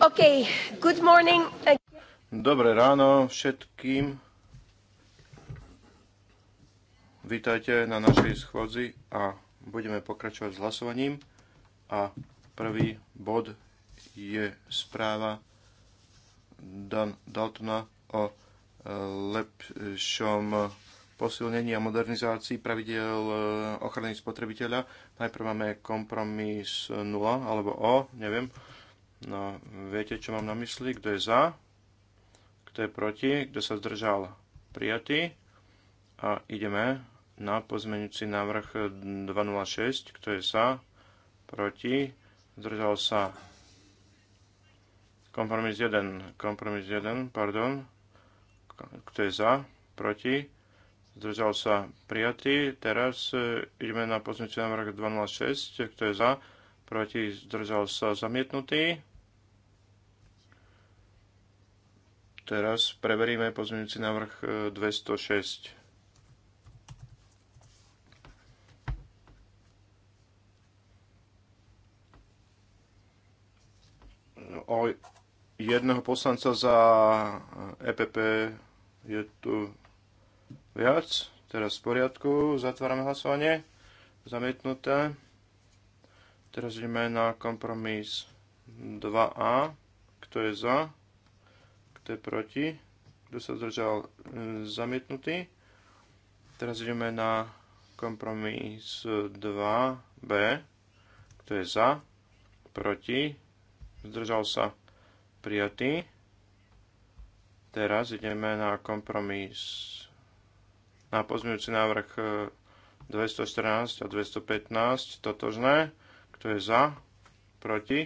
Okay. Good morning. Dobré ráno všetkým. Vítajte na našej schôdzi a budeme pokračovať s hlasovaním. A prvý bod je správa Dan Daltona o e, lepšom posilnení a modernizácii pravidel e, ochrany spotrebiteľa. Najprv máme kompromis 0 alebo O, neviem. No, viete, čo mám na mysli? Kto je za? Kto je proti? Kto sa zdržal? Prijatý. A ideme na pozmeňujúci návrh 206. Kto je za? Proti? Zdržal sa? Kompromis 1. Kompromis 1, pardon. Kto je za? Proti? Zdržal sa? Prijatý. Teraz eh, ideme na pozmeňujúci návrh 206. Kto je za? proti, zdržal sa zamietnutý. Teraz preveríme pozmeňujúci návrh 206. E, no, o jedného poslanca za EPP e je tu viac. Teraz v poriadku, zatvárame hlasovanie. Zamietnuté. Teraz ideme na kompromis 2a. Kto je za? Kto je proti? Kto sa zdržal? E, zamietnutý. Teraz ideme na kompromis 2b. Kto je za? Proti? Zdržal sa? Prijatý. Teraz ideme na kompromis na pozmiňujúci návrh 214 e, a 215 totožné. Kto je za? Proti?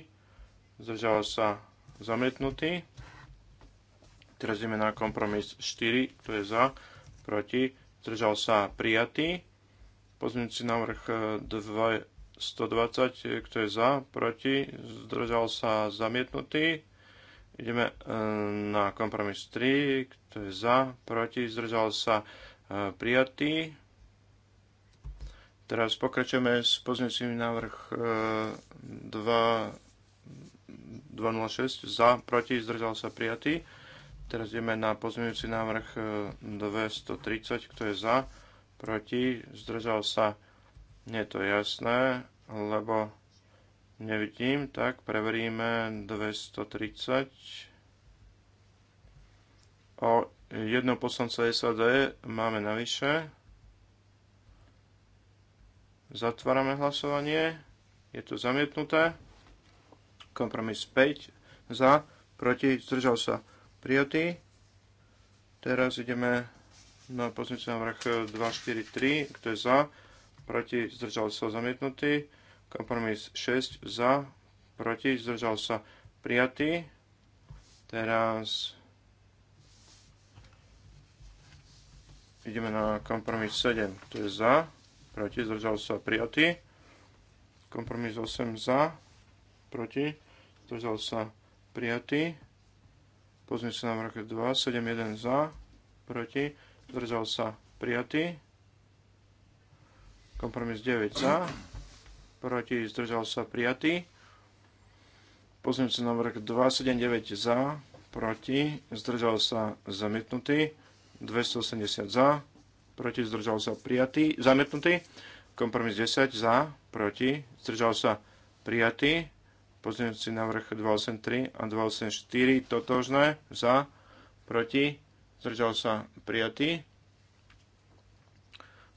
Zdržal sa zamietnutý. Teraz ideme na kompromis 4. Kto je za? Proti? Zdržal sa prijatý. Pozmeňujúci návrh 120. E, Kto je za? Proti? Zdržal sa zamietnutý. Ideme e, na kompromis 3. Kto je za? Proti? Zdržal sa e, prijatý. Teraz pokračujeme s pozniesím návrh 206 za, proti, zdržal sa prijatý. Teraz ideme na pozmeňujúci návrh 230, e, kto je za, proti, zdržal sa, nie je to jasné, lebo nevidím, tak preveríme 230. O jedného poslanca SAD máme navyše. Zatvárame hlasovanie. Je to zamietnuté. Kompromis 5 za, proti, zdržal sa prijatý. Teraz ideme na pozíciu návrh 243, kto je za, proti, zdržal sa zamietnutý. Kompromis 6 za, proti, zdržal sa prijatý. Teraz ideme na kompromis 7, to je za proti, zdržal sa prijatý. Kompromis 8 za, proti, zdržal sa prijatý. na návrh 2, 7, 1 za, proti, zdržal sa prijatý. Kompromis 9 za, proti, zdržal sa prijatý. 2, 7, 279 za, proti, zdržal sa zamietnutý, 280 za, proti, zdržal sa prijatý, zamietnutý. Kompromis 10 za, proti, zdržal sa prijatý. Pozmeňujúci návrh 283 a 284 totožné, za, proti, zdržal sa prijatý.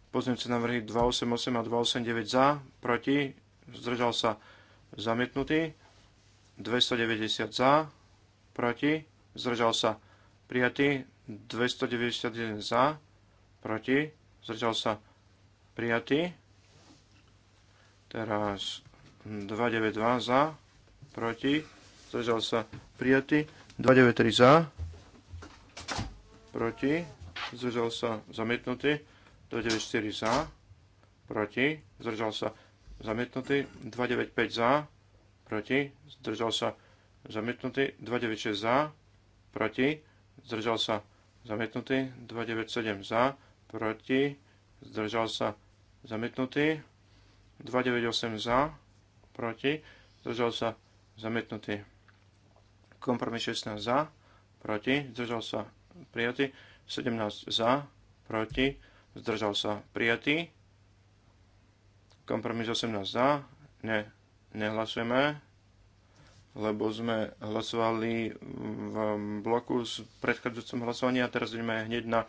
Pozmeňujúce návrhy 288 a 289 za, proti, zdržal sa zamietnutý. 290 za, proti, zdržal sa prijatý. 291 za, proti, zdržal sa prijatý. Teraz 292 za, proti, zdržal sa prijatý. 293 za, proti, zdržal sa zamietnutý. 294 za, proti, zdržal sa zamietnutý. 295 za, proti, zdržal sa zamietnutý. 296 za, proti, zdržal sa zamietnutý. 297 za, proti, zdržal sa zamietnutý, 298 za, proti, zdržal sa zamietnutý. Kompromis 16 za, proti, zdržal sa prijatý, 17 za, proti, zdržal sa prijatý. Kompromis 18 za, ne, nehlasujeme, lebo sme hlasovali v bloku s predchádzajúcim hlasovaním a teraz ideme hneď na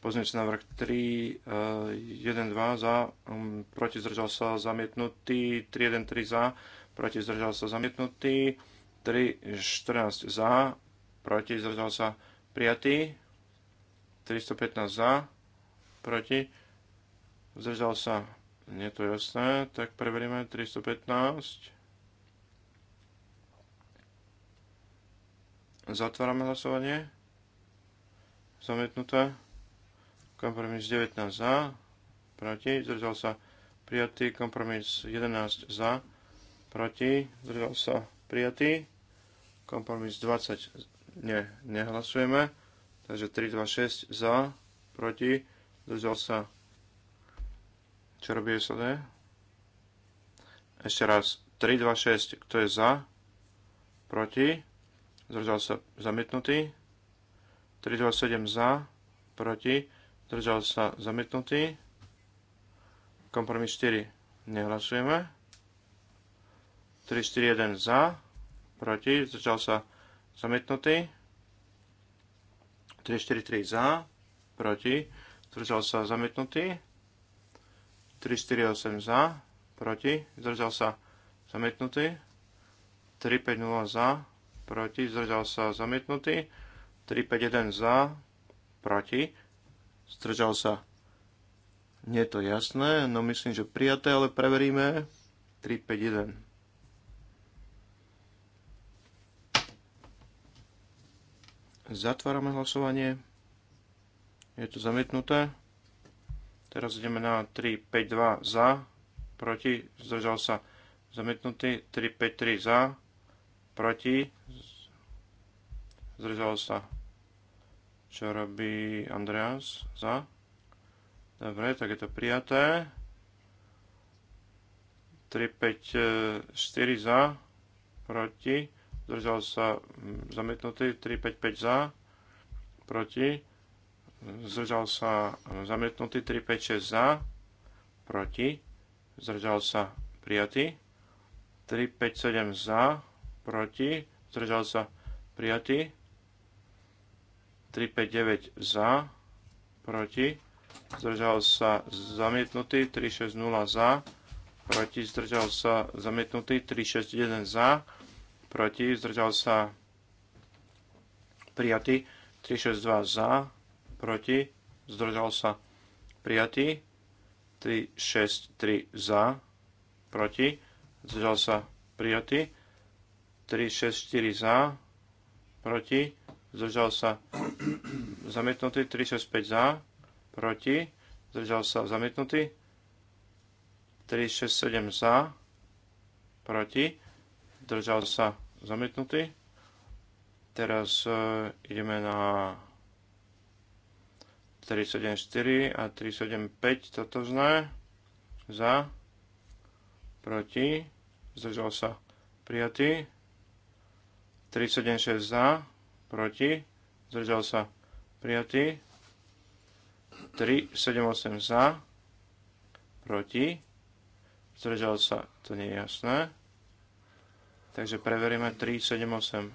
Pozmeňujúci návrh 3, 1, 2 za, proti zdržal sa zamietnutý, 3, 1, 3 za, proti zdržal sa zamietnutý, 3, 14 za, proti zdržal sa prijatý, 315 za, proti zdržal sa, nie to jasné, tak preveríme 315. Zatvárame hlasovanie. Zamietnuté. Kompromis 19 za, proti, zdržal sa prijatý. Kompromis 11 za, proti, zdržal sa prijatý. Kompromis 20 nie, nehlasujeme. Takže 3, 2, 6 za, proti, zdržal sa. Čo robí SLD? Ešte raz. 3, 2, 6, kto je za, proti, zdržal sa zamietnutý. 3, 2, 7 za, proti, Zdržal sa zamietnutý. Kompromis 4. Nehlasujeme. 3, 4, 1 za. Proti. Zdržal sa zamietnutý. 3, 4, 3 za. Proti. Zdržal sa zamietnutý. 3, 4, 8 za. Proti. Zdržal sa zamietnutý. 3, 5, 0 za. Proti. Zdržal sa zamietnutý. 3, 5, 1 za. Proti Zdržal sa. Nie je to jasné, no myslím, že prijaté, ale preveríme. 3, 5, 1. Zatvárame hlasovanie. Je to zamietnuté. Teraz ideme na 3, 5, 2 za. Proti. Zdržal sa. Zamietnutý. 3, 5, 3 za. Proti. Zdržal sa čo robí Andreas za. Dobre, tak je to prijaté. 3, 5, 4 za, proti. Zdržal sa mm, zamietnutý, 3, 5, 5 za, proti. Zdržal sa mm, zamietnutý, 3, 5, 6 za, proti. Zdržal sa prijatý. 3, 5, 7 za, proti. Zdržal sa prijatý. 359 za, proti, zdržal sa zamietnutý, 360 za, proti, zdržal sa zamietnutý, 361 za, proti, zdržal sa prijatý, 362 za, proti, zdržal sa prijatý, 363 za, proti, zdržal sa prijatý, 364 za, proti, zdržal sa zamietnutý, 365 za, proti, zdržal sa zamietnutý, 367 za, proti, zdržal sa zamietnutý. Teraz uh, ideme na 374 a 375 zná, za, proti, zdržal sa prijatý, 376 za, proti, zdržal sa prijatý, 3, 7, 8 za, proti, zdržal sa, to nie je jasné, takže preveríme 3, 7, 8.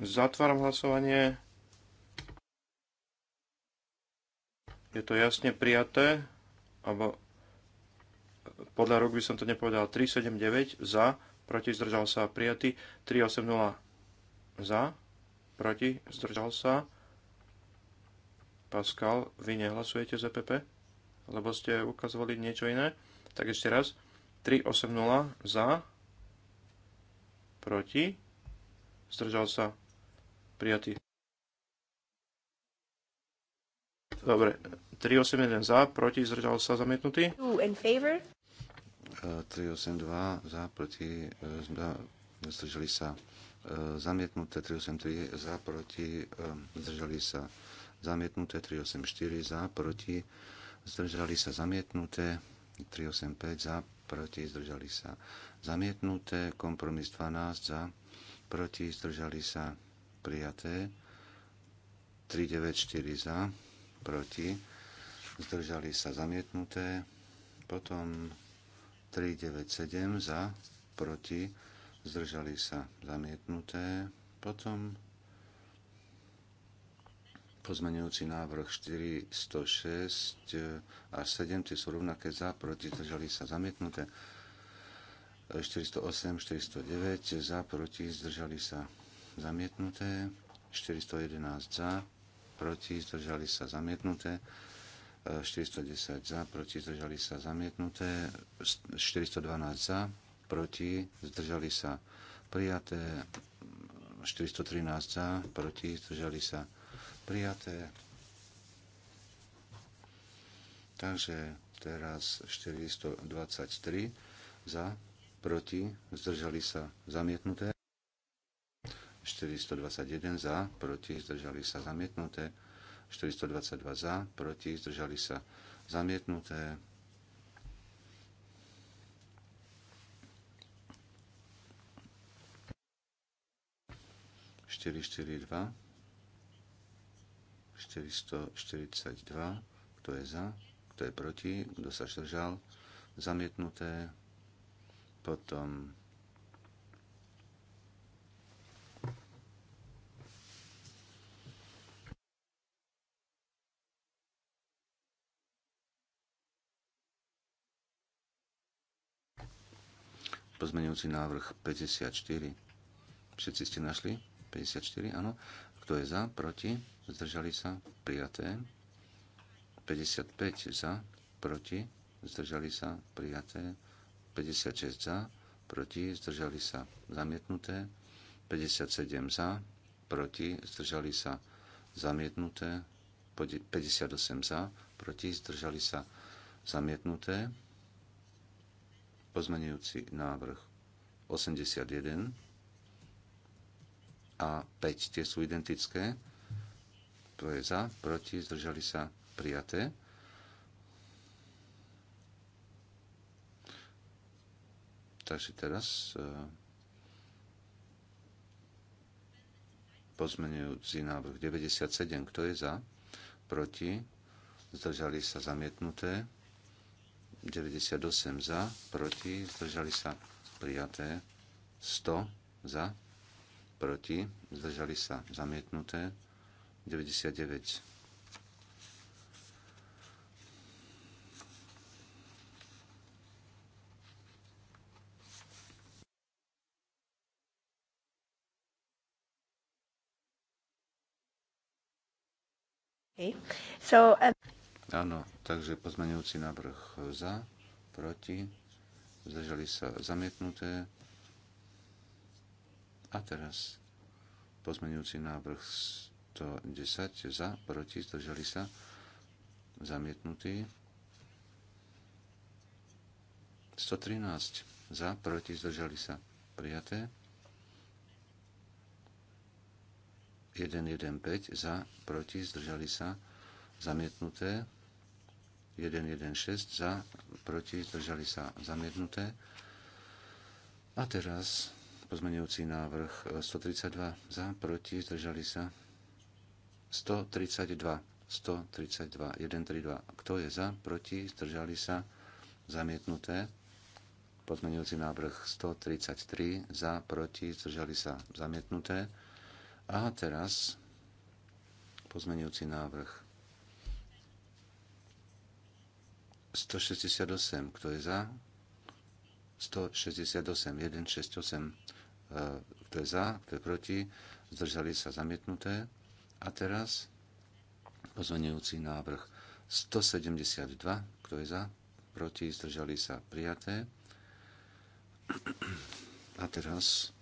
Zatváram hlasovanie. Je to jasne prijaté, alebo podľa rúk by som to nepovedal, 379 za, proti zdržal sa prijatý, 380 za, proti zdržal sa. Pascal, vy nehlasujete za e PP, lebo ste ukazovali niečo iné. Tak ešte raz, 380 za, proti, zdržal sa, prijatý. Dobre, 381 za, proti, zdržal sa, zamietnutý. 382 e, e, e, za, proti, zdržali sa zamietnuté 383 za, proti, zdržali sa zamietnuté 384 za, proti, zdržali sa zamietnuté 385 za, proti, zdržali sa zamietnuté, kompromis 12 za, proti, zdržali sa prijaté 394 za, proti, zdržali sa zamietnuté, potom 397 za, proti, zdržali sa zamietnuté. Potom pozmenujúci návrh 406 a 7, tie sú rovnaké za, proti, zdržali sa zamietnuté. 408, 409 za, proti, zdržali sa zamietnuté. 411 za, proti, zdržali sa zamietnuté. 410 za, proti zdržali sa zamietnuté, 412 za, proti zdržali sa prijaté, 413 za, proti zdržali sa prijaté. Takže teraz 423 za, proti zdržali sa zamietnuté, 421 za, proti zdržali sa zamietnuté, 422 za, proti, zdržali sa zamietnuté. Štyri, štyri, dva. 442. Kto je za? Kto je proti? Kto sa zdržal? Zamietnuté. Potom Pozmenujúci návrh 54. Všetci ste našli? 54, áno. Kto je za? Proti? Zdržali sa? Prijaté. 55 za? Proti? Zdržali sa? Prijaté. 56 za? Proti? Zdržali sa? Zamietnuté. 57 za? Proti? Zdržali sa? Zamietnuté. 58 za? Proti? Zdržali sa? Zamietnuté. Pozmenujúci návrh 81 a 5 tie sú identické. To je za, proti, zdržali sa prijaté. Takže teraz e, pozmenujúci návrh 97. Kto je za? Proti? Zdržali sa zamietnuté. 98 za, proti, zdržali sa prijaté, 100 za, proti, zdržali sa zamietnuté, 99 Okay. So, um... Áno, takže pozmenujúci návrh za, proti, zdržali sa zamietnuté. A teraz pozmenujúci návrh 110 za, proti, zdržali sa zamietnutý. 113 za, proti, zdržali sa prijaté. 115 za, proti, zdržali sa zamietnuté. 116 za, proti, zdržali sa zamietnuté. A teraz pozmeňujúci návrh 132 za, proti, zdržali sa 132. 132, 132. Kto je za, proti, zdržali sa zamietnuté. Pozmenujúci návrh 133 za, proti, zdržali sa zamietnuté. A teraz pozmenujúci návrh 168, kto je za? 168, 168, e, kto je za, kto je proti, zdržali sa zamietnuté. A teraz pozmenujúci návrh 172, kto je za, proti, zdržali sa prijaté. A teraz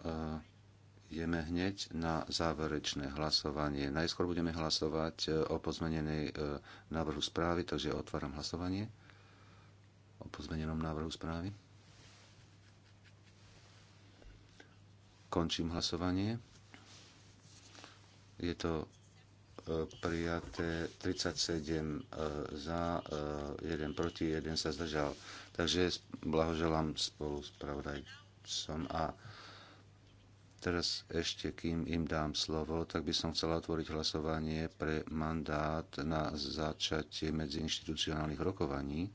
e, ideme hneď na záverečné hlasovanie. Najskôr budeme hlasovať e, o pozmenenej e, návrhu správy, takže otváram hlasovanie o pozmenenom návrhu správy. Končím hlasovanie. Je to e, prijaté 37 za, 1 proti, 1 sa zdržal. Takže blahoželám spolu s pravdajcom a Teraz ešte, kým im dám slovo, tak by som chcela otvoriť hlasovanie pre mandát na začatie medziinstitucionálnych rokovaní.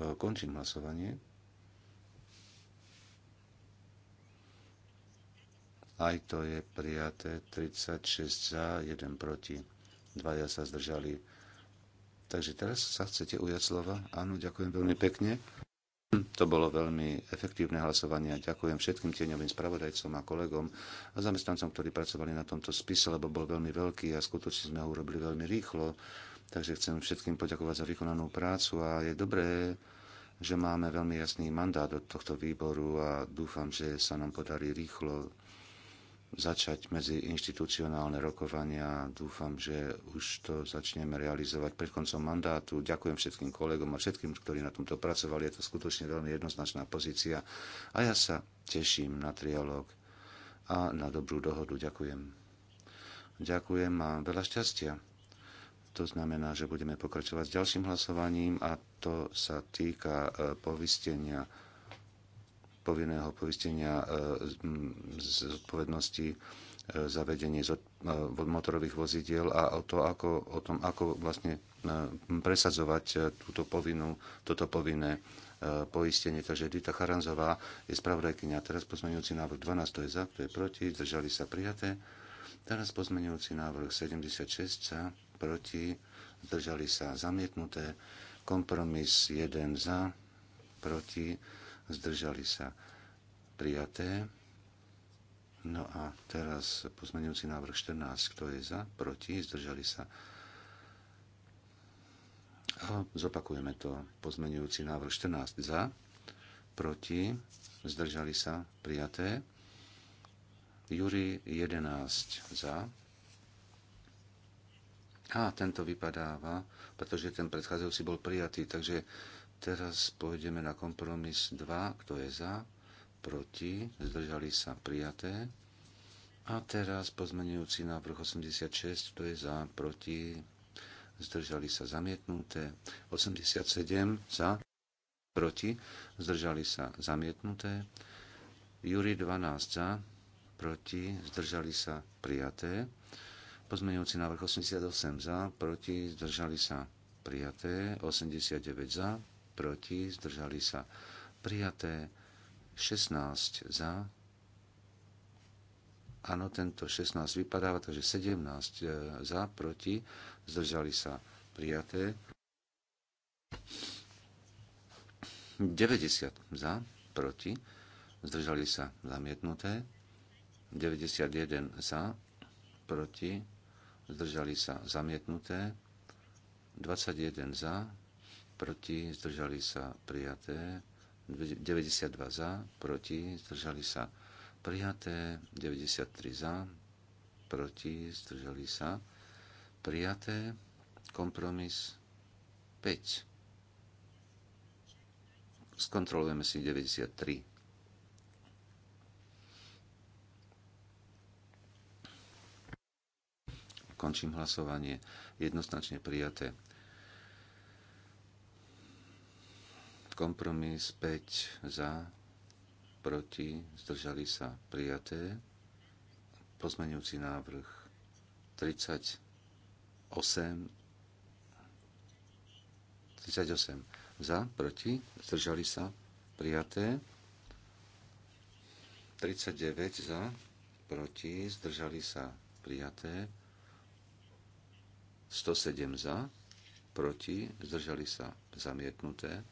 E, končím hlasovanie. Aj to je prijaté 36 za, 1 proti. Dvaja sa zdržali Takže teraz sa chcete ujať slova? Áno, ďakujem veľmi pekne. Hm, to bolo veľmi efektívne hlasovanie a ďakujem všetkým tieňovým spravodajcom a kolegom a zamestnancom, ktorí pracovali na tomto spise, lebo bol veľmi veľký a skutočne sme ho urobili veľmi rýchlo. Takže chcem všetkým poďakovať za vykonanú prácu a je dobré, že máme veľmi jasný mandát od tohto výboru a dúfam, že sa nám podarí rýchlo začať medzi inštitucionálne rokovania. Dúfam, že už to začneme realizovať pred koncom mandátu. Ďakujem všetkým kolegom a všetkým, ktorí na tomto pracovali. Je to skutočne veľmi jednoznačná pozícia a ja sa teším na trialog a na dobrú dohodu. Ďakujem. Ďakujem a veľa šťastia. To znamená, že budeme pokračovať s ďalším hlasovaním a to sa týka e, povistenia povinného poistenia e, z odpovednosti e, za vedenie e, motorových vozidiel a o, to, ako, o tom, ako vlastne presadzovať túto povinnú, toto povinné poistenie. Takže Dita Charanzová je spravodajkynia. Teraz pozmeňujúci návrh 12, to je za, to je proti, zdržali sa prijaté. Teraz pozmeňujúci návrh 76 za, proti, zdržali sa zamietnuté. Kompromis 1 za, proti, zdržali sa prijaté. No a teraz pozmenujúci návrh 14, kto je za, proti, zdržali sa. A zopakujeme to. Pozmenujúci návrh 14 za, proti, zdržali sa, prijaté. Júri 11 za. A tento vypadáva, pretože ten predchádzajúci bol prijatý, takže Teraz pôjdeme na kompromis 2, kto je za, proti, zdržali sa prijaté. A teraz pozmenujúci návrh 86, kto je za, proti, zdržali sa zamietnuté. 87 za, proti, zdržali sa zamietnuté. Júri 12 za, proti, zdržali sa prijaté. Pozmenujúci návrh 88 za, proti, zdržali sa prijaté. 89 za, proti, zdržali sa prijaté, 16 za, áno, tento 16 vypadáva, takže 17 e, za, proti, zdržali sa prijaté, 90 za, proti, zdržali sa zamietnuté, 91 za, proti, zdržali sa zamietnuté, 21 za, proti, zdržali sa prijaté, 92 za, proti, zdržali sa prijaté, 93 za, proti, zdržali sa prijaté, kompromis 5. Skontrolujeme si 93. Končím hlasovanie. Jednoznačne prijaté. Kompromis 5 za, proti, zdržali sa prijaté. Pozmenujúci návrh 38 38 za, proti, zdržali sa prijaté. 39 za, proti, zdržali sa prijaté. 107 za, proti, zdržali sa zamietnuté.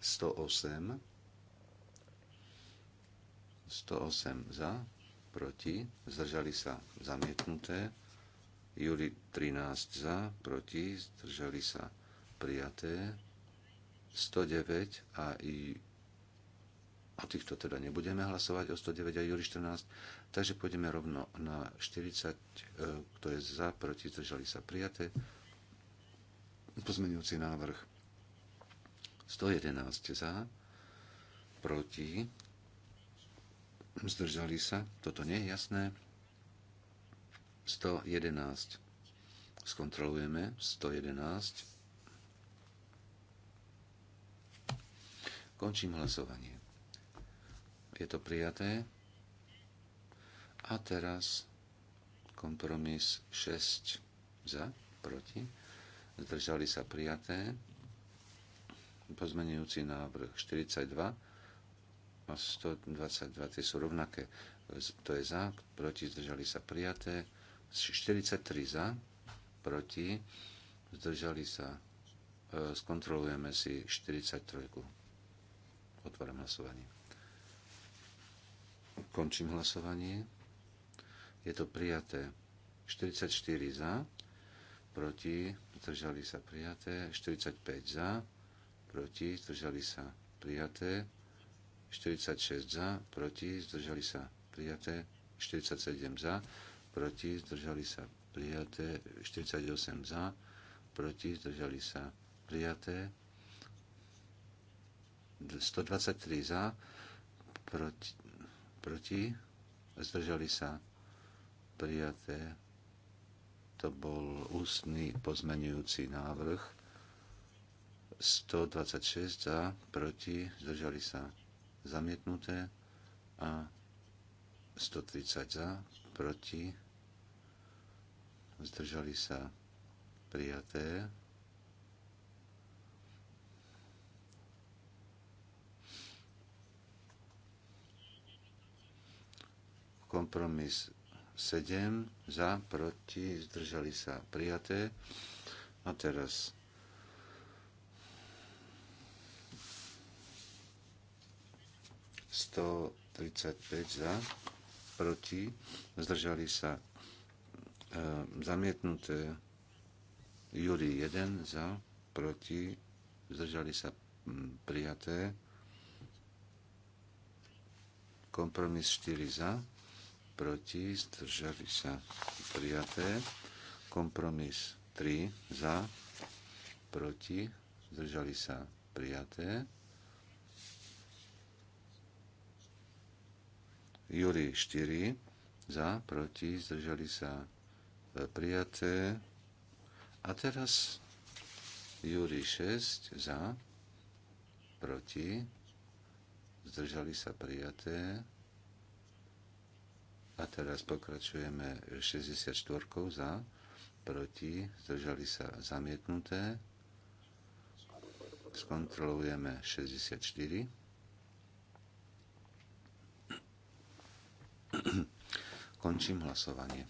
108. 108 za, proti, zdržali sa zamietnuté. Juli 13 za, proti, zdržali sa prijaté. 109 a i o týchto teda nebudeme hlasovať, o 109 a Júri 14. Takže pôjdeme rovno na 40, e, kto je za, proti, zdržali sa prijaté. Pozmenujúci návrh 111 za, proti, zdržali sa, toto nie je jasné, 111, skontrolujeme, 111, končím hlasovanie. Je to prijaté. A teraz kompromis 6 za, proti, zdržali sa prijaté pozmenujúci návrh 42 a 122, tie sú rovnaké. To je za, proti, zdržali sa prijaté. 43 za, proti, zdržali sa. E, skontrolujeme si 43. Otváram hlasovanie. Končím hlasovanie. Je to prijaté. 44 za, proti, zdržali sa prijaté. 45 za, proti, zdržali sa prijaté. 46 za, proti, zdržali sa prijaté. 47 za, proti, zdržali sa prijaté. 48 za, proti, zdržali sa prijaté. 123 za, proti, proti zdržali sa prijaté. To bol ústny pozmenujúci návrh 126 za, proti, zdržali sa zamietnuté a 130 za, proti, zdržali sa prijaté. Kompromis 7 za, proti, zdržali sa prijaté. A teraz 135 za, proti, zdržali sa e, zamietnuté Júri 1 za, proti, zdržali sa prijaté, kompromis 4 za, proti, zdržali sa prijaté, kompromis 3 za, proti, zdržali sa prijaté. Júri 4 za, proti, zdržali sa e, prijaté. A teraz Júri 6 za, proti, zdržali sa prijaté. A teraz pokračujeme 64 za, proti, zdržali sa zamietnuté. Skontrolujeme 64. Končím hlasovanie.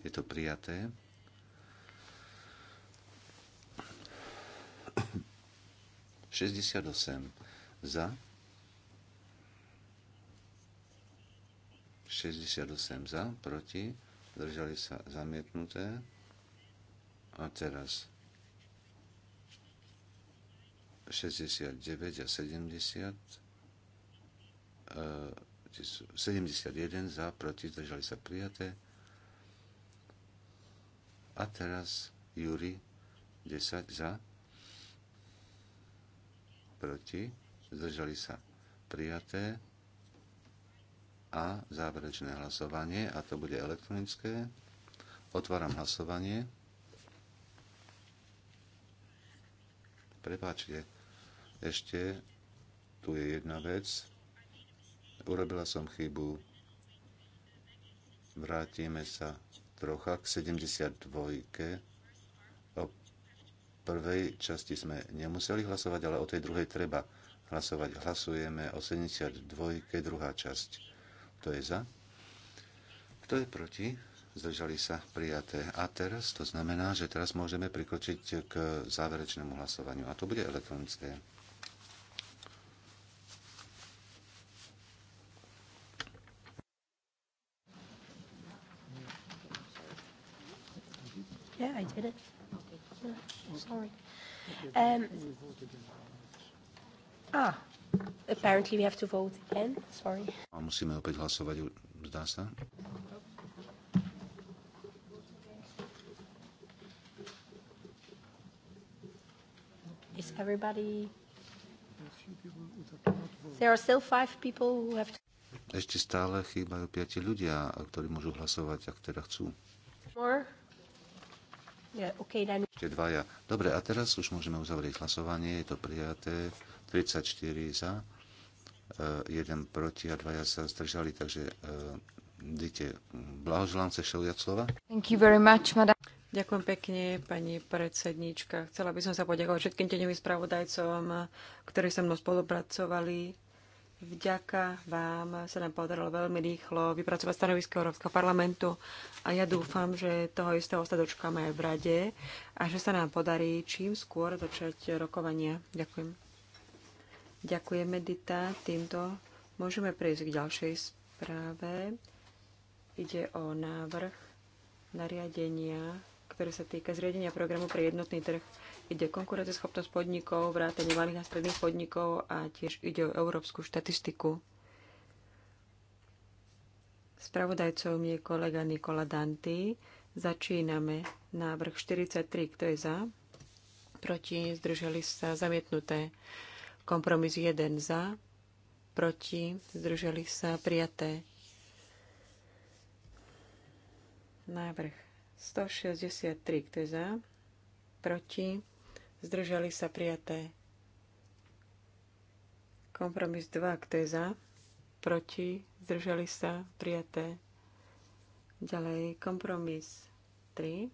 Je to prijaté. Šesťdesiat osem za. 68 za, proti, držali sa zamietnuté. A teraz 69 a 70. E, 71 za, proti, zdržali sa prijaté. A teraz júri 10 za, proti, zdržali sa prijaté. A záverečné hlasovanie, a to bude elektronické. Otváram hlasovanie. Prepáčte, ešte tu je jedna vec Urobila som chybu. Vrátime sa trocha k 72. O prvej časti sme nemuseli hlasovať, ale o tej druhej treba hlasovať. Hlasujeme o 72. druhá časť. Kto je za? Kto je proti? Zdržali sa prijaté. A teraz to znamená, že teraz môžeme prikročiť k záverečnému hlasovaniu. A to bude elektronické. did it? No, sorry. Um, ah, apparently we have to vote again. Sorry. A musíme opäť hlasovať, zdá sa. Is everybody... There are still five people who have to... Ešte stále chýbajú piati ľudia, ktorí môžu hlasovať, ak teda chcú. More? Ešte dvaja. Dobre, a teraz už môžeme uzavrieť hlasovanie. Je to prijaté. 34 za, 1 e, proti a dvaja sa zdržali, takže e, dite, blahoželám sa všeliať slova. Thank you very much, madam. Ďakujem pekne, pani predsednička. Chcela by som sa poďakovať všetkým teňovým spravodajcom, ktorí so mnou spolupracovali Vďaka vám sa nám podarilo veľmi rýchlo vypracovať stanovisko Európskeho parlamentu a ja dúfam, že toho istého sa dočkáme aj v rade a že sa nám podarí čím skôr začať rokovania. Ďakujem. Ďakujeme, Dita. Týmto môžeme prejsť k ďalšej správe. Ide o návrh nariadenia, ktoré sa týka zriadenia programu pre jednotný trh Ide o konkurenceschopnosť podnikov, vrátanie malých a stredných podnikov a tiež ide o európsku štatistiku. Spravodajcom je kolega Nikola Danti. Začíname návrh 43. Kto je za? Proti? Zdržali sa? Zamietnuté. Kompromis 1 za. Proti? Zdržali sa? Prijaté. Návrh 163. Kto je za? Proti? zdržali sa prijaté. Kompromis 2, kto je za, proti, zdržali sa prijaté. Ďalej kompromis 3.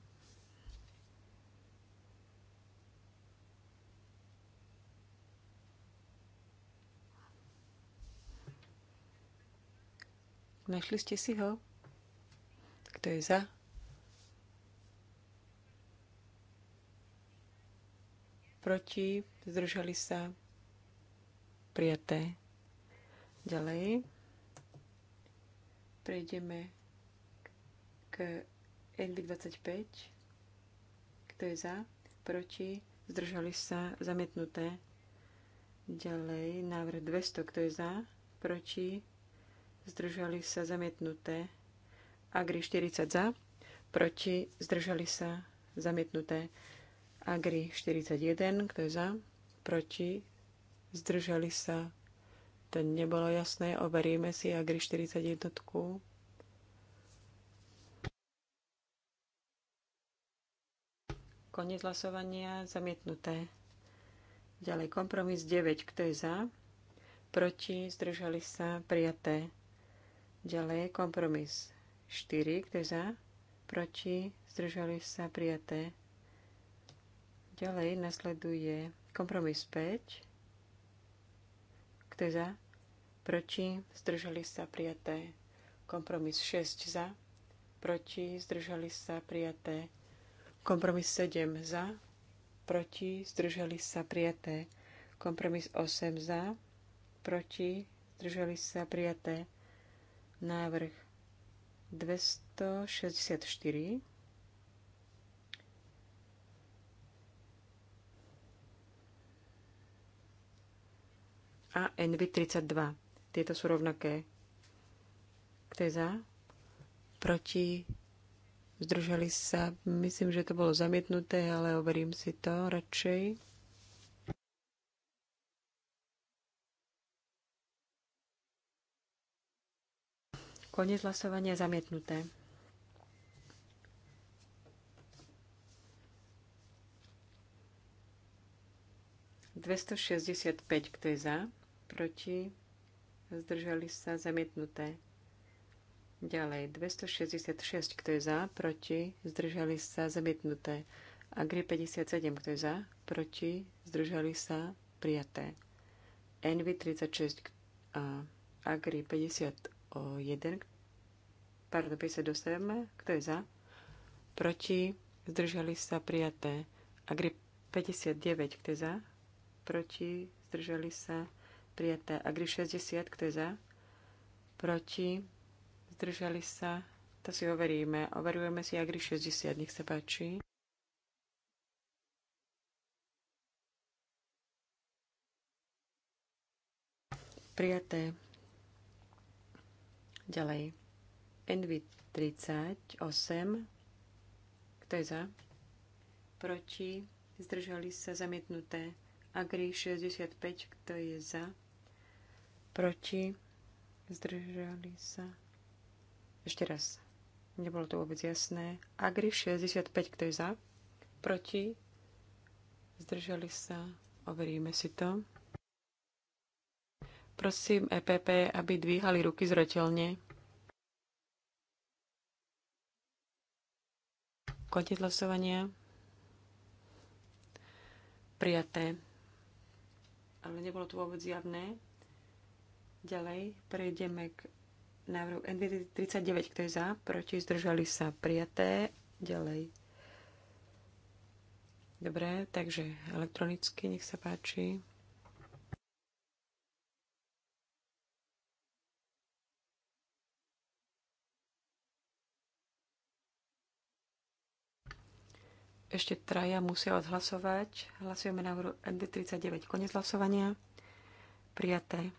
Našli ste si ho? Kto je za? proti, zdržali sa, prijaté. Ďalej prejdeme k nb 25 Kto je za, proti, zdržali sa, zamietnuté. Ďalej návrh 200. Kto je za, proti, zdržali sa, zamietnuté. Agri 40 za, proti, zdržali sa, zamietnuté. Agri 41, kto je za, proti, zdržali sa. To nebolo jasné, overíme si Agri 41. Koniec hlasovania, zamietnuté. Ďalej kompromis 9, kto je za, proti, zdržali sa, prijaté. Ďalej kompromis 4, kto je za, proti, zdržali sa, prijaté. Ďalej nasleduje kompromis 5. Kto je za? Proti? Zdržali sa prijaté. Kompromis 6 za. Proti? Zdržali sa prijaté. Kompromis 7 za. Proti? Zdržali sa prijaté. Kompromis 8 za. Proti? Zdržali sa prijaté. Návrh 264. a NV32. Tieto sú rovnaké. Kto je za? Proti? Zdržali sa. Myslím, že to bolo zamietnuté, ale overím si to radšej. Koniec hlasovania zamietnuté. pět, kto je za? proti, zdržali sa zamietnuté. Ďalej 266, kto je za, proti, zdržali sa zamietnuté. Agri 57, kto je za, proti, zdržali sa prijaté. Envy 36 a Agri 51, pardon, 57, kto je za, proti, zdržali sa prijaté. Agri 59, kto je za, proti, zdržali sa prijaté prijaté. Agri 60, kto je za? Proti? Zdržali sa? To si overíme. Overujeme si Agri 60, nech sa páči. Prijaté. Ďalej. Envy 38. Kto je za? Proti? Zdržali sa zamietnuté. Agri 65. Kto je za? proti, zdržali sa. Ešte raz, nebolo to vôbec jasné. Agri 65, kto je za, proti, zdržali sa, overíme si to. Prosím EPP, aby dvíhali ruky zretelne. Koniec hlasovania. Prijaté. Ale nebolo to vôbec javné. Ďalej prejdeme k návrhu N39, kto je za, proti, zdržali sa prijaté. Ďalej. Dobre, takže elektronicky, nech sa páči. Ešte traja musia odhlasovať. Hlasujeme na ND39. Konec hlasovania. Prijaté.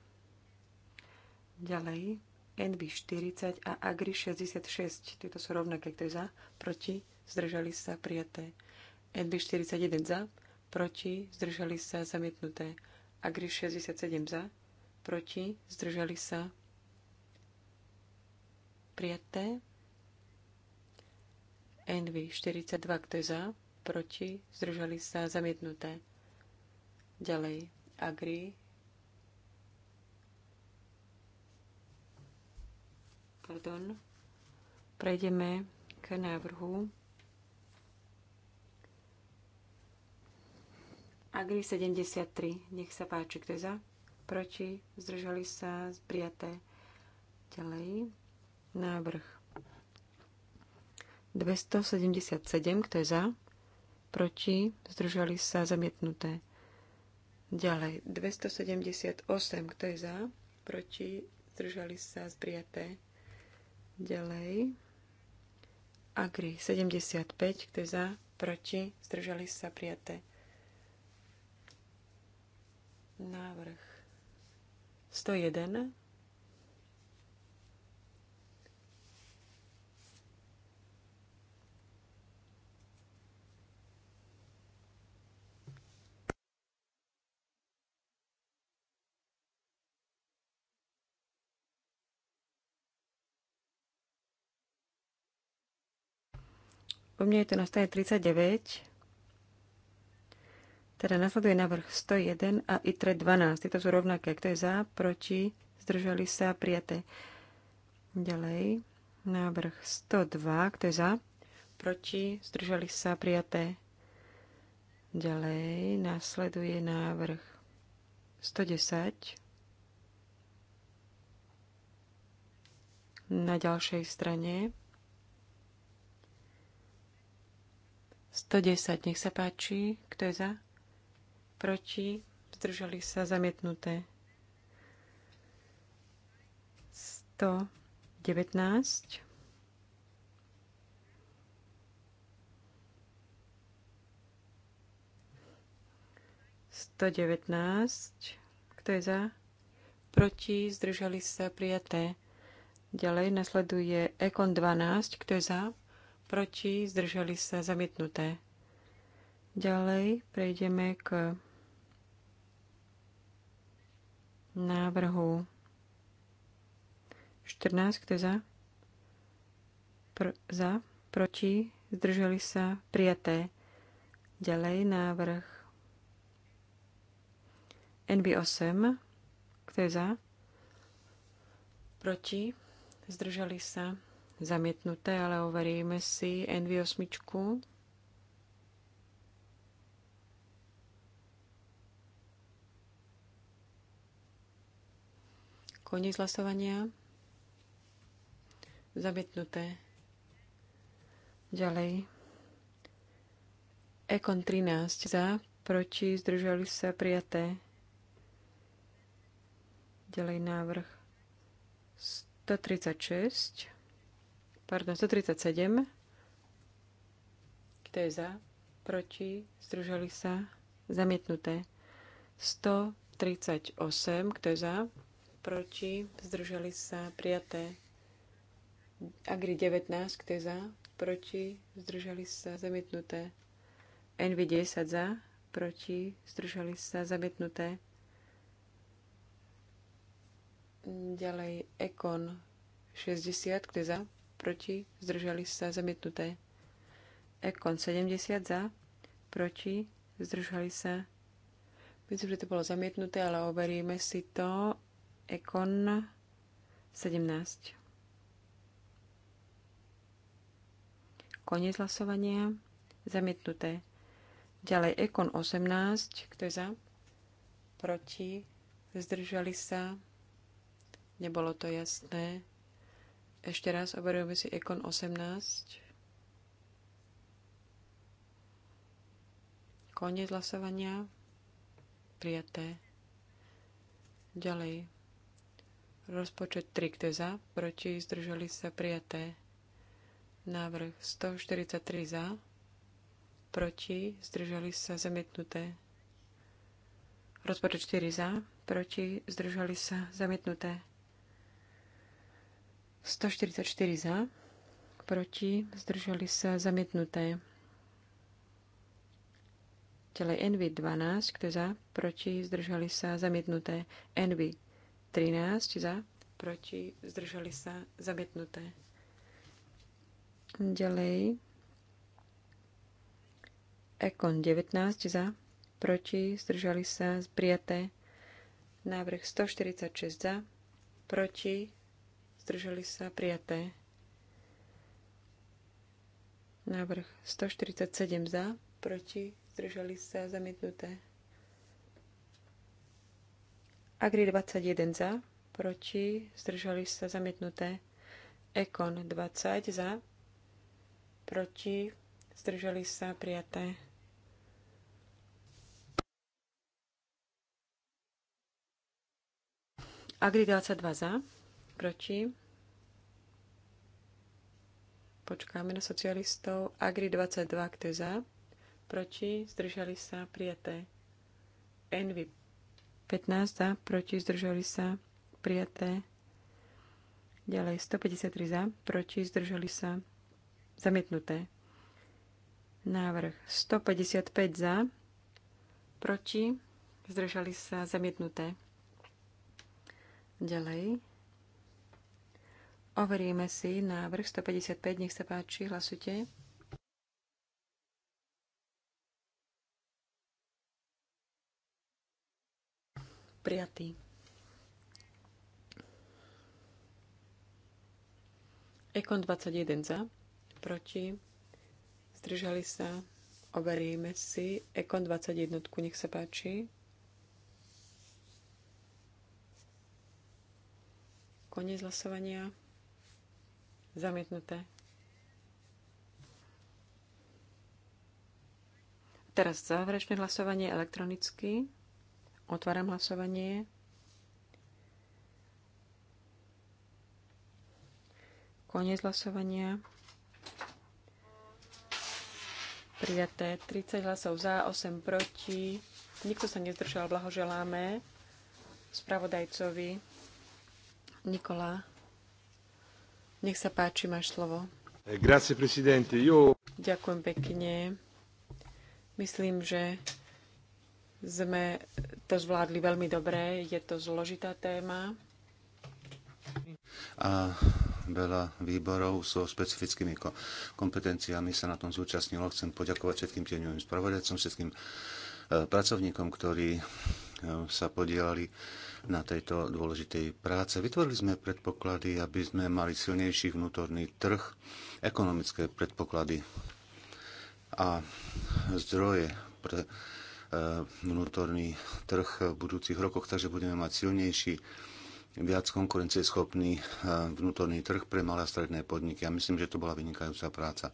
Ďalej, NB 40 a Agri 66. Tieto sú rovnaké, ktoré je za, proti, zdržali sa, prijaté. NB 41 za, proti, zdržali sa, zamietnuté. Agri 67 za, proti, zdržali sa, prijaté. NV 42, kto je za, proti, zdržali sa, zamietnuté. Ďalej, Agri Pardon. Prejdeme k návrhu Agri 73. Nech sa páči, kto je za? Proti? Zdržali sa? Prijaté? Ďalej. Návrh 277. Kto je za? Proti? Zdržali sa? Zamietnuté? Ďalej. 278. Kto je za? Proti? Zdržali sa? Prijaté? Ďalej. Agri 75, kto je za, proti, zdržali sa prijaté. Návrh 101 U mne je to na strane 39. Teda nasleduje návrh 101 a ITRE 12. Tieto sú rovnaké. Kto je za, proti, zdržali sa, prijaté. Ďalej. Návrh 102. Kto je za, proti, zdržali sa, prijaté. Ďalej Nasleduje návrh 110. Na ďalšej strane 110, nech sa páči. Kto je za? Proti? Zdržali sa zamietnuté. 119. Sto devätnásť. Kto je za? Proti, zdržali sa prijaté. Ďalej nasleduje Ekon 12. Kto je za? proti, zdržali sa zamietnuté. Ďalej prejdeme k návrhu 14, kto je za? Pr- za, proti, zdržali sa, prijaté. Ďalej návrh NB8, kto je za? Proti, zdržali sa, zamietnuté, ale overíme si NV8. Koniec hlasovania. Zamietnuté. Ďalej. Ekon 13 za, proti, zdržali sa, prijaté. Ďalej návrh 136 pardon, 137. Kto je za? Proti? Združali sa? Zamietnuté. 138. Kto je za? Proti? Združali sa? Prijaté. Agri 19. Kto je za? Proti? Združali sa? Zamietnuté. NV 10 za? Proti? Združali sa? Zamietnuté. Ďalej Ekon 60. Kto je za? proti, zdržali sa zamietnuté. Ekon 70 za, proti, zdržali sa. Myslím, že to bolo zamietnuté, ale overíme si to. Ekon 17. Koniec hlasovania. Zamietnuté. Ďalej Ekon 18. Kto je za? Proti. Zdržali sa. Nebolo to jasné. Ešte raz overujeme si ikon 18. Koniec hlasovania. Prijaté. Ďalej. Rozpočet 3, kto je za, proti, zdržali sa, prijaté. Návrh 143 za, proti, zdržali sa, zamietnuté. Rozpočet 4 za, proti, zdržali sa, zamietnuté. 144 za, proti, zdržali sa zamietnuté. Ďalej Envy 12, kto je za, proti, zdržali sa zamietnuté. Envy 13 za, proti, zdržali sa zamietnuté. Ďalej Ekon 19 za, proti, zdržali sa prijaté. Návrh 146 za, proti, zdržali sa prijaté. Návrh 147 za, proti, zdržali sa zamietnuté. Agri 21 za, proti, zdržali sa zamietnuté. Ekon 20 za, proti, zdržali sa prijaté. Agri 22 za, Proti? Počkáme na socialistov. Agri 22, kto je za? Proti? Zdržali sa? Prijaté. Envy 15 za, proti, zdržali sa, prijaté. Ďalej 153 za, proti, zdržali sa, zamietnuté. Návrh 155 za, proti, zdržali sa, zamietnuté. Ďalej Overíme si návrh 155, nech sa páči, hlasujte. Prijatý. Ekon 21 za, proti, zdržali sa, overíme si. Ekon 21, nech sa páči. Koniec hlasovania. Zamietnuté. Teraz záverečné hlasovanie elektronicky. Otváram hlasovanie. Koniec hlasovania. Prijaté 30 hlasov za, 8 proti. Nikto sa nezdržal, blahoželáme spravodajcovi Nikola nech sa páči, máš slovo. Eh, grazie, presidente. Io... Ďakujem pekne. Myslím, že sme to zvládli veľmi dobre. Je to zložitá téma. A veľa výborov so specifickými kompetenciami sa na tom zúčastnilo. Chcem poďakovať všetkým tieňovým spravodajcom, všetkým eh, pracovníkom, ktorí eh, sa podielali na tejto dôležitej práce. Vytvorili sme predpoklady, aby sme mali silnejší vnútorný trh, ekonomické predpoklady a zdroje pre e, vnútorný trh v budúcich rokoch, takže budeme mať silnejší, viac konkurencieschopný e, vnútorný trh pre malé a stredné podniky. Ja myslím, že to bola vynikajúca práca.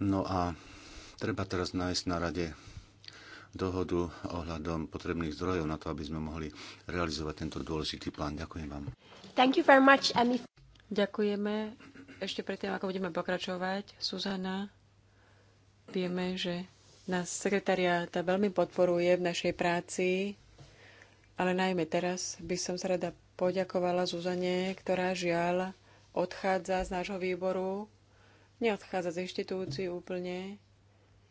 No a treba teraz nájsť na rade dohodu ohľadom potrebných zdrojov na to, aby sme mohli realizovať tento dôležitý plán. Ďakujem vám. Thank you very much, Amy. Ďakujeme. Ešte predtým, ako budeme pokračovať, Suzana, vieme, že nás sekretariáta veľmi podporuje v našej práci, ale najmä teraz by som sa rada poďakovala Zuzane, ktorá žiaľ odchádza z nášho výboru, neodchádza z inštitúcií úplne,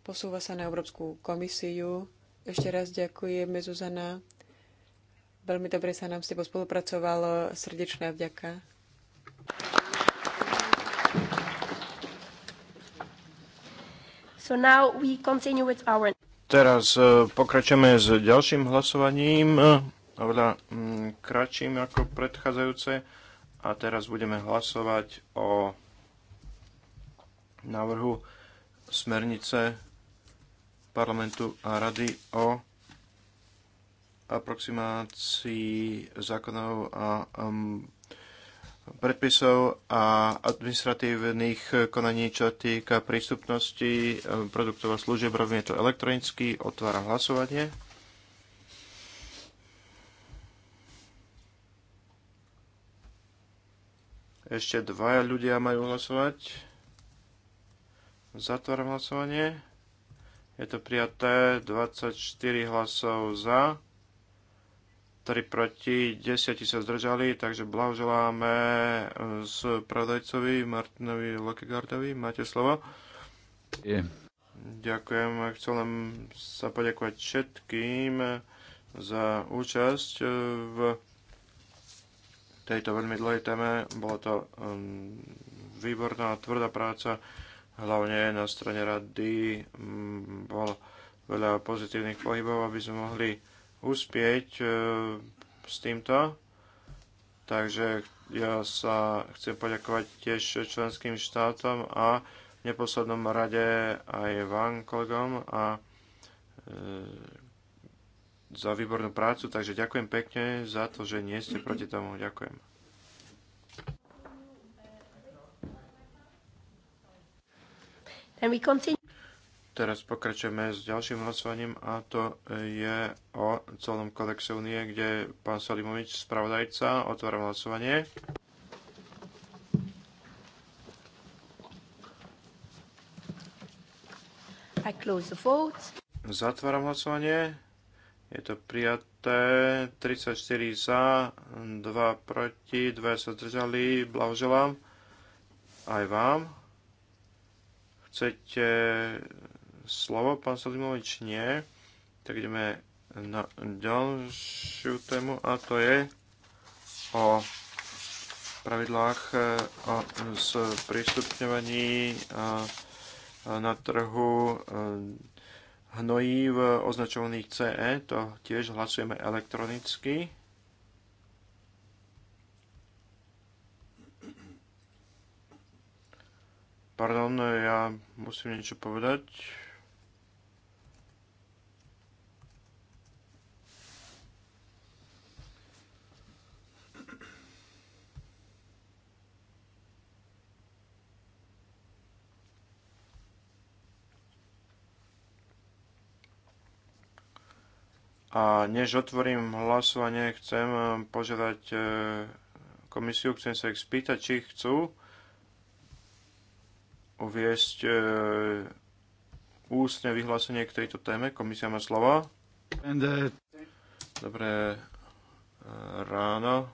posúva sa na Európsku komisiu. Ešte raz ďakujeme, Zuzana. Veľmi dobre sa nám s tebou spolupracovalo. Srdečná vďaka. So now we continue with our... Teraz e, pokračujeme s ďalším hlasovaním, oveľa mm, kratším ako predchádzajúce. A teraz budeme hlasovať o návrhu smernice parlamentu a rady o aproximácii zákonov a um, predpisov a administratívnych konaní, čo týka prístupnosti um, produktov a služieb, robíme to elektronicky, otváram hlasovanie. Ešte dvaja ľudia majú hlasovať. Zatváram hlasovanie. Je to prijaté 24 hlasov za, 3 proti, 10 sa zdržali, takže blahoželáme eh, s pravdajcovi Martinovi Lokegardovi. Máte slovo? Je. Ďakujem. Chcel len sa poďakovať všetkým eh, za účasť eh, v tejto veľmi dlhej téme. Bolo to ehm, výborná, tvrdá práca hlavne na strane rady mm, bol veľa pozitívnych pohybov, aby sme mohli uspieť e, s týmto. Takže ja sa chcem poďakovať tiež členským štátom a v neposlednom rade aj vám, kolegom, a e, za výbornú prácu. Takže ďakujem pekne za to, že nie ste proti tomu. Ďakujem. Teraz pokračujeme s ďalším hlasovaním a to je o celom kodexe únie, kde pán Salimovič, spravodajca, otvára hlasovanie. I close the vote. Zatváram hlasovanie. Je to prijaté. 34 za, 2 proti, 2 sa zdržali. Blahoželám aj vám. Chcete slovo, pán Sadimovič, Nie. Tak ideme na ďalšiu tému a to je o pravidlách e, o sprístupňovaní e, na trhu e, hnojív označovaných CE. To tiež hlasujeme elektronicky. Pardon, ja musím niečo povedať. A než otvorím hlasovanie, chcem požiadať eh, komisiu, chcem sa ich spýtať, či chcú uviesť e, ústne vyhlásenie k tejto téme. Komisia má slovo. E, Dobré e, ráno,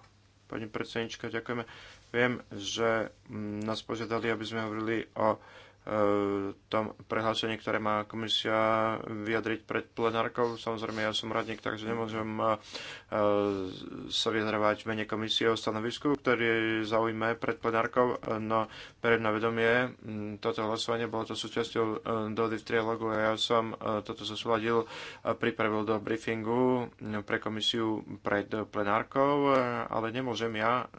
pani predsednička, ďakujeme. Viem, že mm, nás požiadali, aby sme hovorili o tom prehlásení, ktoré má komisia vyjadriť pred plenárkou. Samozrejme, ja som radník, takže nemôžem eh, sa vyjadrovať v mene komisie o stanovisku, ktorý zaujme pred plenárkou, no pre na vedomie mm, toto hlasovanie, bolo to súčasťou eh, dohody v trialogu a ja som eh, toto zosúladil a pripravil do briefingu mm, pre komisiu pred plenárkou, ale nemôžem ja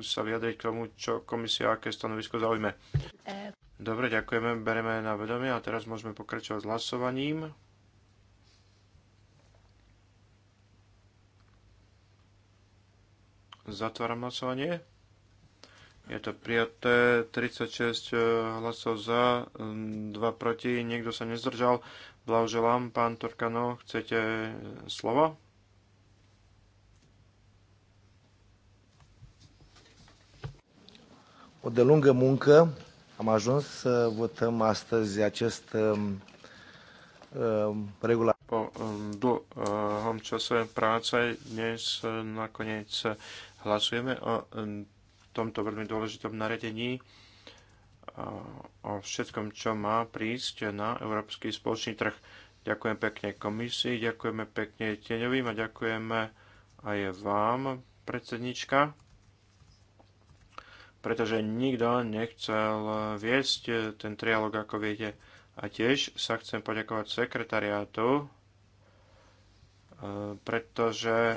sa vyjadriť k tomu, čo komisia, aké stanovisko zaujme. Dobre, ďakujeme, bereme na vedomie a teraz môžeme pokračovať s hlasovaním. Zatváram hlasovanie. Je to prijaté 36 eh, hlasov za, 2 mm, proti, niekto sa nezdržal. Blahoželám, pán Torkano, chcete eh, slovo. O de lungă muncă Am ajuns să votăm astăzi acest um, um, regulament. Po dlhom čase práce dnes nakoniec hlasujeme o tomto veľmi dôležitom naredení uh, o všetkom, čo má prísť na európsky spoločný trh. Ďakujem pekne komisii, ďakujeme pekne Tieňovým a ďakujeme aj vám, predsednička pretože nikto nechcel viesť ten trialog, ako viete. A tiež sa chcem poďakovať sekretariátu, e, pretože e,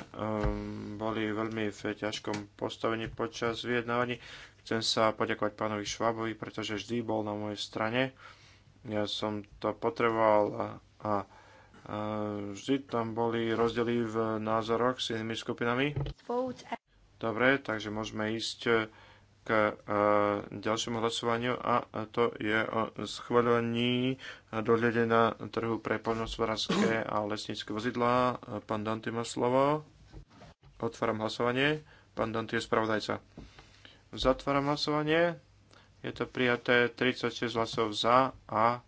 boli veľmi v ťažkom postavení počas vyjednávaní. Chcem sa poďakovať pánovi Švábovi, pretože vždy bol na mojej strane. Ja som to potreboval a, a vždy tam boli rozdiely v názoroch s inými skupinami. Dobre, takže môžeme ísť e, k e, ďalšiemu hlasovaniu a to je o schváľovaní dohľade na trhu pre poľnohospodárske a lesnícke vozidlá. Pán Danty má slovo. Otváram hlasovanie. Pán Danty je spravodajca. Zatváram hlasovanie. Je to prijaté 36 hlasov za a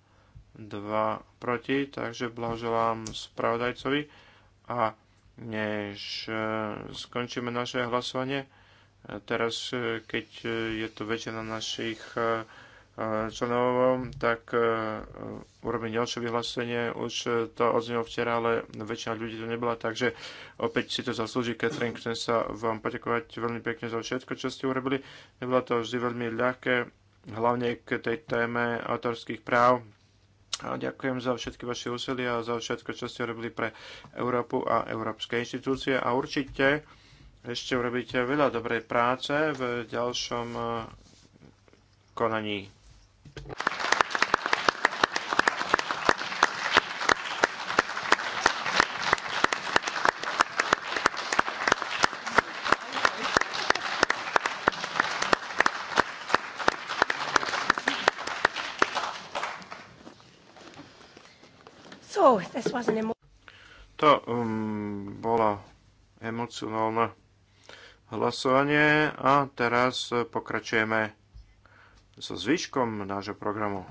2 proti, takže blahoželám spravodajcovi a než e, skončíme naše hlasovanie, Teraz, e, keď e, je to väčšina našich e, členov, tak urobím ďalšie vyhlásenie. Už to odznelo včera, ale väčšina ľudí to nebola, takže opäť si to zaslúži. Catherine, chcem sa vám poďakovať veľmi pekne za všetko, čo ste urobili. Nebolo to vždy veľmi ľahké, hlavne k tej téme autorských práv. A ďakujem za všetky vaše úsilia a za všetko, čo ste robili pre Európu a európske inštitúcie. A určite ešte urobiť veľa dobrej práce v ďalšom eh, konaní. To um, bola emocionálna hlasovanie a teraz pokračujeme so zvyškom nášho programu.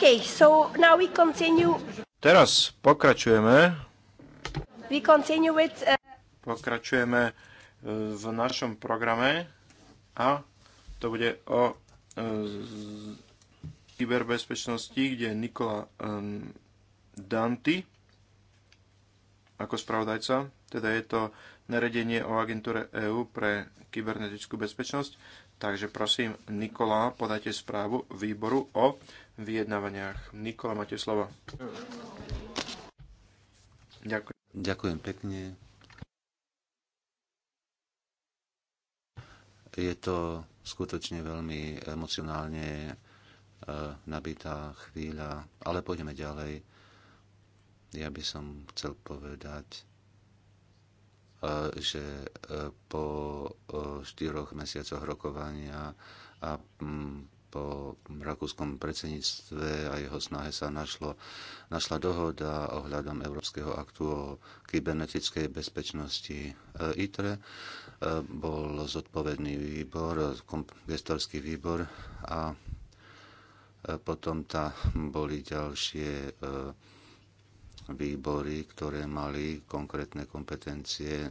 Okay, so now we continue. Teraz pokračujeme. We continue with, uh... Pokračujeme e, v našom programe a to bude o e, kyberbezpečnosti, kde Nikola um, Danti ako spravodajca, teda je to naredenie o agentúre EÚ pre kybernetickú bezpečnosť. Takže prosím, Nikola, podajte správu výboru o vyjednávaniach. Nikola, máte slovo. Ďakujem. Ďakujem pekne. Je to skutočne veľmi emocionálne e, nabitá chvíľa, ale pôjdeme ďalej. Ja by som chcel povedať, e, že e, po štyroch mesiacoch rokovania a po rakúskom predsedníctve a jeho snahe sa našlo, našla dohoda ohľadom Európskeho aktu o kybernetickej bezpečnosti e, ITRE. E, bol zodpovedný výbor, gestorský výbor a e, potom tam boli ďalšie výbory, ktoré mali konkrétne kompetencie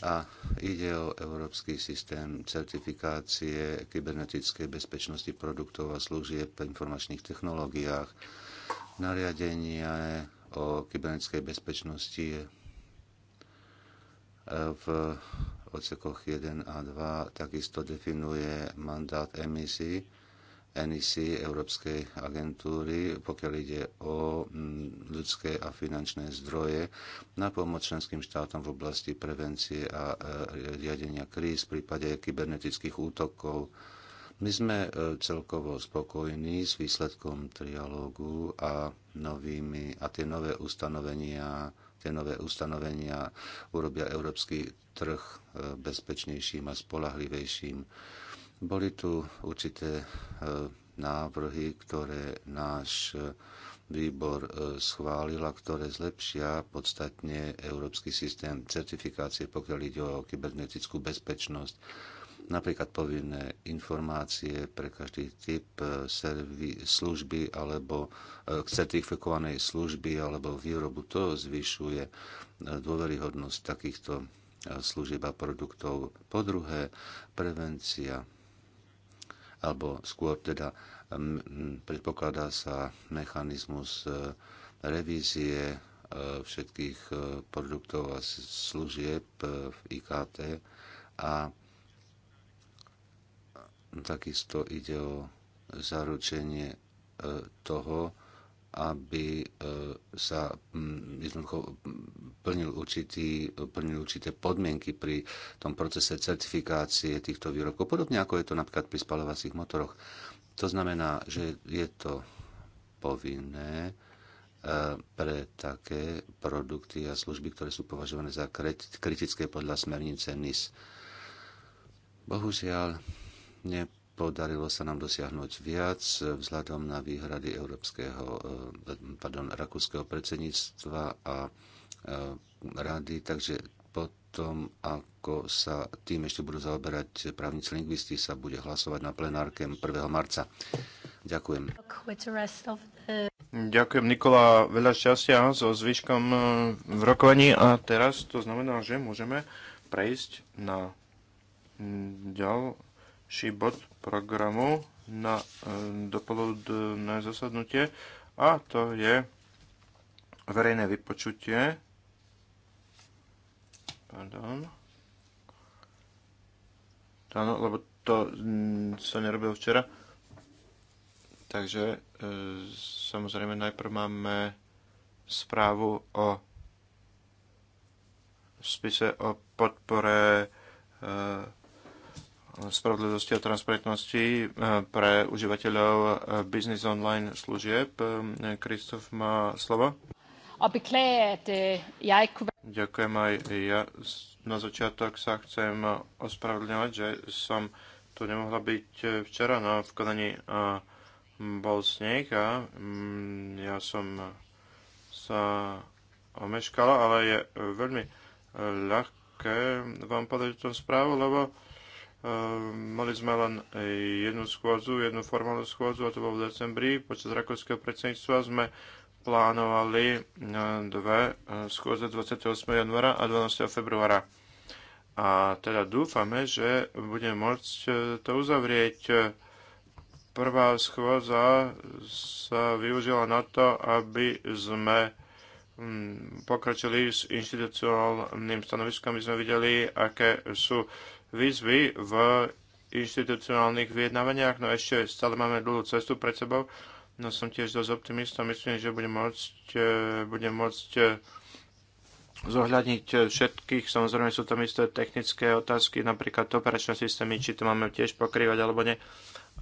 a ide o európsky systém certifikácie kybernetickej bezpečnosti produktov a služieb v informačných technológiách. Nariadenie o kybernetickej bezpečnosti e, v odsekoch 1 a 2 takisto definuje mandát emisí NEC, Európskej agentúry, pokiaľ ide o mm, ľudské a finančné zdroje na pomoc členským štátom v oblasti prevencie a e, riadenia kríz v prípade kybernetických útokov. My sme e, celkovo spokojní s výsledkom trialógu a, novými, a tie nové ustanovenia tie nové ustanovenia urobia európsky trh e, bezpečnejším a spolahlivejším boli tu určité e, návrhy, ktoré náš e, výbor e, schválil a ktoré zlepšia podstatne európsky systém certifikácie, pokiaľ ide o kybernetickú bezpečnosť. Napríklad povinné informácie pre každý typ servi, služby alebo certifikovanej služby alebo výrobu. To zvyšuje dôveryhodnosť takýchto služieb a produktov. Po druhé, prevencia alebo skôr teda predpokladá sa mechanizmus e, revízie e, všetkých e, produktov a služieb v IKT a takisto ide o zaručenie toho, aby e, sa jednoducho plnil určitý, plnil určité podmienky pri tom procese certifikácie týchto výrobkov, podobne ako je to napríklad pri spalovacích motoroch. To znamená, že je to povinné e, pre také produkty a služby, ktoré sú považované za kritické podľa smernice NIS. Bohužiaľ, ne Podarilo sa nám dosiahnuť viac e, vzhľadom na výhrady európskeho, e, pardon, rakúskeho predsedníctva a e, rady, takže potom, ako sa tým ešte budú zaoberať právnici lingvisti, sa bude hlasovať na plenárke 1. marca. Ďakujem. Ďakujem, Nikola. Veľa šťastia so zvyškom v rokovaní. A teraz to znamená, že môžeme prejsť na ďalšie ďalší bod programu na eh, dopoludné zasadnutie a to je verejné vypočutie pardon áno, lebo to mm, sa nerobil včera takže eh, samozrejme najprv máme správu o spise o podpore eh, spravodlivosti a transparentnosti eh, pre užívateľov eh, Business online služieb. Eh, Kristof má slovo. Ďakujem aj ja. Na začiatok sa chcem ospravedlňovať, že som tu nemohla byť včera, no v Kodani bol sneh a ja som sa omeškala, ale je veľmi ľahké vám podať tú správu, lebo Ehm, mali sme len jednu schôzu, jednu formálnu schôzu, a to bolo v decembri. Počas rakovského predsedníctva sme plánovali eh, dve eh, schôze 28. januára a 12. februára. A teda dúfame, že budeme môcť eh, to uzavrieť. Prvá schôza sa využila na to, aby sme hm, pokračili s inštitucionálnym stanoviskom. My sme videli, aké sú výzvy v inštitucionálnych vyjednávaniach, no ešte stále máme dlhú cestu pred sebou, no som tiež dosť optimista, myslím, že budem môcť, e, budem môcť e, zohľadniť všetkých. Samozrejme sú tam isté technické otázky, napríklad operačné systémy, či to máme tiež pokrývať alebo nie.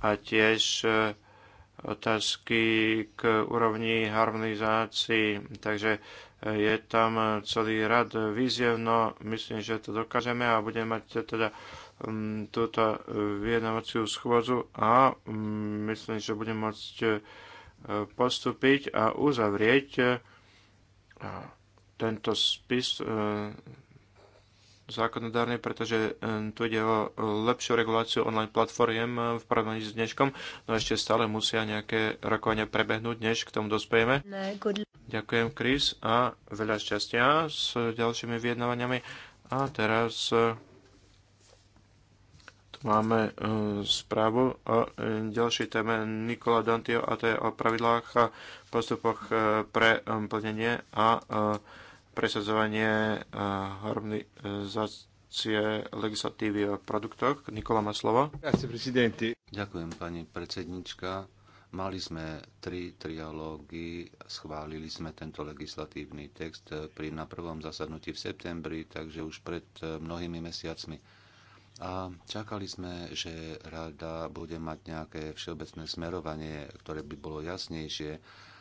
A tiež e, otázky k úrovni harmonizácii. Takže e, je tam celý rad víziev, no myslím, že to dokážeme a budeme mať teda mm, túto vyjednávaciu schôdzu a mm, myslím, že budem môcť e, postúpiť a uzavrieť e, tento spis zákonodárne, pretože tu ide o lepšiu reguláciu online platformiem v porovnaní s dneškom, no ešte stále musia nejaké rokovania prebehnúť, než k tomu dospejeme. Ďakujem, Chris, a veľa šťastia s ďalšími vyjednávaniami. A teraz eh, tu máme eh, správu o eh, ďalšej téme Nikola Dantio, a to je o pravidlách a postupoch pre plnenie a presadzovanie eh, harmonizácie legislatívy o produktoch. Nikola má slovo. Ďakujem, pani predsednička. Mali sme tri trialógy, schválili sme tento legislatívny text pri na prvom zasadnutí v septembri, takže už pred eh, mnohými mesiacmi. A čakali sme, že rada bude mať nejaké všeobecné smerovanie, ktoré by bolo jasnejšie eh,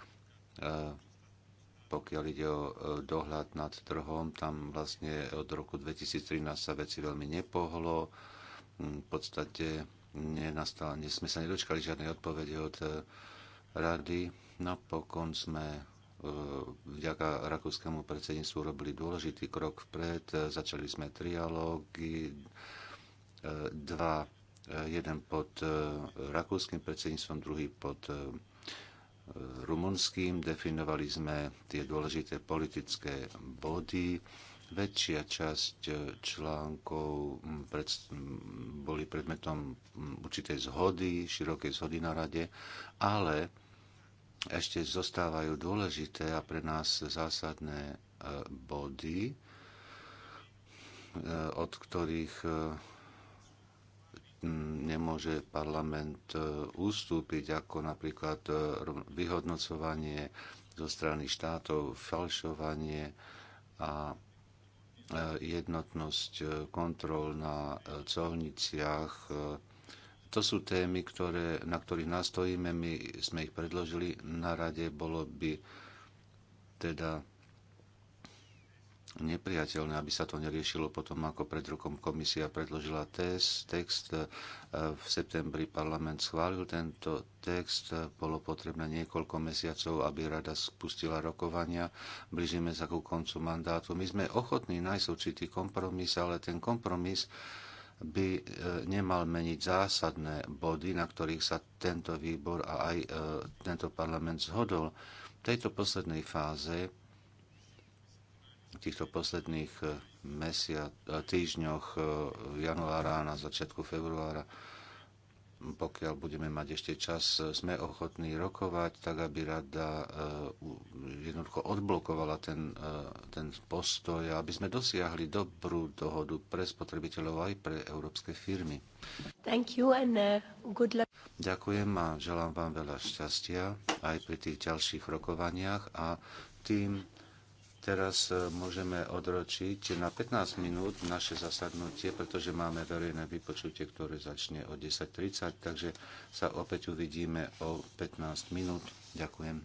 pokiaľ ide o e, dohľad nad trhom, tam vlastne od roku 2013 sa veci veľmi nepohlo. Mm, v podstate nenastala, sme sa nedočkali žiadnej odpovede od e, rady. Napokon sme e, vďaka rakúskému predsedníctvu robili dôležitý krok vpred. Začali sme trialógy, dva, jeden pod rakúskym predsedníctvom, druhý pod rumunským. Definovali sme tie dôležité politické body. Väčšia časť eh, článkov mm, pred, mm, boli predmetom mm, určitej zhody, širokej zhody na rade, ale ešte zostávajú dôležité a pre nás zásadné eh, body, eh, od ktorých nemôže parlament e, ustúpiť, ako napríklad e, vyhodnocovanie zo strany štátov, falšovanie a e, jednotnosť kontrol na colniciach. To sú témy, ktoré, na ktorých nastojíme, my sme ich predložili na rade, bolo by teda nepriateľné, aby sa to neriešilo potom, ako pred rokom komisia predložila test, text. E, v septembri parlament schválil tento text. Bolo potrebné niekoľko mesiacov, aby rada spustila rokovania. Blížime sa ku koncu mandátu. My sme ochotní nájsť určitý kompromis, ale ten kompromis by e, nemal meniť zásadné body, na ktorých sa tento výbor a aj e, tento parlament zhodol. V tejto poslednej fáze týchto posledných eh, mesiac, eh, týždňoch eh, januára na začiatku februára, pokiaľ budeme mať ešte čas, sme ochotní rokovať, tak aby rada jednoducho odblokovala ten, ten postoj, aby sme dosiahli dobrú dohodu pre spotrebiteľov aj pre európske firmy. Thank you and good luck. Ďakujem a želám vám veľa šťastia aj pri tých ďalších rokovaniach a tým Teraz e, môžeme odročiť na 15 minút naše zasadnutie, pretože máme verejné vypočutie, ktoré začne o 10.30, takže sa opäť uvidíme o 15 minút. Ďakujem.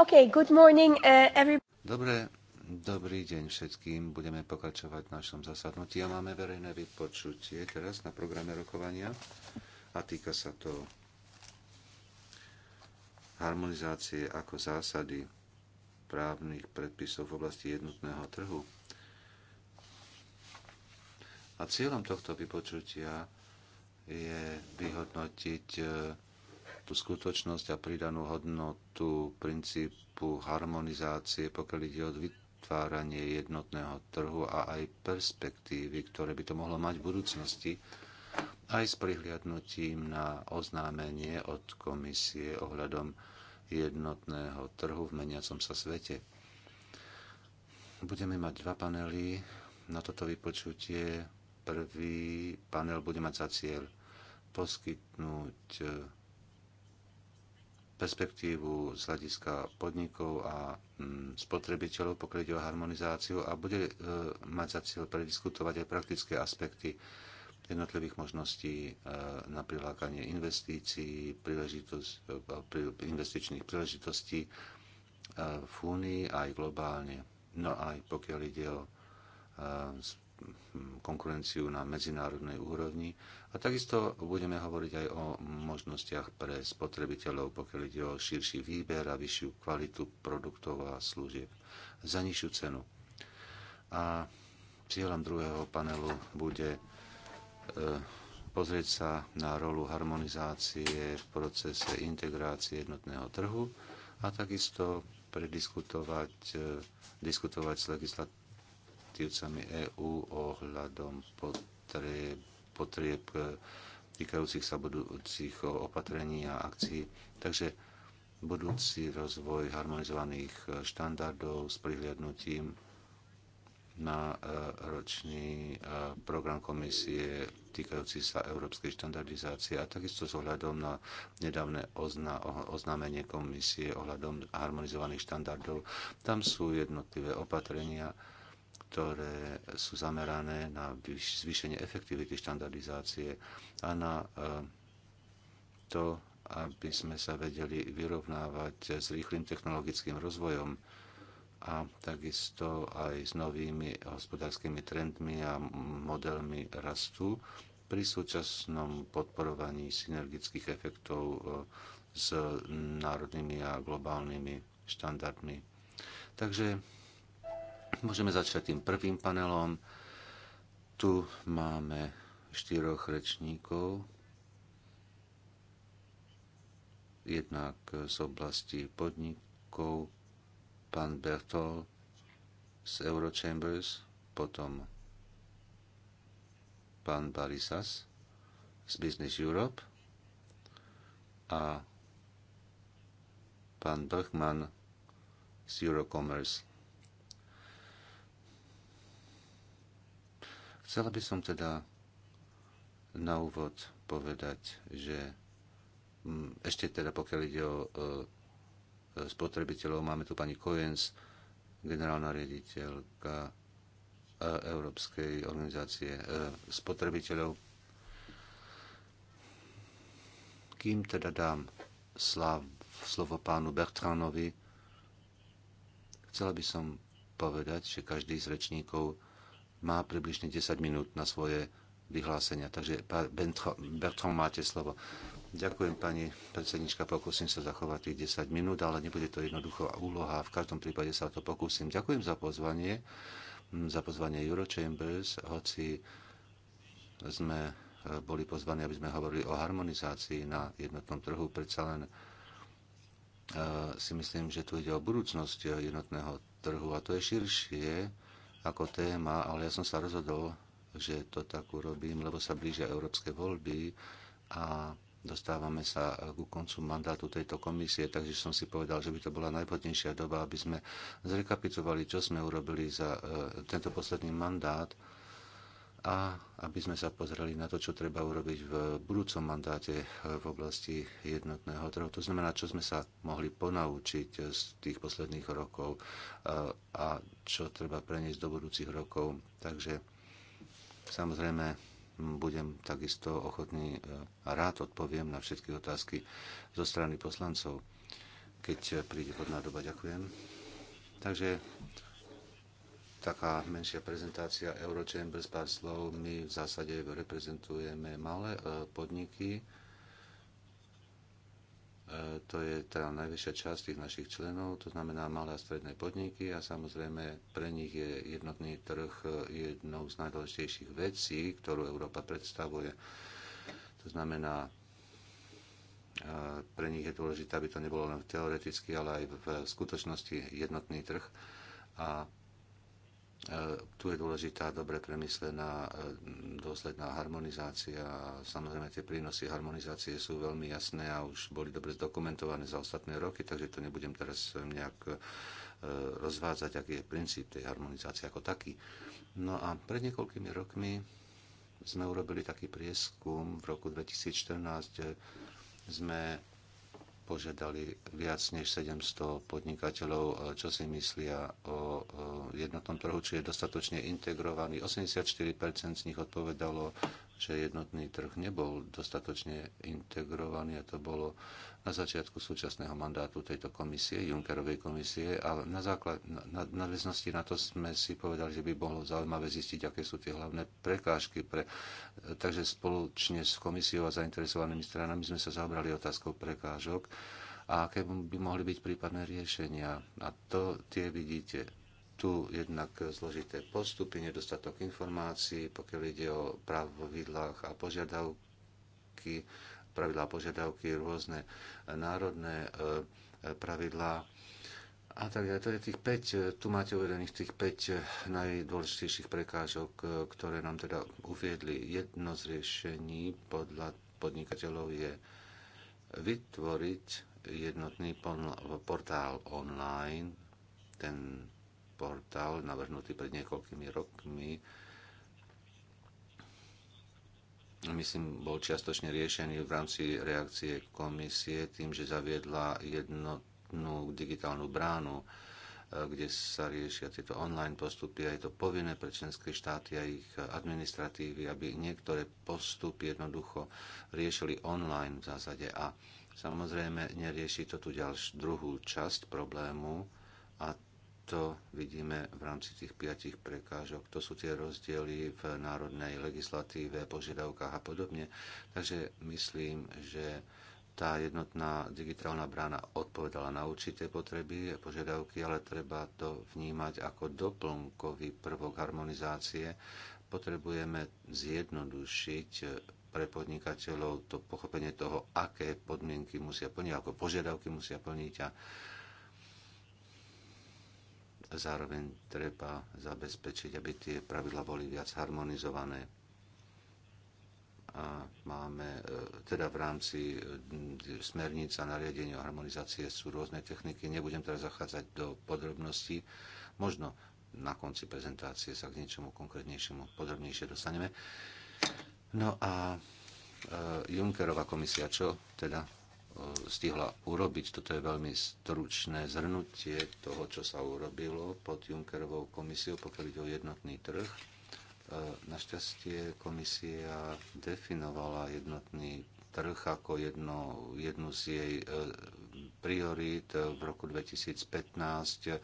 Okay, good morning, uh, every... Dobre, dobrý deň všetkým. Budeme pokračovať v našom zasadnutí a máme verejné vypočutie teraz na programe rokovania a týka sa to harmonizácie ako zásady právnych predpisov v oblasti jednotného trhu. A cieľom tohto vypočutia je vyhodnotiť eh, tú skutočnosť a pridanú hodnotu princípu harmonizácie, pokiaľ ide o vytváranie jednotného trhu a aj perspektívy, ktoré by to mohlo mať v budúcnosti, aj s prihliadnutím na oznámenie od komisie ohľadom jednotného trhu v meniacom sa svete. Budeme mať dva panely na toto vypočutie. Prvý panel bude mať za cieľ poskytnúť perspektívu z hľadiska podnikov a mm, spotrebiteľov, pokiaľ ide o harmonizáciu a bude e, mať za cieľ prediskutovať aj praktické aspekty jednotlivých možností e, na prilákanie investícií, príležitosť, e, investičných príležitostí v Únii aj globálne. No aj pokiaľ ide o Hm, konkurenciu na medzinárodnej úrovni a takisto budeme hovoriť aj o možnostiach pre spotrebiteľov, pokiaľ ide o širší výber a vyššiu kvalitu produktov a služieb za nižšiu cenu. A cieľom druhého panelu bude eh, pozrieť sa na rolu harmonizácie v procese integrácie jednotného trhu a takisto prediskutovať eh, diskutovať s legislat- legislatívcami EÚ ohľadom potrieb, potrieb e, týkajúcich sa budúcich opatrení a akcií. Takže budúci rozvoj harmonizovaných štandardov s prihliadnutím na e, ročný e, program komisie týkajúci sa európskej štandardizácie a takisto s ohľadom na nedávne ozna, oznámenie komisie ohľadom harmonizovaných štandardov. Tam sú jednotlivé opatrenia, ktoré sú zamerané na zvýšenie efektivity štandardizácie a na e, to, aby sme sa vedeli vyrovnávať s rýchlým technologickým rozvojom a takisto aj s novými hospodárskymi trendmi a modelmi rastu pri súčasnom podporovaní synergických efektov e, s národnými a globálnymi štandardmi. Takže Môžeme začať tým prvým panelom. Tu máme štyroch rečníkov. Jednak z oblasti podnikov pán Bertol z Eurochambers, potom pán Barisas z Business Europe a pán Bachmann z Eurocommerce. Chcela by som teda na úvod povedať, že mm, ešte teda pokiaľ ide o e, spotrebiteľov, máme tu pani Kojens, generálna riaditeľka e, Európskej organizácie e, spotrebiteľov. Kým teda dám slav, slovo pánu Bertranovi, chcela by som povedať, že každý z rečníkov má približne 10 minút na svoje vyhlásenia. Takže Bertrand, máte slovo. Ďakujem, pani predsednička, pokúsim sa zachovať tých 10 minút, ale nebude to jednoduchá úloha, v každom prípade sa to pokúsim. Ďakujem za pozvanie, hm, za pozvanie Eurochambers, hoci sme eh, boli pozvaní, aby sme hovorili o harmonizácii na jednotnom trhu, predsa len eh, si myslím, že tu ide o budúcnosť jednotného trhu a to je širšie, ako téma, ale ja som sa rozhodol, že to tak urobím, lebo sa blížia európske voľby a dostávame sa ku koncu mandátu tejto komisie, takže som si povedal, že by to bola najvhodnejšia doba, aby sme zrekapitovali, čo sme urobili za eh, tento posledný mandát a aby sme sa pozreli na to, čo treba urobiť v budúcom mandáte eh, v oblasti jednotného trhu. To znamená, čo sme sa mohli ponaučiť z tých posledných rokov eh, a čo treba preniesť do budúcich rokov. Takže samozrejme budem takisto ochotný eh, a rád odpoviem na všetky otázky zo strany poslancov, keď príde hodná doba. Ďakujem. Takže taká menšia prezentácia Eurochambers pár slov. My v zásade reprezentujeme malé e, podniky. E, to je tá najvyššia časť tých našich členov, to znamená malé a stredné podniky a samozrejme pre nich je jednotný trh e, jednou z najdôležitejších vecí, ktorú Európa predstavuje. To znamená, pre nich je dôležité, aby to nebolo len teoreticky, ale aj v skutočnosti jednotný trh. A E, tu je dôležitá dobre premyslená e, dôsledná harmonizácia. Samozrejme, tie prínosy harmonizácie sú veľmi jasné a už boli dobre zdokumentované za ostatné roky, takže to nebudem teraz nejak e, rozvádzať, aký je princíp tej harmonizácie ako taký. No a pred niekoľkými rokmi sme urobili taký prieskum v roku 2014, sme požiadali viac než 700 podnikateľov, e, čo si myslia o e, jednotnom trhu, či je dostatočne integrovaný. 84% z nich odpovedalo že jednotný trh nebol dostatočne integrovaný a to bolo na začiatku súčasného mandátu tejto komisie, Junckerovej komisie a na základ, na, na, na, na to sme si povedali, že by bolo zaujímavé zistiť, aké sú tie hlavné prekážky. Pre, takže spoločne s komisiou a zainteresovanými stranami sme sa zaobrali otázkou prekážok a aké by mohli byť prípadné riešenia. A to tie vidíte tu jednak zložité postupy, nedostatok informácií, pokiaľ ide o pravidlách a požiadavky, pravidlá a požiadavky, rôzne národné e, pravidlá a tak ďalej. To je tých 5, e, tu máte uvedených tých 5 najdôležitejších prekážok, e, ktoré nám teda uviedli. Jedno z riešení podľa podnikateľov je vytvoriť jednotný portál online, ten portál navrhnutý pred niekoľkými rokmi. Myslím, bol čiastočne riešený v rámci reakcie komisie tým, že zaviedla jednotnú digitálnu bránu, e, kde sa riešia tieto online postupy a je to povinné pre členské štáty a ich administratívy, aby niektoré postupy jednoducho riešili online v zásade a Samozrejme, nerieši to tu ďalšiu druhú časť problému a to vidíme v rámci tých piatich prekážok. To sú tie rozdiely v národnej legislatíve, požiadavkách a podobne. Takže myslím, že tá jednotná digitálna brána odpovedala na určité potreby a požiadavky, ale treba to vnímať ako doplnkový prvok harmonizácie. Potrebujeme zjednodušiť pre podnikateľov to pochopenie toho, aké podmienky musia plniť, ako požiadavky musia plniť a Zároveň treba zabezpečiť, aby tie pravidla boli viac harmonizované. A máme, e, teda v rámci e, smerníc a nariadenia o harmonizácie sú rôzne techniky. Nebudem teraz zachádzať do podrobností. Možno na konci prezentácie sa k niečomu konkrétnejšiemu podrobnejšie dostaneme. No a e, Junckerová komisia, čo teda stihla urobiť. Toto je veľmi stručné zhrnutie toho, čo sa urobilo pod Junckerovou komisiou, pokiaľ ide o jednotný trh. E, našťastie komisia definovala jednotný trh ako jedno, jednu z jej e, priorít. V roku 2015 e,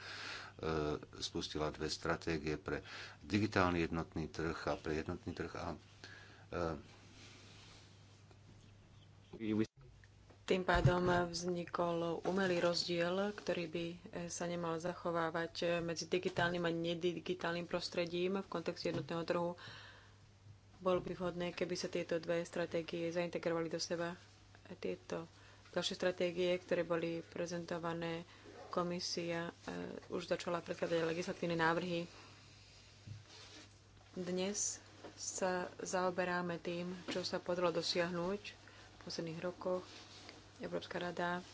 spustila dve stratégie pre digitálny jednotný trh a pre jednotný trh a tým pádom vznikol umelý rozdiel, ktorý by e, sa nemal zachovávať medzi digitálnym a nedigitálnym prostredím v kontexte jednotného trhu. Bolo by vhodné, keby sa tieto dve stratégie zaintegrovali do seba. E, tieto ďalšie stratégie, ktoré boli prezentované, komisia e, už začala predkladať legislatívne návrhy. Dnes sa zaoberáme tým, čo sa podalo dosiahnuť v posledných rokoch Európska rada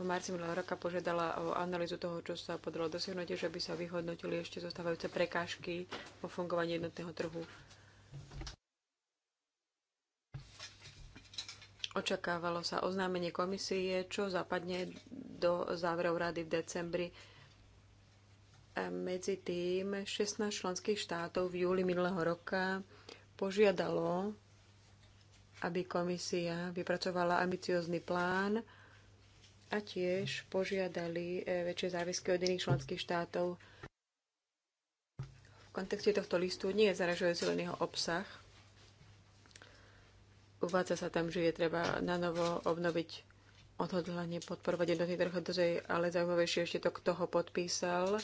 v marci minulého roka požiadala o analýzu toho, čo sa podalo dosiahnuť, že by sa vyhodnotili ešte zostávajúce prekážky vo fungovaní jednotného trhu. Očakávalo sa oznámenie komisie, čo zapadne do záverov rady v decembri. A medzi tým 16 členských štátov v júli minulého roka požiadalo aby komisia vypracovala ambiciózny plán a tiež požiadali e, väčšie záväzky od iných členských štátov. V kontexte tohto listu nie je zaražuje len obsah. Uvádza sa tam, že je treba na novo obnoviť odhodlanie podporovať jednotný trh, ale zaujímavejšie ešte to, kto ho podpísal,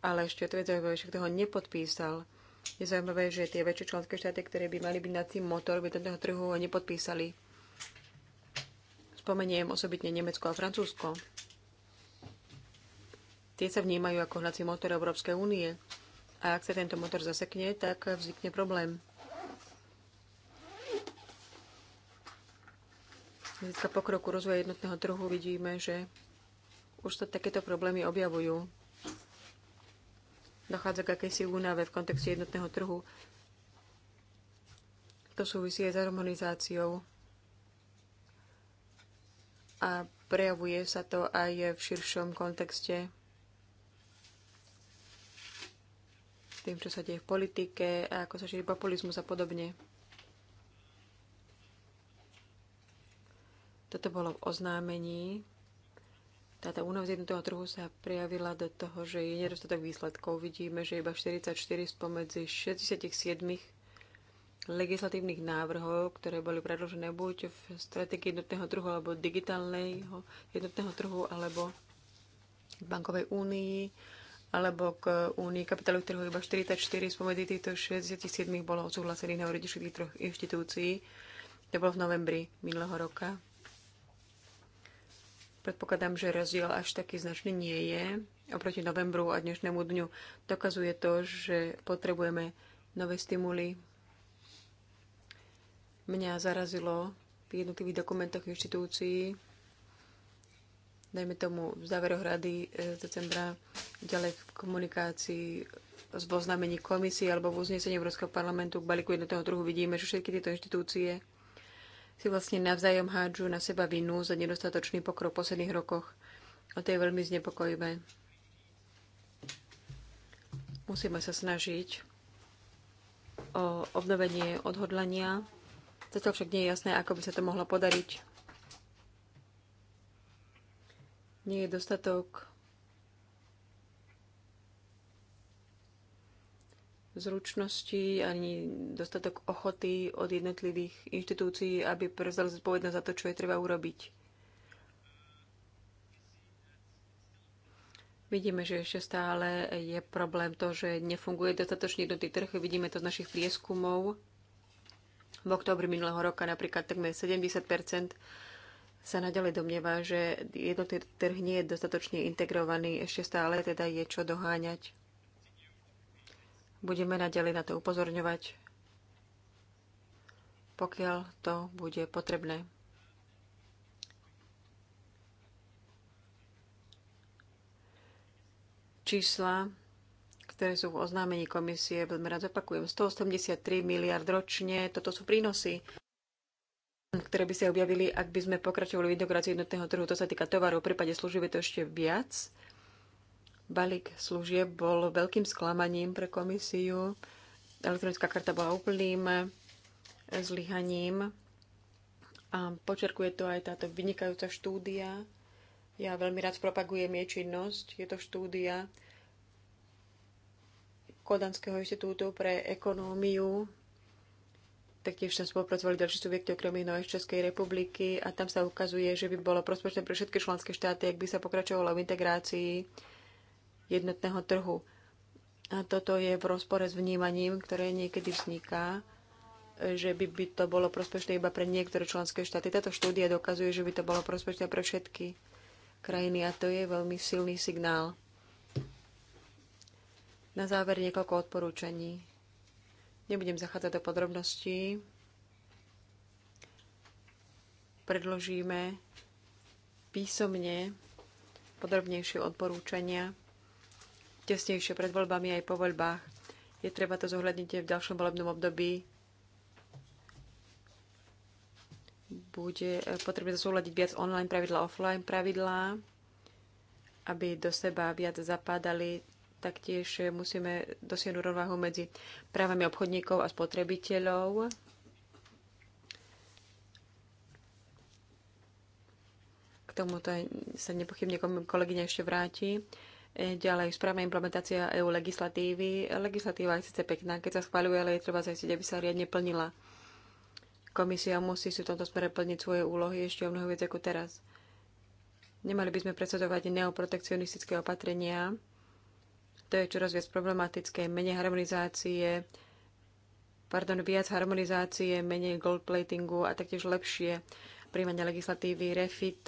ale ešte to je zaujímavejšie, kto ho nepodpísal je zaujímavé, že tie väčšie členské štáty, ktoré by mali byť na tým motor by tento trhu, nepodpísali. Spomeniem osobitne Nemecko a Francúzsko. Tie sa vnímajú ako hnací motor Európskej únie. A ak sa tento motor zasekne, tak vznikne problém. Z pokroku rozvoja jednotného trhu vidíme, že už sa takéto problémy objavujú dochádza k akejsi únave v kontexte jednotného trhu. To súvisí aj s harmonizáciou a prejavuje sa to aj v širšom kontexte tým, čo sa deje v politike a ako sa šíri populizmus a podobne. Toto bolo v oznámení táto únav z jednotného trhu sa prejavila do toho, že je nedostatok výsledkov. Vidíme, že iba 44 spomedzi 67 legislatívnych návrhov, ktoré boli predložené buď v stratégii jednotného trhu alebo digitálneho jednotného trhu alebo v bankovej únii alebo k únii kapitálových trhov iba 44 spomedzi týchto 67 bolo odsúhlasených na úrade troch inštitúcií. To bolo v novembri minulého roka. Predpokladám, že rozdiel až taký značný nie je oproti novembru a dnešnému dňu. Dokazuje to, že potrebujeme nové stimuly. Mňa zarazilo v jednotlivých dokumentoch inštitúcií, dajme tomu v záveroch rady e, z decembra, ďalej v komunikácii z oznámení komisie alebo v uznesení Európskeho parlamentu k balíku jednotného druhu vidíme, že všetky tieto inštitúcie si vlastne navzájom hádžu na seba vinu za nedostatočný pokrok v posledných rokoch. A to je veľmi znepokojivé. Musíme sa snažiť o obnovenie odhodlania. Toto však nie je jasné, ako by sa to mohlo podariť. Nie je dostatok zručnosti ani dostatok ochoty od jednotlivých inštitúcií, aby prevzali zodpovednosť za to, čo je treba urobiť. Vidíme, že ešte stále je problém to, že nefunguje dostatočne jednotný trh. Vidíme to z našich prieskumov. V októbri minulého roka napríklad takmer 70 sa naďalej domnieva, že jednotný trh nie je dostatočne integrovaný. Ešte stále teda je čo doháňať. Budeme naďalej na to upozorňovať, pokiaľ to bude potrebné. Čísla, ktoré sú v oznámení komisie, veľmi rád zopakujem, 183 miliard ročne, toto sú prínosy ktoré by sa objavili, ak by sme pokračovali v integrácii jednotného trhu. To sa týka tovarov, v prípade služieb je to ešte viac balík služieb bol veľkým sklamaním pre komisiu. Elektronická karta bola úplným eh, zlyhaním. A počerkuje to aj táto vynikajúca štúdia. Ja veľmi rád propagujem jej činnosť. Je to štúdia Kodanského inštitútu pre ekonómiu. Taktiež sme spolupracovali ďalšie subjekty okrem iného z Českej republiky a tam sa ukazuje, že by bolo prospešné pre všetky členské štáty, ak by sa pokračovalo v integrácii jednotného trhu. A toto je v rozpore s vnímaním, ktoré niekedy vzniká, že by, by to bolo prospešné iba pre niektoré členské štáty. Táto štúdia dokazuje, že by to bolo prospešné pre všetky krajiny a to je veľmi silný signál. Na záver niekoľko odporúčaní. Nebudem zachádzať do podrobností. Predložíme písomne podrobnejšie odporúčania tesnejšie pred voľbami aj po voľbách. Je treba to zohľadniť v ďalšom volebnom období. Bude e, potrebné zohľadiť viac online pravidla, offline pravidlá, aby do seba viac zapadali. Taktiež e, musíme dosiahnuť rovnováhu medzi právami obchodníkov a spotrebiteľov. K tomuto sa nepochybne kolegyňa ešte vráti. Ďalej, správna implementácia EU legislatívy. Legislatíva je síce pekná, keď sa schváľuje, ale je treba zajistiť, aby sa riadne plnila. Komisia musí si v tomto smere plniť svoje úlohy ešte o mnoho viac ako teraz. Nemali by sme presadovať neoprotekcionistické opatrenia. To je čoraz viac problematické. Menej harmonizácie, pardon, viac harmonizácie, menej goldplatingu a taktiež lepšie príjmanie legislatívy, refit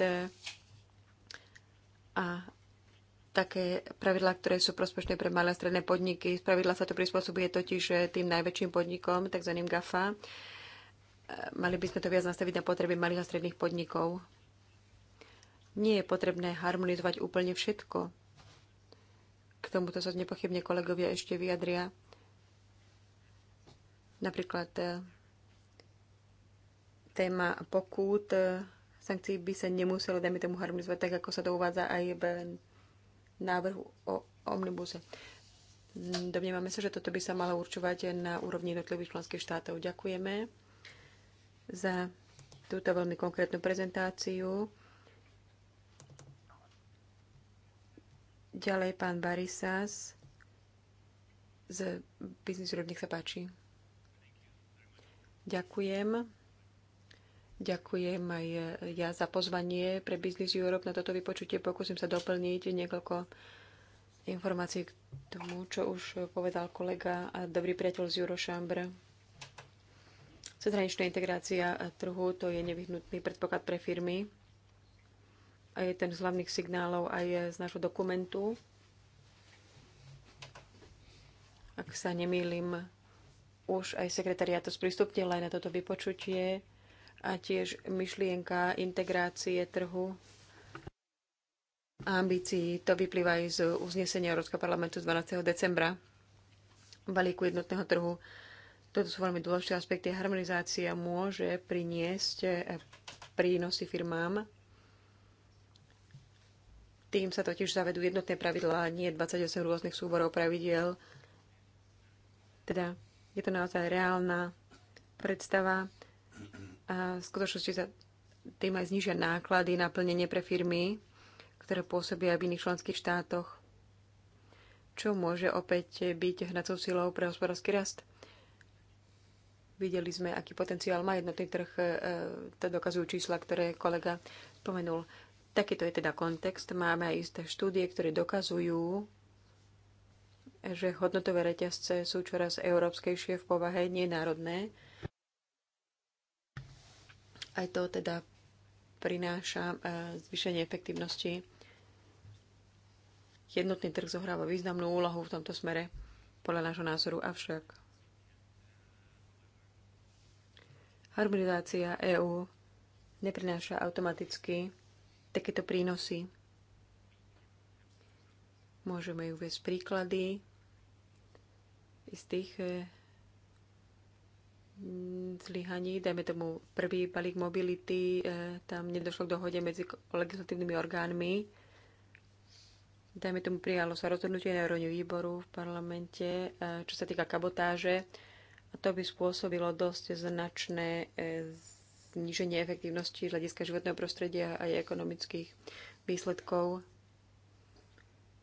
a také pravidlá, ktoré sú prospešné pre malé a stredné podniky. Pravidlá sa to prispôsobuje totiž tým najväčším podnikom, tzv. GAFA. Eh, mali by sme to viac nastaviť na potreby malých a stredných podnikov. Nie je potrebné harmonizovať úplne všetko. K tomuto sa nepochybne kolegovia ešte vyjadria. Napríklad eh, téma pokút eh, sankcií by sa nemuselo, dajme tomu, harmonizovať tak, ako sa to uvádza aj v návrhu o omnibuse. Domnievame sa, že toto by sa malo určovať na úrovni jednotlivých členských štátov. Ďakujeme za túto veľmi konkrétnu prezentáciu. Ďalej pán Barisas z Business Group, nech sa páči. Ďakujem. Ďakujem aj ja za pozvanie pre Business Europe na toto vypočutie. Pokúsim sa doplniť niekoľko informácií k tomu, čo už povedal kolega a dobrý priateľ z Eurošambra. Cezhraničná integrácia trhu to je nevyhnutný predpoklad pre firmy a je ten z hlavných signálov aj z nášho dokumentu. Ak sa nemýlim, už aj sekretariát to sprístupnil aj na toto vypočutie a tiež myšlienka integrácie trhu a ambícií. To vyplýva aj z uznesenia Európskeho parlamentu z 12. decembra balíku jednotného trhu. Toto sú veľmi dôležité aspekty. Harmonizácia môže priniesť prínosy firmám. Tým sa totiž zavedú jednotné pravidlá, nie 28 rôznych súborov pravidiel. Teda je to naozaj reálna predstava v skutočnosti sa tým aj znižia náklady na plnenie pre firmy, ktoré pôsobia v iných členských štátoch, čo môže opäť byť hnacou silou pre hospodársky rast. Videli sme, aký potenciál má jednotný trh, e, to dokazujú čísla, ktoré kolega spomenul. Takýto je teda kontext. Máme aj isté štúdie, ktoré dokazujú, že hodnotové reťazce sú čoraz európskejšie v povahe, nie národné. Aj to teda prináša e, zvýšenie efektívnosti. Jednotný trh zohráva významnú úlohu v tomto smere, podľa nášho názoru avšak. Harmonizácia EÚ neprináša automaticky takéto prínosy. Môžeme ju viesť príklady istých zlyhaní, dajme tomu prvý balík mobility, e, tam nedošlo k dohode medzi legislatívnymi orgánmi. Dajme tomu prijalo sa rozhodnutie na úrovni výboru v parlamente, e, čo sa týka kabotáže. A to by spôsobilo dosť značné e, zníženie efektívnosti z hľadiska životného prostredia a aj ekonomických výsledkov.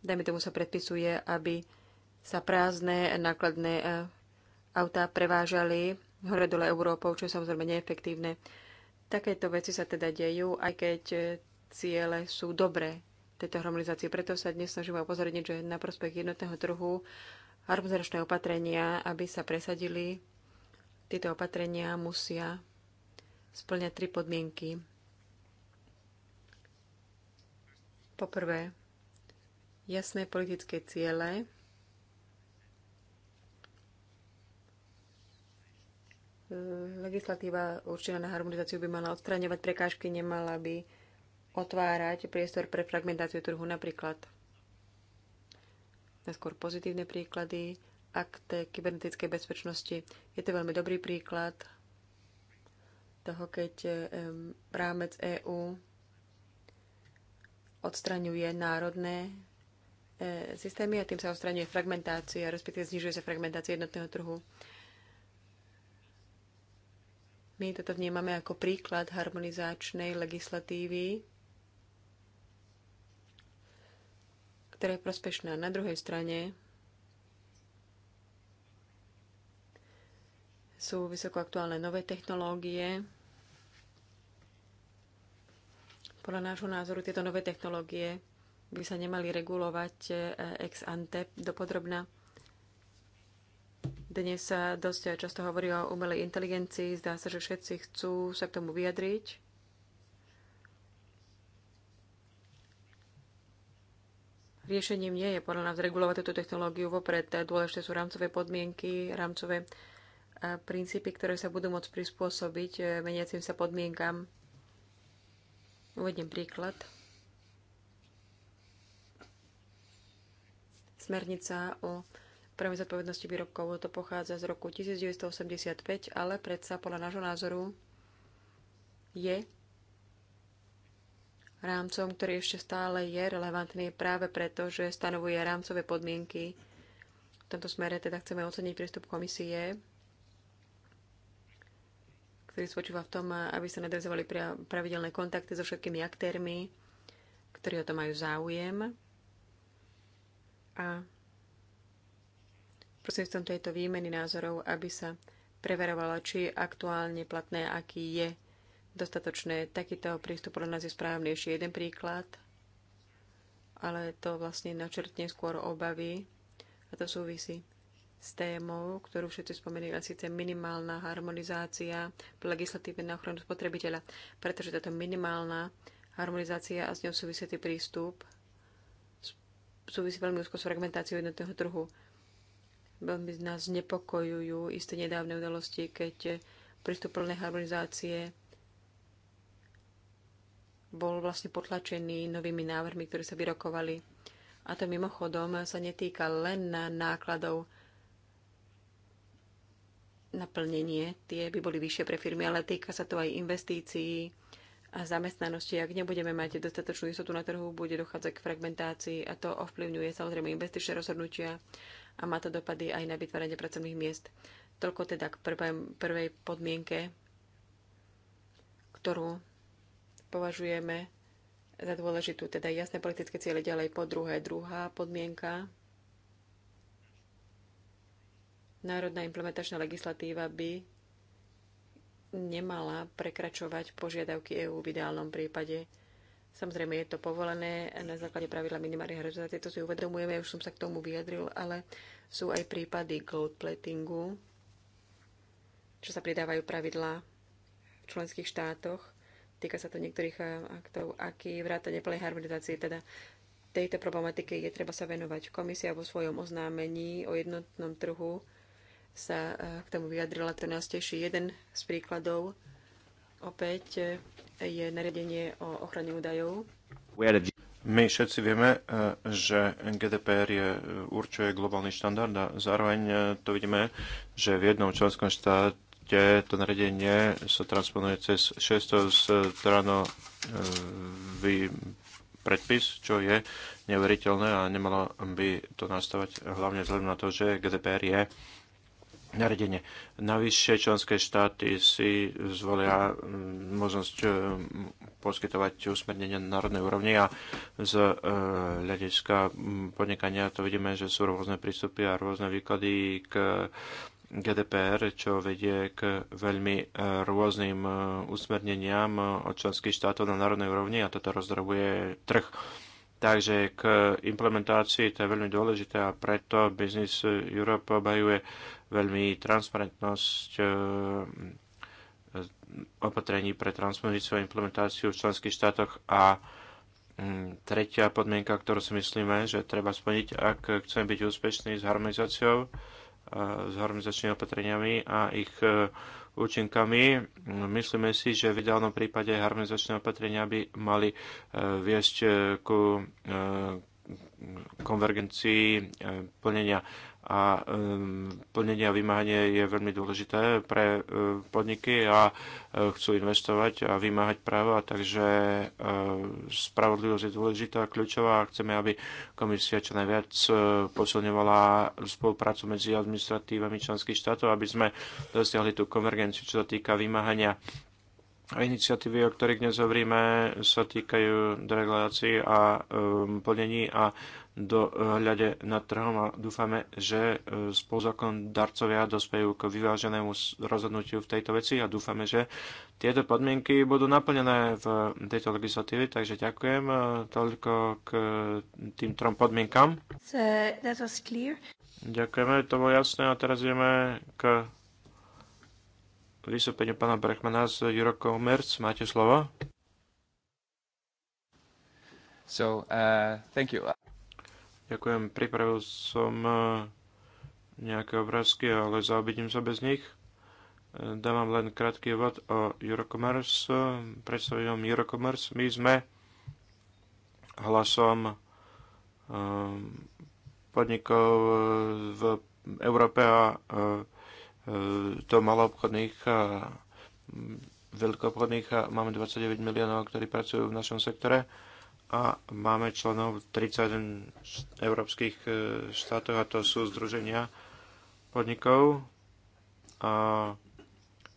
Dajme tomu sa predpisuje, aby sa prázdne nákladné autá prevážali hore dole Európou, čo je samozrejme neefektívne. Takéto veci sa teda dejú, aj keď ciele sú dobré tejto harmonizácie. Preto sa dnes snažíme upozorniť, že na prospech jednotného trhu harmonizačné opatrenia, aby sa presadili, tieto opatrenia musia splňať tri podmienky. Poprvé, jasné politické ciele, Legislatíva určená na harmonizáciu by mala odstraňovať prekážky, nemala by otvárať priestor pre fragmentáciu trhu napríklad. Najskôr pozitívne príklady. akte kybernetickej bezpečnosti je to veľmi dobrý príklad toho, keď rámec EÚ odstraňuje národné e, systémy a tým sa odstraňuje fragmentácia, respektíve znižuje sa fragmentácia jednotného trhu. My toto vnímame ako príklad harmonizačnej legislatívy, ktorá je prospešná. Na druhej strane sú vysokoaktuálne nové technológie. Podľa nášho názoru tieto nové technológie by sa nemali regulovať eh, ex ante dopodrobná. Dnes sa dosť často hovorí o umelej inteligencii. Zdá sa, že všetci chcú sa k tomu vyjadriť. Riešením nie je podľa nás regulovať túto technológiu vopred. Dôležité sú rámcové podmienky, rámcové e, princípy, ktoré sa budú môcť prispôsobiť e, meniacim sa podmienkam. Uvediem príklad. Smernica o právnej zodpovednosti výrobkov. To pochádza z roku 1985, ale predsa podľa nášho názoru je rámcom, ktorý ešte stále je relevantný práve preto, že stanovuje rámcové podmienky. V tomto smere teda chceme oceniť prístup komisie, ktorý spočíva v tom, aby sa nadrezovali pravidelné kontakty so všetkými aktérmi, ktorí o to majú záujem. A prostredníctvom tejto výmeny názorov, aby sa preverovalo, či je aktuálne platné, aký je dostatočné. Takýto prístup podľa nás je správnejší. Jeden príklad, ale to vlastne načrtne skôr obavy a to súvisí s témou, ktorú všetci spomenuli, a síce minimálna harmonizácia v legislatíve na ochranu spotrebiteľa. Pretože táto minimálna harmonizácia a s ňou súvisiaci prístup súvisí veľmi úzko s fragmentáciou jednotného trhu. Veľmi z nás nepokojujú isté nedávne udalosti, keď prístup plnej harmonizácie bol vlastne potlačený novými návrhmi, ktoré sa vyrokovali. A to mimochodom sa netýka len na nákladov na plnenie, tie by boli vyššie pre firmy, ale týka sa to aj investícií a zamestnanosti. Ak nebudeme mať dostatočnú istotu na trhu, bude dochádzať k fragmentácii a to ovplyvňuje samozrejme investičné rozhodnutia a má to dopady aj na vytváranie pracovných miest. Toľko teda k prvej, prvej podmienke, ktorú považujeme za dôležitú, teda jasné politické ciele ďalej po druhé. Druhá podmienka, národná implementačná legislatíva by nemala prekračovať požiadavky EÚ v ideálnom prípade Samozrejme, je to povolené na základe pravidla minimálnej harmonizácie, to si uvedomujeme, už som sa k tomu vyjadril, ale sú aj prípady gold platingu, čo sa pridávajú pravidlá v členských štátoch. Týka sa to niektorých eh, aktov, aký vrátane plnej harmonizácie, teda tejto problematike je treba sa venovať. Komisia vo svojom oznámení o jednotnom trhu sa eh, k tomu vyjadrila, to nás teší. Jeden z príkladov Opäť je nariadenie o ochrane údajov. My všetci vieme, eh, že GDPR je, eh, určuje globálny štandard a zároveň eh, to vidíme, že v jednom členskom štáte to nariadenie sa transponuje cez 600 stranový predpis, čo je neuveriteľné a nemalo by to nastavať hlavne vzhľadom na to, že GDPR je nariadenie. Navyše členské štáty si zvolia mm, možnosť e, poskytovať usmernenia na národnej úrovni a z e, hľadiska mm, podnikania to vidíme, že sú rôzne prístupy a rôzne výklady k GDPR, čo vedie k veľmi e, rôznym usmerneniam od členských štátov na národnej úrovni a toto rozdrobuje trh. Takže k implementácii to je veľmi dôležité a preto Business Europe obhajuje veľmi transparentnosť e, e, opatrení pre transpozíciu a implementáciu v členských štátoch a tretia podmienka, ktorú si myslíme, že treba splniť, ak chceme byť úspešní s harmonizáciou, e, s harmonizačnými opatreniami a ich účinkami. Myslíme si, že v ideálnom prípade harmonizačné opatrenia by mali viesť ku konvergencii plnenia a plnenie a vymáhanie je veľmi dôležité pre eh, podniky a eh, chcú investovať a vymáhať práva, takže eh, spravodlivosť je dôležitá, kľúčová a chceme, aby komisia čo najviac posilňovala spoluprácu medzi administratívami členských štátov, aby sme dosiahli tú konvergenciu, čo sa týka vymáhania a iniciatívy, o ktorých dnes hovoríme, sa týkajú deregulácií a um, plnení a dohľade nad trhom a dúfame, že e, spoluzakon darcovia dospejú k vyváženému rozhodnutiu v tejto veci a dúfame, že tieto podmienky budú naplnené v tejto legislatíve, takže ďakujem e, toľko k tým trom podmienkam. Ďakujeme, to bolo jasné a teraz ideme k vystúpeniu pána Brechmana z Eurocommerce. Máte slovo? So, uh, thank you. Ďakujem, pripravil som e, nejaké obrázky, ale zaobidím sa bez nich. E, dám vám len krátky vod o Eurocommerce. Predstavujem Eurocommerce. My sme hlasom e, podnikov v Európe a malo maloobchodných a veľkoobchodných a máme 29 miliónov, ktorí pracujú v našom sektore a máme členov 31 európskych e, štátov a to sú združenia podnikov. A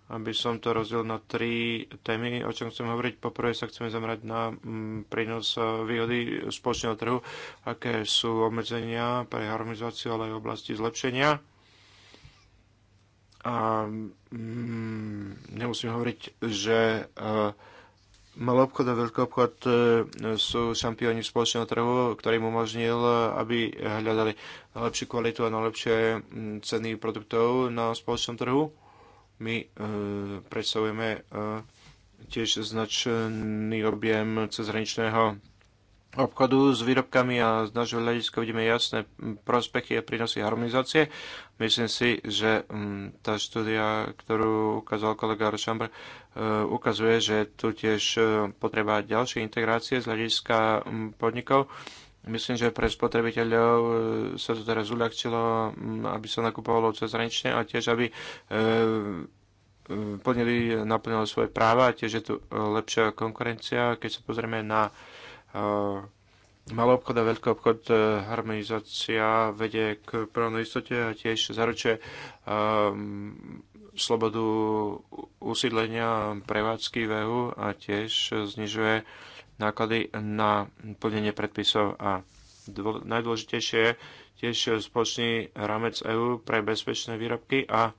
aby som to rozdiel na tri témy, o čom chcem hovoriť. Poprvé sa chceme zamerať na mm, prínos výhody spoločného trhu, aké sú obmedzenia pre harmonizáciu, ale aj oblasti zlepšenia. A mm, nemusím hovoriť, že uh, Malý obchod a veľký obchod e, sú šampióni spoločného trhu, ktorý im umožnil, aby hľadali najlepšiu kvalitu a najlepšie ceny produktov na spoločnom trhu. My e, predstavujeme e, tiež značný objem cezhraničného obchodu s výrobkami a z nášho hľadiska vidíme jasné prospechy a prínosy harmonizácie. Myslím si, že mm, tá štúdia, ktorú ukázal kolega Rošambr, eh, ukazuje, že tu tiež eh, potreba ďalšie integrácie z hľadiska mm, podnikov. Myslím, že pre spotrebiteľov eh, sa to teraz uľahčilo, mm, aby sa nakupovalo cezranične a tiež, aby plnili, naplnili svoje práva a tiež je tu lepšia konkurencia. Keď sa pozrieme na malý obchod a veľký obchod e, harmonizácia vedie k právnej istote a tiež zaručuje e, slobodu usídlenia prevádzky v EU a tiež znižuje náklady na plnenie predpisov a najdôležitejšie je tiež spoločný rámec EU pre bezpečné výrobky a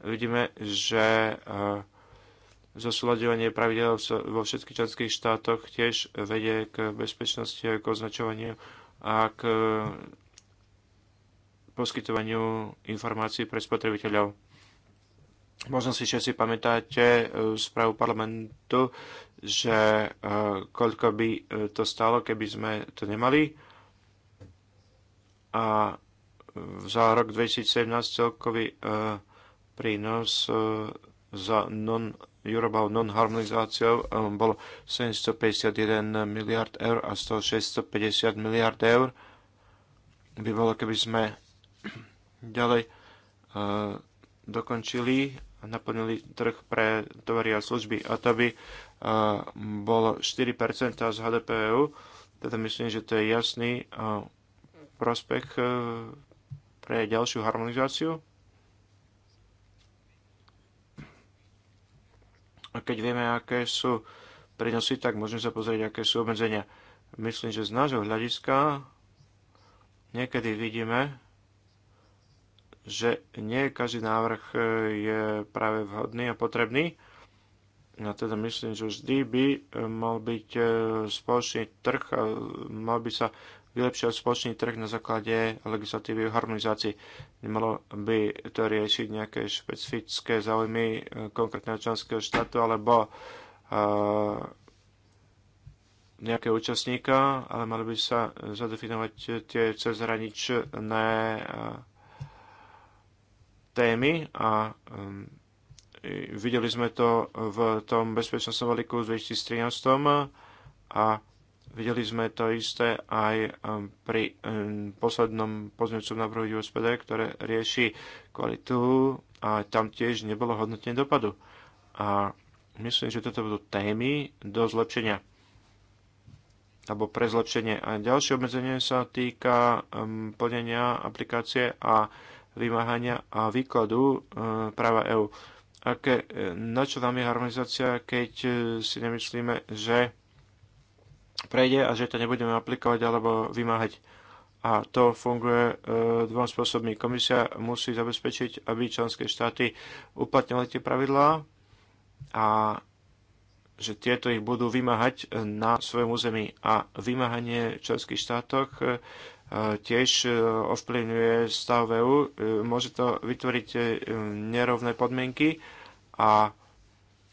vidíme, že uh, zosúľadovanie pravidel vo všetkých členských štátoch tiež vedie k bezpečnosti a k označovaniu a k e, poskytovaniu informácií pre spotrebiteľov. Možno si všetci pamätáte e, správu parlamentu, že e, koľko by to stalo, keby sme to nemali. A za rok 2017 celkový prínos za non Eurobal non-harmonizáciou um, bolo 751 miliard eur a z toho 650 miliard eur by bolo, keby sme ďalej uh, dokončili a naplnili trh pre tovary a služby. A to by uh, bolo 4% z HDP EU. Teda myslím, že to je jasný uh, prospech pre ďalšiu harmonizáciu. A keď vieme, aké sú prínosy, tak môžeme sa pozrieť, aké sú obmedzenia. Myslím, že z nášho hľadiska niekedy vidíme, že nie každý návrh e, je práve vhodný a potrebný. Ja teda myslím, že vždy by e, mal byť e, spoločný trh a mal by sa vylepšovať spoločný trh na základe legislatívy v harmonizácii. Nemalo by to riešiť nejaké špecifické záujmy e, konkrétneho členského štátu alebo uh, nejakého účastníka, ale mali by sa zadefinovať tie cezhraničné e, témy a um, videli sme to v tom bezpečnostnom balíku z 2013 a Videli sme to isté aj eh, pri eh, poslednom pozmeňujúcom návrhu USPD, ktoré rieši kvalitu a tam tiež nebolo hodnotenie dopadu. A myslím, že toto budú témy do zlepšenia alebo pre zlepšenie. A ďalšie obmedzenie sa týka eh, plnenia aplikácie a vymáhania a výkladu práva EÚ. Aké, na čo nám je harmonizácia, keď si nemyslíme, že prejde a že to nebudeme aplikovať alebo vymáhať. A to funguje e, dvom spôsobmi. Komisia musí zabezpečiť, aby členské štáty uplatňovali tie pravidlá a že tieto ich budú vymáhať na svojom území. A vymáhanie v členských štátoch e, tiež e, ovplyvňuje stav EU. E, môže to vytvoriť nerovné podmienky a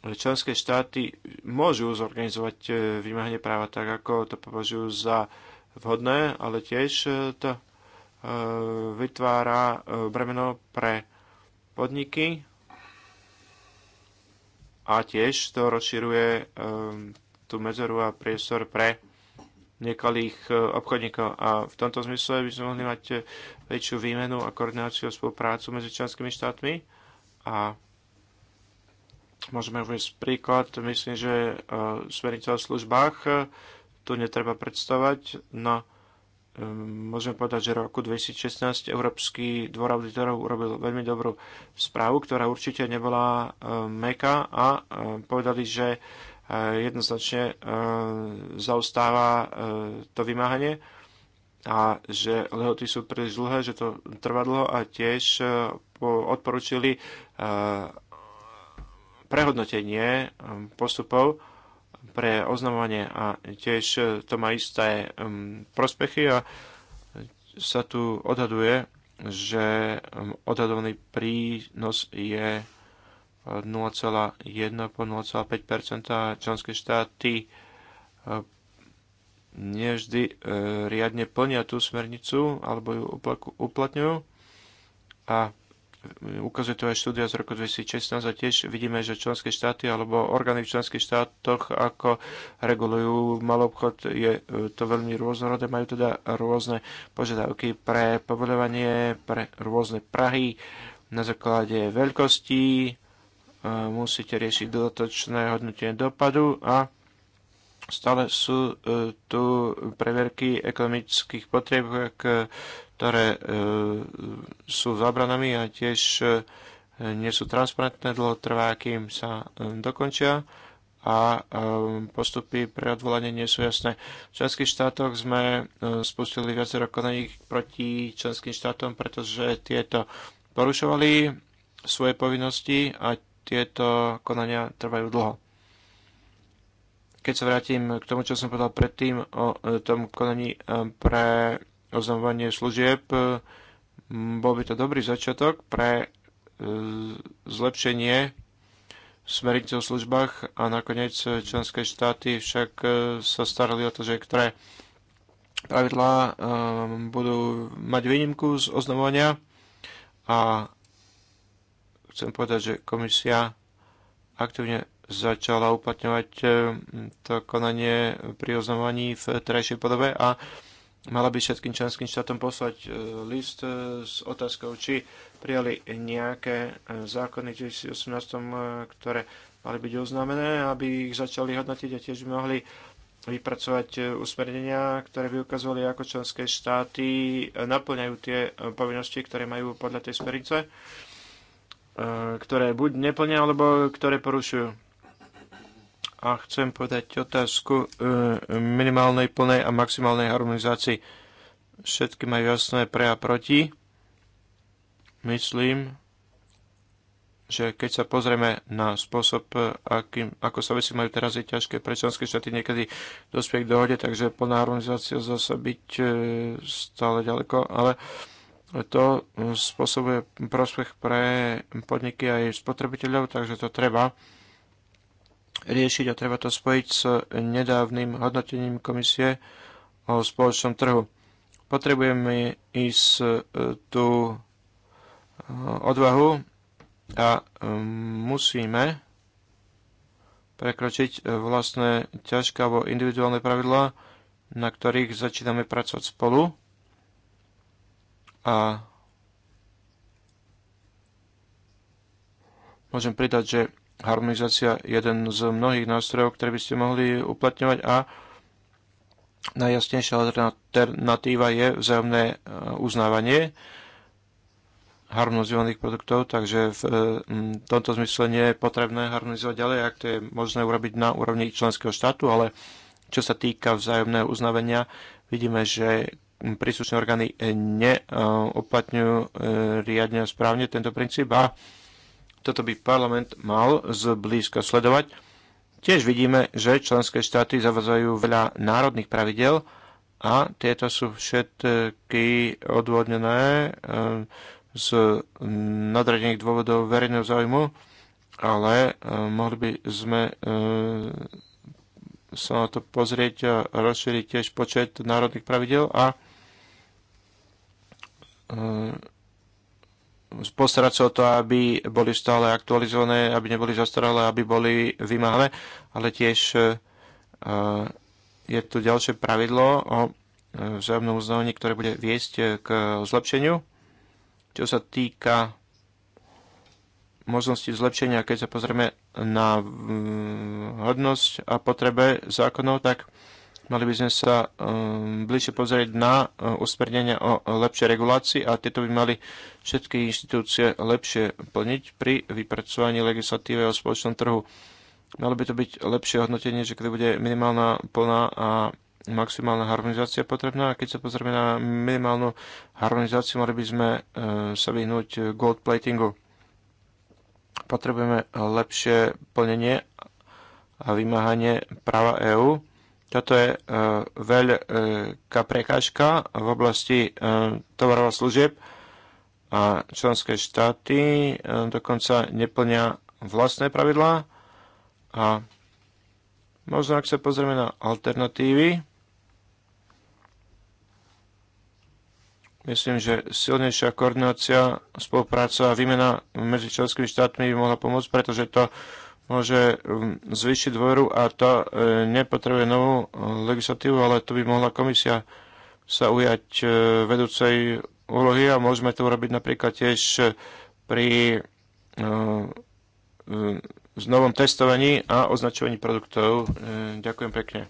členské štáty môžu zorganizovať e, vymáhanie práva tak, ako to považujú za vhodné, ale tiež e, to e, vytvára bremeno pre podniky a tiež to rozširuje tú medzeru a priestor pre nekalých obchodníkov. A v tomto zmysle by sme mohli mať väčšiu výmenu a koordináciu a spoluprácu medzi členskými štátmi a Môžeme uvieť príklad, myslím, že e, smernica o službách e, tu netreba predstavať, no e, môžeme povedať, že v roku 2016 Európsky dvor auditorov urobil veľmi dobrú správu, ktorá určite nebola meka a povedali, že jednoznačne zaostáva to vymáhanie a že lehoty sú príliš dlhé, že to trvá dlho a tiež odporúčili prehodnotenie um, postupov pre oznamovanie a tiež e, to má isté um, prospechy a sa tu odhaduje, že um, odhadovaný prínos je 0,1 e, po 0,5 členské štáty e, nevždy riadne plnia tú smernicu alebo ju uplatňujú a ukazuje to aj štúdia z roku 2016 a tiež vidíme, že členské štáty alebo orgány v členských štátoch, ako regulujú malobchod, je e, to veľmi rôznorodé, majú teda rôzne požiadavky pre povoľovanie, pre rôzne prahy na základe veľkosti, e, musíte riešiť dodatočné hodnotenie dopadu a stále sú e, tu preverky ekonomických potrieb ak ktoré e, sú zabranami a tiež e, nie sú transparentné, dlho trvá, kým sa e, dokončia a postupy pre odvolanie nie sú jasné. V členských štátoch sme spustili viacero konaní proti členským štátom, pretože tieto porušovali svoje povinnosti a tieto konania trvajú dlho. Keď sa vrátim k tomu, čo som povedal predtým o tom konaní pre oznamovanie služieb. E, bol by to dobrý začiatok pre e, zlepšenie smernice o službách a nakoniec členské štáty však e, sa starali o to, že ktoré pravidlá budú mať výnimku z oznamovania a chcem povedať, že komisia aktívne začala uplatňovať to konanie pri oznamovaní v terajšej podobe a mala by všetkým členským štátom poslať e, list e, s otázkou, či prijali nejaké e, zákony v 2018, ktoré mali byť oznámené, aby ich začali hodnotiť a tiež by mohli vypracovať usmernenia, ktoré by ukazovali, ako členské štáty naplňajú tie povinnosti, ktoré majú podľa tej smernice, ktoré buď neplňajú alebo ktoré porušujú a chcem povedať otázku e, minimálnej, plnej a maximálnej harmonizácii. Všetky majú jasné pre a proti. Myslím, že keď sa pozrieme na spôsob, akým, ako sa veci majú teraz, je ťažké pre členské štáty niekedy dospieť k dohode, takže plná harmonizácia zase byť e, stále ďaleko, ale to spôsobuje prospech pre podniky aj spotrebiteľov, takže to treba riešiť a treba to spojiť s nedávnym hodnotením komisie o spoločnom trhu. Potrebujeme ísť e, tú e, odvahu a e, musíme prekročiť vlastné ťažké alebo individuálne pravidlá, na ktorých začíname pracovať spolu a môžem pridať, že harmonizácia jeden z mnohých nástrojov, ktoré by ste mohli uplatňovať a najjasnejšia alternatíva je vzájomné e, uznávanie harmonizovaných produktov, takže v e, tomto zmysle nie je potrebné harmonizovať ďalej, ak to je možné urobiť na úrovni členského štátu, ale čo sa týka vzájomného uznávania, vidíme, že príslušné orgány e, neuplatňujú riadne a správne tento princíp a toto by parlament mal zblízka sledovať. Tiež vidíme, že členské štáty zavazajú veľa národných pravidel a tieto sú všetky odvodnené eh, z nadradených dôvodov verejného záujmu, ale eh, mohli by sme eh, sa na to pozrieť a rozšíriť tiež počet národných pravidel a postarať sa o to, aby boli stále aktualizované, aby neboli zastaralé, aby boli vymáhané, ale tiež e, e, je tu ďalšie pravidlo o e, vzájomnom uznávaní, ktoré bude viesť k zlepšeniu. Čo sa týka možnosti zlepšenia, keď sa pozrieme na mm, hodnosť a potrebe zákonov, tak Mali by sme sa um, bližšie pozrieť na uh, usmernenia o lepšej regulácii a tieto by mali všetky inštitúcie lepšie plniť pri vypracovaní legislatíve o spoločnom trhu. Malo by to byť lepšie hodnotenie, že kedy bude minimálna, plná a maximálna harmonizácia potrebná. A keď sa pozrieme na minimálnu harmonizáciu, mali by sme uh, sa vyhnúť uh, gold platingu. Potrebujeme lepšie plnenie a vymáhanie práva EÚ toto je e, veľká prekážka v oblasti e, tovarov a služieb a členské štáty e, dokonca neplňa vlastné pravidlá a možno ak sa pozrieme na alternatívy, myslím, že silnejšia koordinácia, spolupráca a výmena medzi členskými štátmi by mohla pomôcť, pretože to môže um, zvýšiť dôveru a to e, nepotrebuje novú e, legislatívu, ale to by mohla komisia sa ujať e, vedúcej úlohy a môžeme to urobiť napríklad tiež pri novom testovaní a označovaní produktov. Ďakujem pekne.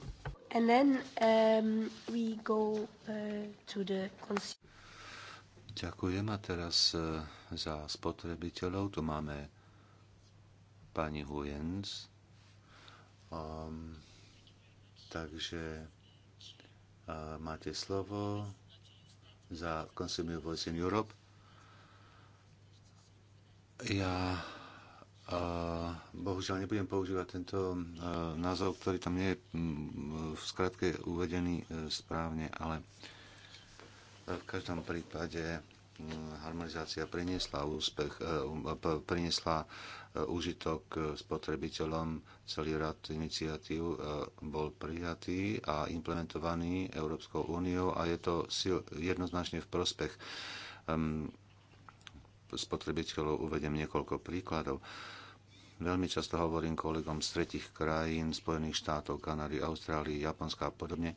And then um, we go uh, to the Ďakujem a teraz za spotrebiteľov tu máme pani Huyens. Um, ehm, takže uh, máte slovo za Consumer Voice in Europe. Ja uh, bohužiaľ nebudem používať tento uh, názov, ktorý tam nie je v skratke uvedený uh, správne, ale v každom prípade harmonizácia priniesla úspech, e, priniesla užitok e, spotrebiteľom. Celý rad iniciatív e, bol prijatý a implementovaný Európskou úniou a je to jednoznačne v prospech spotrebiteľov. Uvedem niekoľko príkladov. Veľmi často hovorím kolegom z tretich krajín, Spojených štátov, Kanady, Austrálii, Japonska a podobne,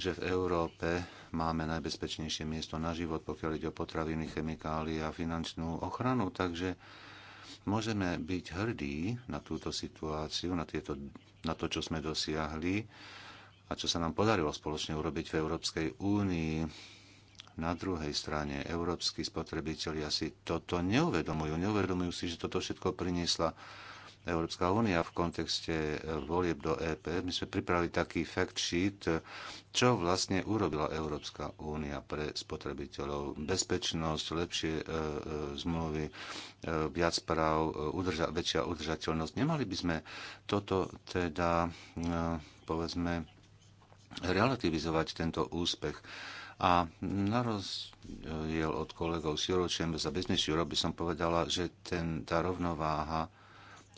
že v Európe máme najbezpečnejšie miesto na život, pokiaľ ide o potraviny, chemikálie a finančnú ochranu. Takže Môžeme byť hrdí na túto situáciu, na, tieto, na to, čo sme dosiahli a čo sa nám podarilo spoločne urobiť v Európskej únii. Na druhej strane, európsky spotrebitelia si toto neuvedomujú. Neuvedomujú si, že toto všetko priniesla Európska únia v kontexte e, volieb do EP. My sme pripravili taký fact sheet, e, čo vlastne urobila Európska únia pre spotrebiteľov. Bezpečnosť, lepšie e, e zmluvy, e, viac práv, udrža- väčšia udržateľnosť. Nemali by sme toto teda, e, povedzme, relativizovať tento úspech. A na rozdiel od kolegov z za Business Europe by som povedala, že ten, tá rovnováha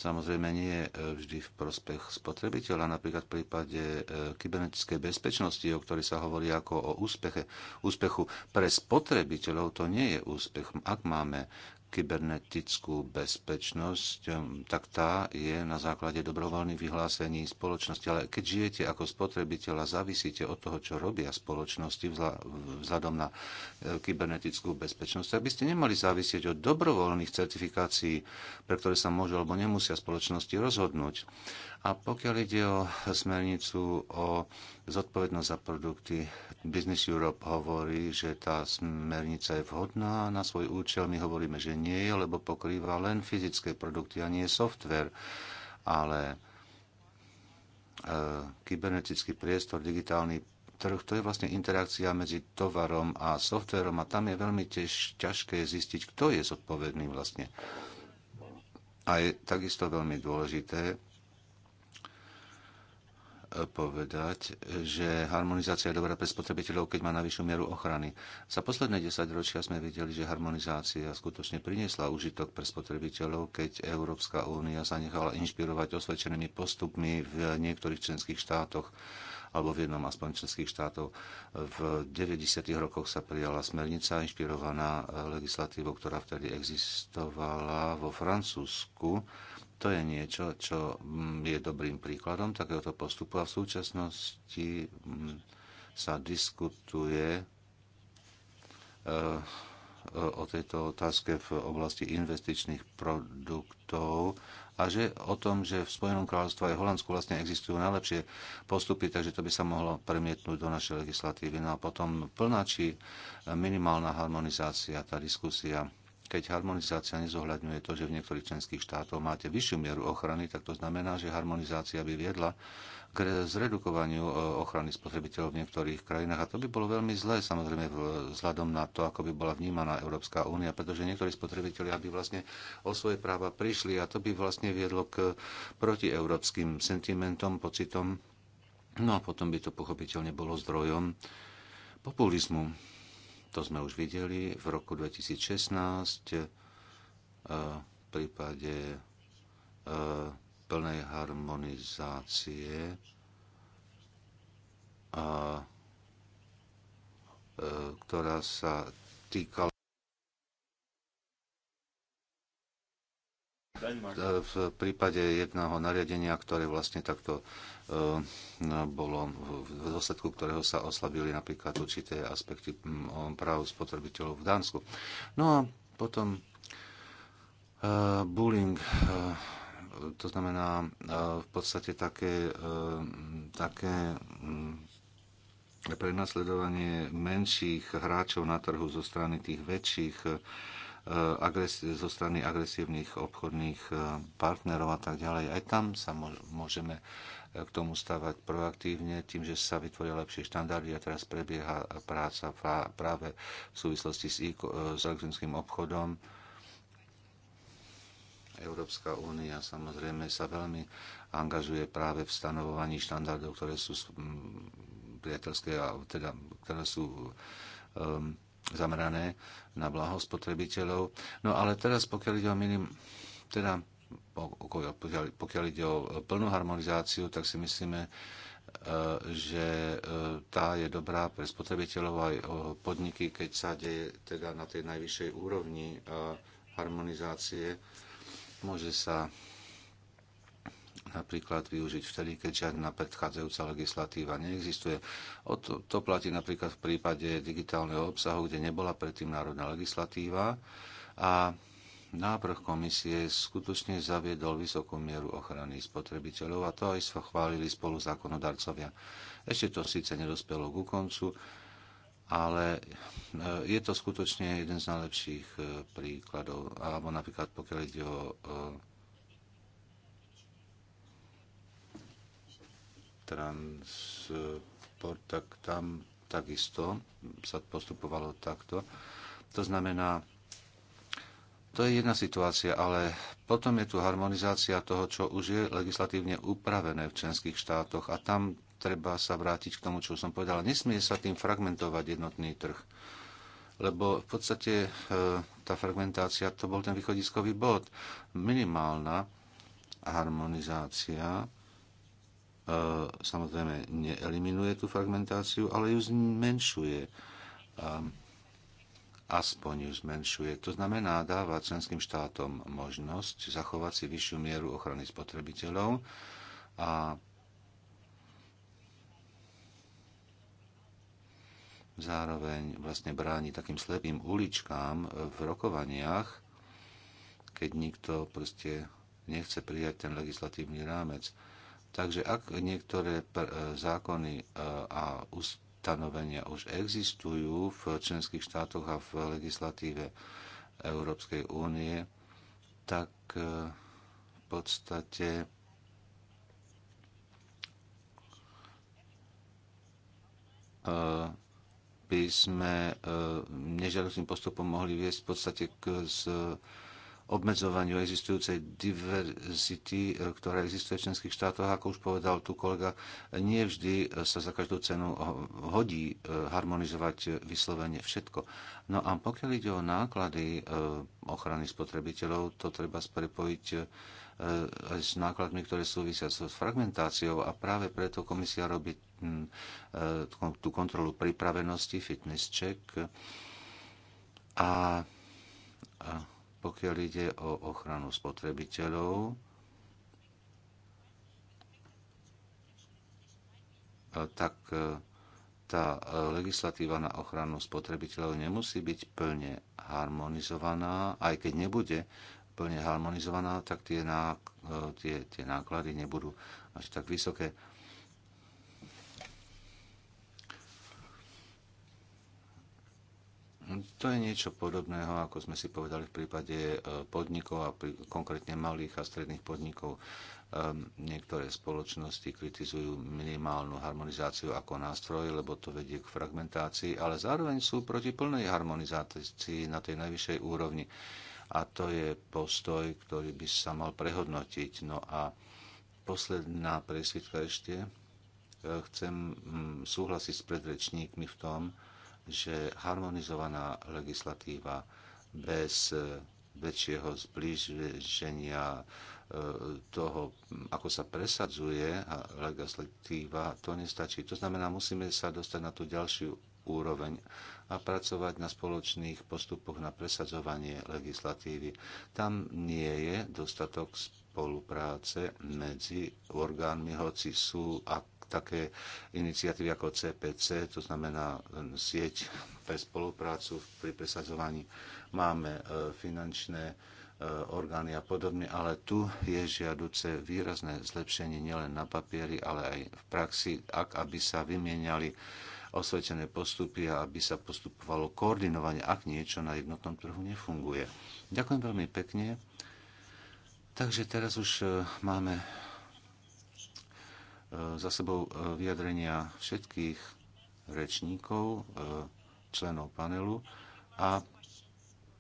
samozrejme nie je e, vždy v prospech spotrebiteľa. Napríklad v prípade e, kybernetickej bezpečnosti, o ktorej sa hovorí ako o úspeche, úspechu pre spotrebiteľov, to nie je úspech. Ak máme kybernetickú bezpečnosť, hm, tak tá je na základe dobrovoľných vyhlásení spoločnosti. Ale keď žijete ako spotrebiteľ a závisíte od toho, čo robia spoločnosti vzhľadom na e, kybernetickú bezpečnosť, tak by ste nemali závisieť od dobrovoľných certifikácií, pre ktoré sa môžu alebo nemusia spoločnosti rozhodnúť. A pokiaľ ide o smernicu o zodpovednosť za produkty, Business Europe hovorí, že tá smernica je vhodná na svoj účel. My hovoríme, že nie je, lebo pokrýva len fyzické produkty a nie software. Ale e, kybernetický priestor, digitálny trh, to je vlastne interakcia medzi tovarom a softverom a tam je veľmi tiež ťažké zistiť, kto je zodpovedný vlastne. A je takisto veľmi dôležité, povedať, že harmonizácia je dobrá pre spotrebiteľov, keď má najvyššiu mieru ochrany. Za posledné 10 ročia sme videli, že harmonizácia skutočne priniesla užitok pre spotrebiteľov, keď Európska únia sa nechala inšpirovať osvedčenými postupmi v niektorých členských štátoch alebo v jednom aspoň členských štátov. V 90. rokoch sa prijala smernica inšpirovaná legislatívou, ktorá vtedy existovala vo Francúzsku to je niečo, čo mm, je dobrým príkladom takéhoto postupu a v súčasnosti mm, sa diskutuje e, e, o tejto otázke v oblasti investičných produktov a že o tom, že v Spojenom kráľovstve aj Holandsku vlastne existujú najlepšie postupy, takže to by sa mohlo premietnúť do našej legislatívy. No a potom plná či minimálna harmonizácia, tá diskusia keď harmonizácia nezohľadňuje to, že v niektorých členských štátoch máte vyššiu mieru ochrany, tak to znamená, že harmonizácia by viedla k zredukovaniu e, ochrany spotrebiteľov v niektorých krajinách. A to by bolo veľmi zlé, samozrejme, vzhľadom na to, ako by bola vnímaná Európska únia, pretože niektorí spotrebitelia by vlastne o svoje práva prišli a to by vlastne viedlo k protieurópskym sentimentom, pocitom. No a potom by to pochopiteľne bolo zdrojom populizmu. To sme už videli v roku 2016 e, v prípade e, plnej harmonizácie e, ktorá sa týkala E, v prípade jedného nariadenia, ktoré vlastne takto e, bolo, v dôsledku ktorého sa oslabili napríklad určité aspekty práv spotrebiteľov v Dánsku. No a potom uh, bullying, uh, to znamená uh, v podstate také, uh, také um, prenasledovanie menších hráčov na trhu zo strany tých väčších. Uh, Eh, zo strany agresívnych obchodných eh, partnerov a tak ďalej. Aj tam sa môžeme eh, k tomu stavať proaktívne, tým, že sa vytvoria lepšie štandardy a teraz prebieha práca práve v súvislosti s, s elektronickým obchodom. Európska únia samozrejme sa veľmi angažuje práve v stanovovaní štandardov, ktoré sú hm, priateľské, a teda, ktoré sú um, zamerané na blaho spotrebiteľov. No ale teraz, pokiaľ ide o minim, teda pokiaľ, pokiaľ ide o plnú harmonizáciu, tak si myslíme, e, že e, tá je dobrá pre spotrebiteľov aj e, podniky, keď sa deje teda na tej najvyššej úrovni harmonizácie. Môže sa napríklad využiť vtedy, keď žiadna predchádzajúca legislatíva neexistuje. O to, to platí napríklad v prípade digitálneho obsahu, kde nebola predtým národná legislatíva a návrh komisie skutočne zaviedol vysokú mieru ochrany spotrebiteľov a to aj chválili spolu zákonodarcovia. Ešte to síce nedospelo ku koncu, ale e, je to skutočne jeden z najlepších e, príkladov. Alebo napríklad pokiaľ ide o e, transport, eh, tak tam takisto sa postupovalo takto. To znamená, to je jedna situácia, ale potom je tu harmonizácia toho, čo už je legislatívne upravené v členských štátoch a tam treba sa vrátiť k tomu, čo som povedal. Nesmie sa tým fragmentovať jednotný trh, lebo v podstate eh, tá fragmentácia to bol ten východiskový bod. Minimálna harmonizácia samozrejme neeliminuje tú fragmentáciu, ale ju zmenšuje. Aspoň ju zmenšuje. To znamená, dáva členským štátom možnosť zachovať si vyššiu mieru ochrany spotrebiteľov a zároveň vlastne bráni takým slepým uličkám v rokovaniach, keď nikto proste nechce prijať ten legislatívny rámec. Takže ak niektoré e, zákony e, a ustanovenia už existujú v členských štátoch a v legislatíve Európskej únie, tak e, v podstate by sme nežiaducím postupom mohli viesť v podstate k z obmedzovaniu existujúcej diverzity, e, ktorá existuje v členských štátoch. Ako už povedal tu kolega, nie vždy sa za každú cenu hodí e, harmonizovať e, vyslovene všetko. No a pokiaľ ide o náklady ochrany spotrebiteľov, to treba sprepojiť aj s nákladmi, ktoré súvisia s fragmentáciou a práve preto komisia robí tú kontrolu pripravenosti, fitness check a, a pokiaľ ide o ochranu spotrebiteľov. tak e, tá e, legislatíva na ochranu spotrebiteľov nemusí byť plne harmonizovaná, aj keď nebude plne harmonizovaná, tak tie, ná, e, tie, tie náklady nebudú až tak vysoké. To je niečo podobného, ako sme si povedali v prípade e, podnikov a pri, konkrétne malých a stredných podnikov. Ehm, niektoré spoločnosti kritizujú minimálnu harmonizáciu ako nástroj, lebo to vedie k fragmentácii, ale zároveň sú proti plnej harmonizácii na tej najvyššej úrovni. A to je postoj, ktorý by sa mal prehodnotiť. No a posledná presvitka ešte. E, chcem mm, súhlasiť s predrečníkmi v tom, že harmonizovaná legislatíva bez eh, väčšieho zbliženia eh, toho, ako sa presadzuje legislatíva, to nestačí. To znamená, musíme sa dostať na tú ďalšiu úroveň a pracovať na spoločných postupoch na presadzovanie legislatívy. Tam nie je dostatok spolupráce medzi orgánmi, hoci sú a také iniciatívy ako CPC, to znamená hm, sieť pre spoluprácu pri presadzovaní. Máme e, finančné e, orgány a podobne, ale tu je žiaduce výrazné zlepšenie nielen na papieri, ale aj v praxi, ak aby sa vymieniali osvetené postupy a aby sa postupovalo koordinovanie, ak niečo na jednotnom trhu nefunguje. Ďakujem veľmi pekne. Takže teraz už e, máme za sebou e, vyjadrenia všetkých rečníkov, e, členov panelu a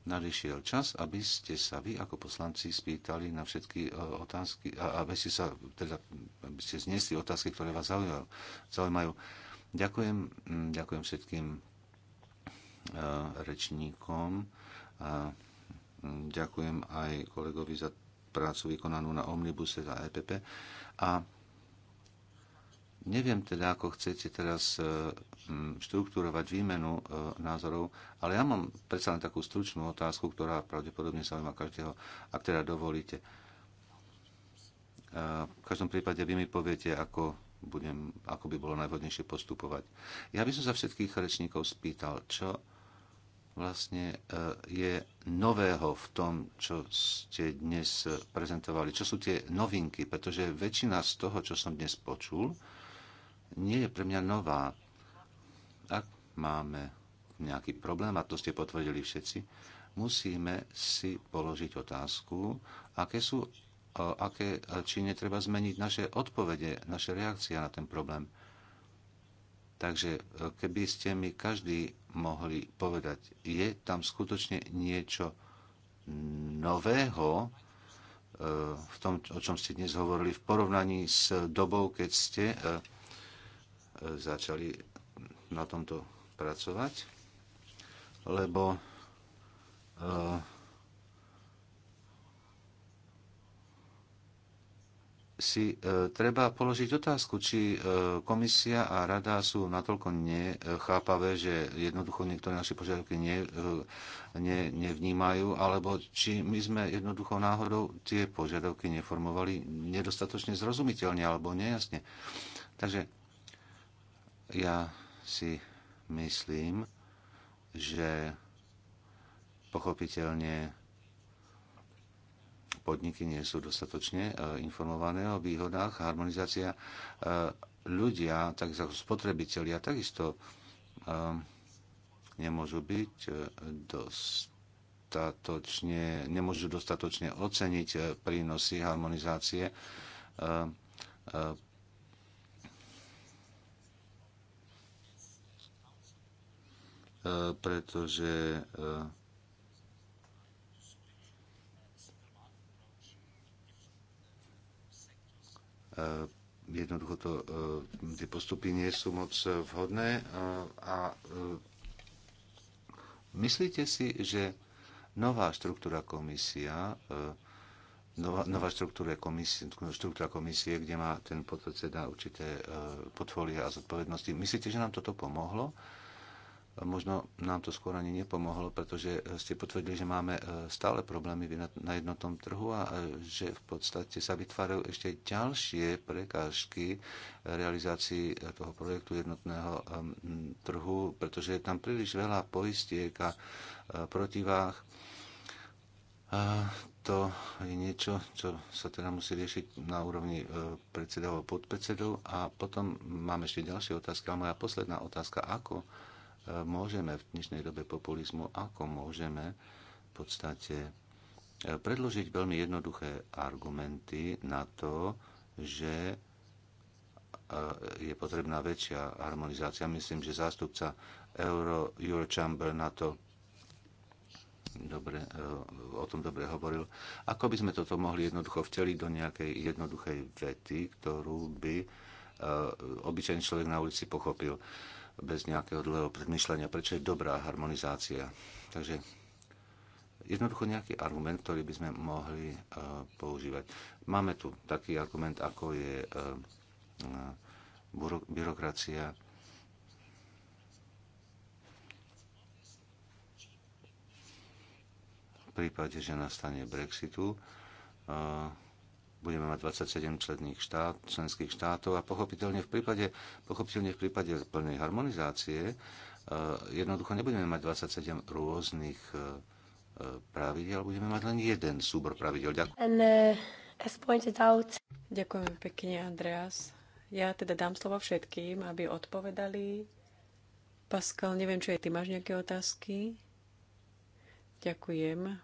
nadišiel čas, aby ste sa vy ako poslanci spýtali na všetky e, otázky a aby ste, sa, teda, aby ste zniesli otázky, ktoré vás zaujímajú. Ďakujem, ďakujem všetkým rečníkom a ďakujem aj kolegovi za prácu vykonanú na Omnibuse za EPP a Neviem teda, ako chcete teraz e, štruktúrovať výmenu e, názorov, ale ja mám predsa len takú stručnú otázku, ktorá pravdepodobne sa zaujíma každého, ak teda dovolíte. E, v každom prípade vy mi poviete, ako, budem, ako by bolo najvhodnejšie postupovať. Ja by som sa všetkých rečníkov spýtal, čo vlastne je nového v tom, čo ste dnes prezentovali? Čo sú tie novinky? Pretože väčšina z toho, čo som dnes počul, nie je pre mňa nová. Ak máme nejaký problém, a to ste potvrdili všetci, musíme si položiť otázku, aké sú aké, či netreba zmeniť naše odpovede, naše reakcia na ten problém. Takže e, keby ste mi každý mohli povedať, je tam skutočne niečo nového e, v tom, o čom ste dnes hovorili, v porovnaní s dobou, keď ste e, začali na tomto pracovať, lebo eh, si eh, treba položiť otázku, či eh, komisia a rada sú natoľko nechápavé, že jednoducho niektoré naše požiadavky ne, ne, nevnímajú, alebo či my sme jednoducho náhodou tie požiadavky neformovali nedostatočne zrozumiteľne alebo nejasne. Takže ja si myslím, že pochopiteľne podniky nie sú dostatočne e, informované o výhodách. Harmonizácia e, ľudia, tak ako spotrebitelia, takisto e, nemôžu byť dostatočne, nemôžu dostatočne oceniť prínosy harmonizácie Eh, pretože eh, eh, jednoducho to, tie postupy nie sú moc vhodné a myslíte si, že nová štruktúra komisia nová, nová štruktúra, komisie, štruktúra komisie, kde má ten podpredseda určité portfólia a zodpovednosti. Myslíte, že nám toto pomohlo? možno nám to skôr ani nepomohlo, pretože ste potvrdili, že máme e, stále problémy na jednotnom trhu a e, že v podstate sa vytvárajú ešte ďalšie prekážky e, realizácii toho projektu jednotného trhu, pretože je tam príliš veľa poistiek a protivách. A to je niečo, čo sa teda musí riešiť na úrovni predsedov a podpredsedov. A potom mám ešte ďalšie otázky. A moja posledná otázka, ako môžeme v dnešnej dobe populizmu, ako môžeme v podstate e, predložiť veľmi jednoduché argumenty na to, že e, je potrebná väčšia harmonizácia. Myslím, že zástupca Euro, Eurochamber na to dobre, e, o tom dobre hovoril. Ako by sme toto mohli jednoducho vteliť do nejakej jednoduchej vety, ktorú by obyčajný človek na ulici pochopil bez nejakého dlhého premyšľania, prečo je dobrá harmonizácia. Takže jednoducho nejaký argument, ktorý by sme mohli uh, používať. Máme tu taký argument, ako je uh, uh, byrokracia. V prípade, že nastane Brexitu, uh, budeme mať 27 členských štát, členských štátov a pochopiteľne v prípade, pochopiteľne v prípade plnej harmonizácie e, jednoducho nebudeme mať 27 rôznych e, e, pravidel, budeme mať len jeden súbor pravidel. Ďakujem. And, uh, out... Ďakujem pekne, Andreas. Ja teda dám slovo všetkým, aby odpovedali. Pascal, neviem, či aj ty máš nejaké otázky. Ďakujem.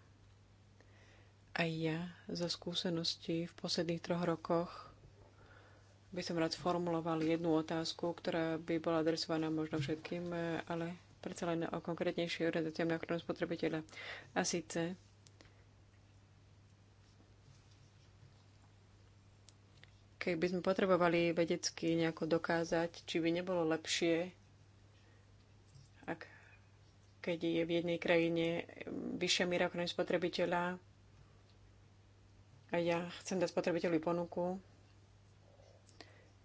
Aj ja zo skúseností v posledných troch rokoch by som rád formuloval jednu otázku, ktorá by bola adresovaná možno všetkým, e, ale predsa len o konkrétnejšie orientáciám na ochranu spotrebiteľa. A síce, keď by sme potrebovali vedecky nejako dokázať, či by nebolo lepšie, ak keď je v jednej krajine vyššia miera ochrany spotrebiteľa a ja chcem dať spotrebiteľovi ponuku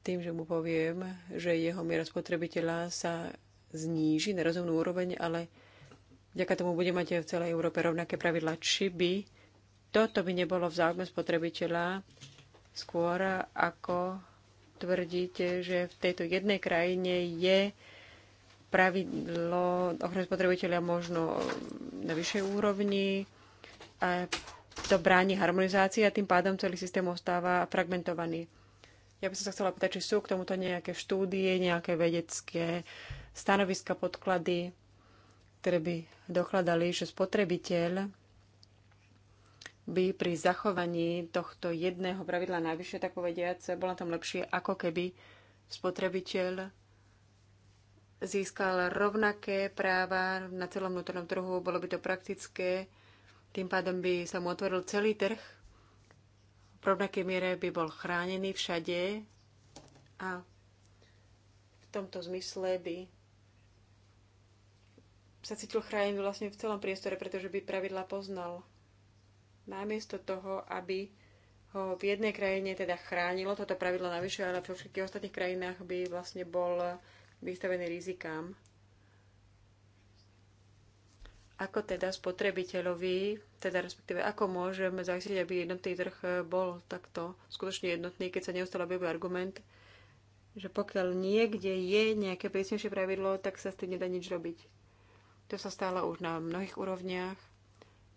tým, že mu poviem, že jeho miera spotrebiteľa sa zníži na rozumnú úroveň, ale vďaka tomu bude mať v celej Európe rovnaké pravidla. Či by toto by nebolo v záujme spotrebiteľa skôr ako tvrdíte, že v tejto jednej krajine je pravidlo ochrany spotrebiteľa možno na vyššej úrovni a to bráni harmonizácii a tým pádom celý systém ostáva fragmentovaný. Ja by som sa chcela pýtať, či sú k tomuto nejaké štúdie, nejaké vedecké stanoviska, podklady, ktoré by dokladali, že spotrebiteľ by pri zachovaní tohto jedného pravidla najvyššie, tak povediac, bolo tam lepšie, ako keby spotrebiteľ získal rovnaké práva na celom vnútornom trhu, bolo by to praktické, tým pádom by sa mu otvoril celý trh. V rovnakej miere by bol chránený všade a v tomto zmysle by sa cítil chránený vlastne v celom priestore, pretože by pravidla poznal. Namiesto toho, aby ho v jednej krajine teda chránilo toto pravidlo navyše, ale vo všetkých ostatných krajinách by vlastne bol vystavený rizikám. Ako teda spotrebiteľovi, teda respektíve ako môžeme zaistiť, aby jednotný trh eh, bol takto skutočne jednotný, keď sa neustále objavuje argument, že pokiaľ niekde je nejaké prísnejšie pravidlo, tak sa s tým nedá nič robiť. To sa stále už na mnohých úrovniach.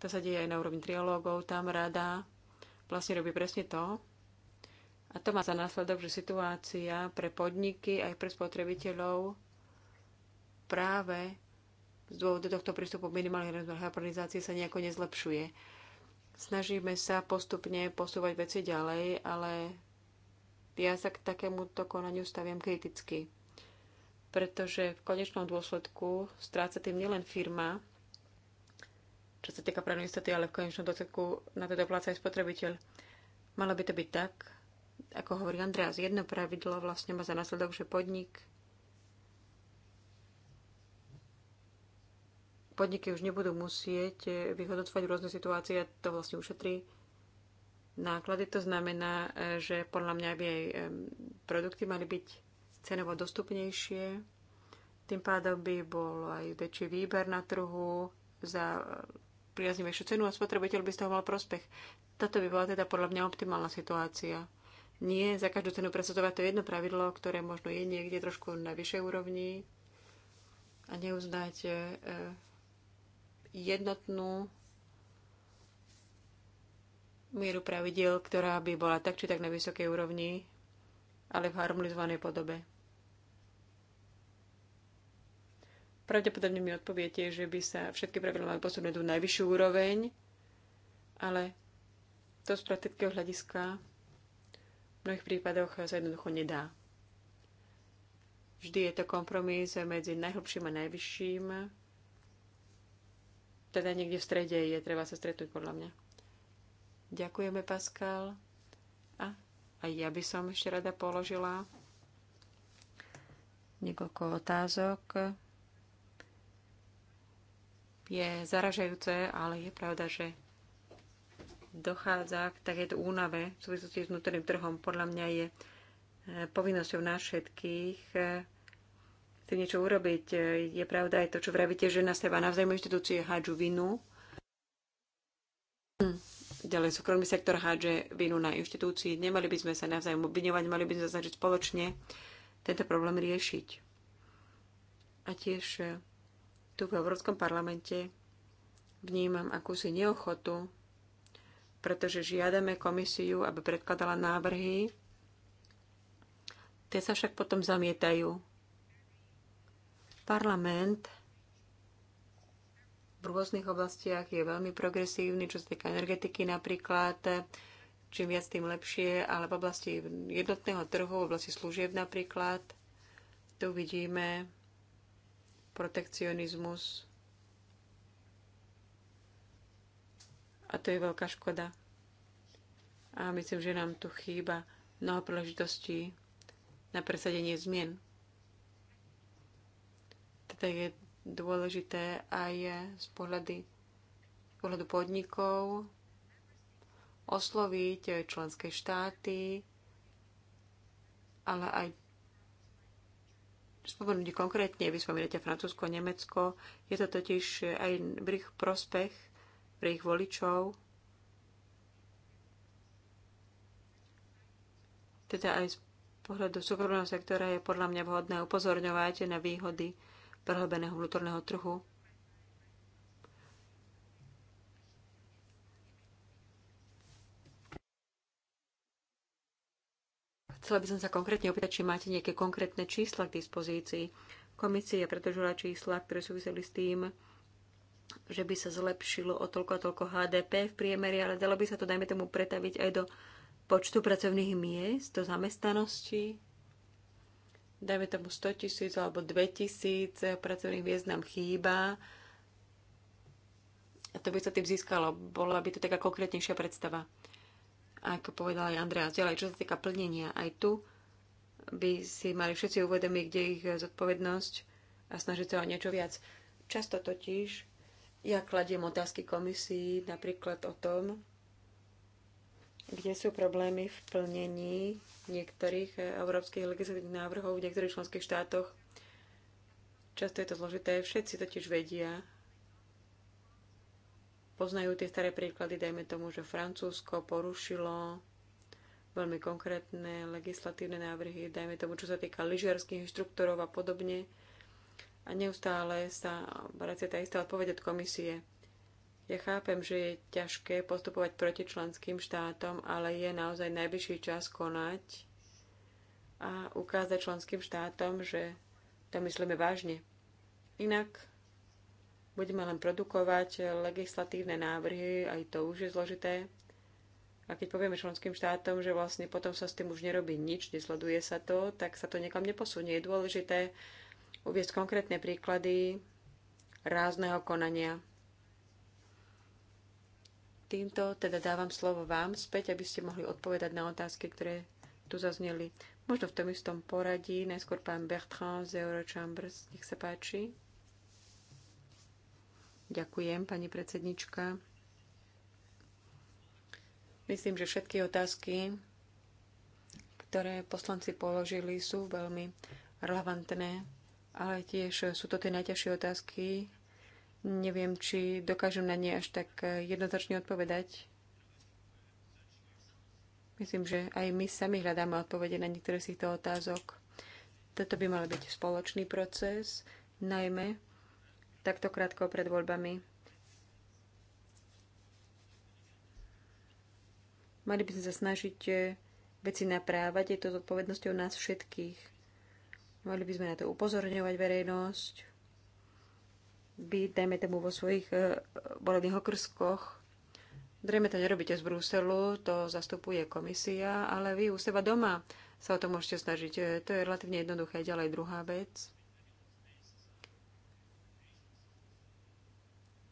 To sa deje aj na úrovni trialógov, tam rada vlastne robí presne to. A to má za následok, že situácia pre podniky aj pre spotrebiteľov práve z dôvodu tohto prístupu k minimálnej sa nejako nezlepšuje. Snažíme sa postupne posúvať veci ďalej, ale ja sa k takémuto konaniu staviam kriticky. Pretože v konečnom dôsledku stráca tým nielen firma, čo sa týka právnej istoty, ale v konečnom dôsledku na to dopláca aj spotrebiteľ. Malo by to byť tak, ako hovorí Andreas, jedno pravidlo vlastne má za následok, že podnik podniky už nebudú musieť eh, vyhodnocovať rôzne situácie, to vlastne ušetrí náklady. To znamená, eh, že podľa mňa by aj produkty mali byť cenovo dostupnejšie, tým pádom by bol aj väčší výber na trhu za eh, priaznivejšiu cenu a spotrebiteľ by z toho mal prospech. Toto by bola teda podľa mňa optimálna situácia. Nie za každú cenu presadzovať to jedno pravidlo, ktoré možno je niekde trošku na vyššej úrovni a neuznať jednotnú mieru pravidiel, ktorá by bola tak či tak na vysokej úrovni, ale v harmonizovanej podobe. Pravdepodobne mi odpoviete, že by sa všetky pravidla mali posunúť na najvyššiu úroveň, ale to z praktického hľadiska v mnohých prípadoch sa jednoducho nedá. Vždy je to kompromis medzi najhlbším a najvyšším teda niekde v strede je, treba sa stretnúť podľa mňa. Ďakujeme, Pascal. A, a ja by som ešte rada položila niekoľko otázok. Je zaražajúce, ale je pravda, že dochádza k takéto únave v súvislosti s vnútorným trhom. Podľa mňa je e, povinnosťou nás všetkých e, chce niečo urobiť. Je pravda aj to, čo vravíte, že na seba navzájom inštitúcie hádžu vinu. Ďalej súkromný sektor hádže vinu na inštitúcii. Nemali by sme sa navzájom obviňovať, mali by sme sa snažiť spoločne tento problém riešiť. A tiež eh, tu v Európskom parlamente vnímam akúsi neochotu, pretože žiadame komisiu, aby predkladala návrhy. Tie sa však potom zamietajú Parlament v rôznych oblastiach je veľmi progresívny, čo sa týka energetiky napríklad. Čím viac, tým lepšie, ale v oblasti jednotného trhu, v oblasti služieb napríklad, tu vidíme protekcionizmus. A to je veľká škoda. A myslím, že nám tu chýba mnoho príležitostí na presadenie zmien. Teda je dôležité aj z, pohľady, z pohľadu podnikov osloviť členské štáty, ale aj spomenúť konkrétne, vy spomínate Francúzsko, Nemecko, je to totiž aj v ich prospech, pre ich voličov, teda aj z pohľadu súkromného sektora je podľa mňa vhodné upozorňovať na výhody prehlbeného vnútorného trhu. Chcela by som sa konkrétne opýtať, či máte nejaké konkrétne čísla k dispozícii. Komisia predložila čísla, ktoré súviseli s tým, že by sa zlepšilo o toľko a toľko HDP v priemere, ale dalo by sa to, dajme tomu, pretaviť aj do počtu pracovných miest, do zamestnanosti dajme tomu 100 tisíc alebo 2 tisíc eh, pracovných miest nám chýba, a to by sa tým získalo. Bola by to taká konkrétnejšia predstava. Ako povedala aj Andrea, ďalej, čo sa týka plnenia, aj tu by si mali všetci uvedomiť, kde ich eh, zodpovednosť a snažiť sa o niečo viac. Často totiž ja kladiem otázky komisii napríklad o tom, kde sú problémy v plnení niektorých eh, európskych legislatívnych návrhov v niektorých členských štátoch. Často je to zložité, všetci totiž vedia, poznajú tie staré príklady, dajme tomu, že Francúzsko porušilo veľmi konkrétne legislatívne návrhy, dajme tomu, čo sa týka lyžiarských inštruktorov a podobne. A neustále sa vracia tá istá odpoveď od komisie. Ja chápem, že je ťažké postupovať proti členským štátom, ale je naozaj najvyšší čas konať a ukázať členským štátom, že to myslíme vážne. Inak budeme len produkovať legislatívne návrhy, aj to už je zložité. A keď povieme členským štátom, že vlastne potom sa s tým už nerobí nič, nesleduje sa to, tak sa to niekam neposunie. Je dôležité uviezť konkrétne príklady rázneho konania týmto teda dávam slovo vám späť, aby ste mohli odpovedať na otázky, ktoré tu zazneli. Možno v tom istom poradí. Najskôr pán Bertrand z Eurochambers. Nech sa páči. Ďakujem, pani predsednička. Myslím, že všetky otázky, ktoré poslanci položili, sú veľmi relevantné, ale tiež sú to tie najťažšie otázky, Neviem, či dokážem na ne až tak e, jednoznačne odpovedať. Myslím, že aj my sami hľadáme odpovede na niektoré z týchto otázok. Toto by mal byť spoločný proces, najmä takto krátko pred voľbami. Mali by sme sa snažiť e, veci naprávať, je to zodpovednosťou nás všetkých. Mali by sme na to upozorňovať verejnosť, by, dajme tomu, vo svojich e, volených okrskoch Zrejme to nerobíte z Bruselu, to zastupuje komisia, ale vy u seba doma sa o to môžete snažiť. E, to je relatívne jednoduché. Ďalej druhá vec.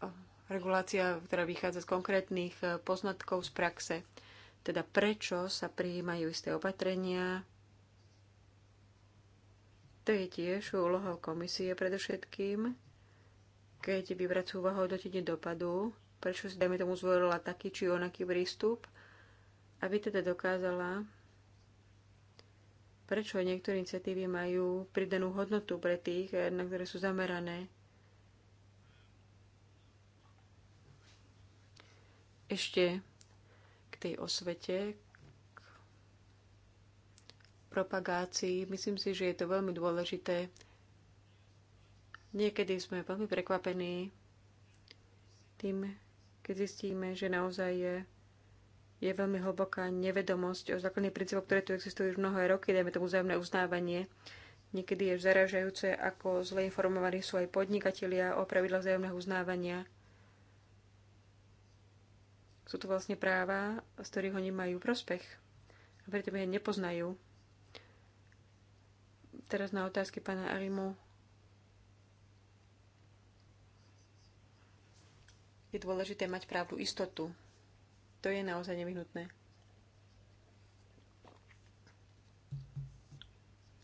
E, regulácia, ktorá vychádza z konkrétnych poznatkov z praxe. Teda prečo sa prijímajú isté opatrenia. To je tiež úlohou komisie predovšetkým keď vybrať sú do hodnotenie dopadu, prečo si, dajme tomu, zvolila taký či onaký prístup, aby teda dokázala, prečo niektoré iniciatívy majú pridanú hodnotu pre tých, eh, na ktoré sú zamerané. Ešte k tej osvete, k propagácii. Myslím si, že je to veľmi dôležité Niekedy sme veľmi prekvapení tým, keď zistíme, že naozaj je, je veľmi hlboká nevedomosť o základných princípoch, ktoré tu existujú už mnohé roky, dajme tomu vzájomné uznávanie. Niekedy je zaražajúce, ako zle informovaní sú aj podnikatelia o pravidlách vzájomného uznávania. Sú tu vlastne práva, z ktorých oni majú prospech. A preto ich nepoznajú. Teraz na otázky pána Arimu je dôležité mať právnu istotu. To je naozaj nevyhnutné.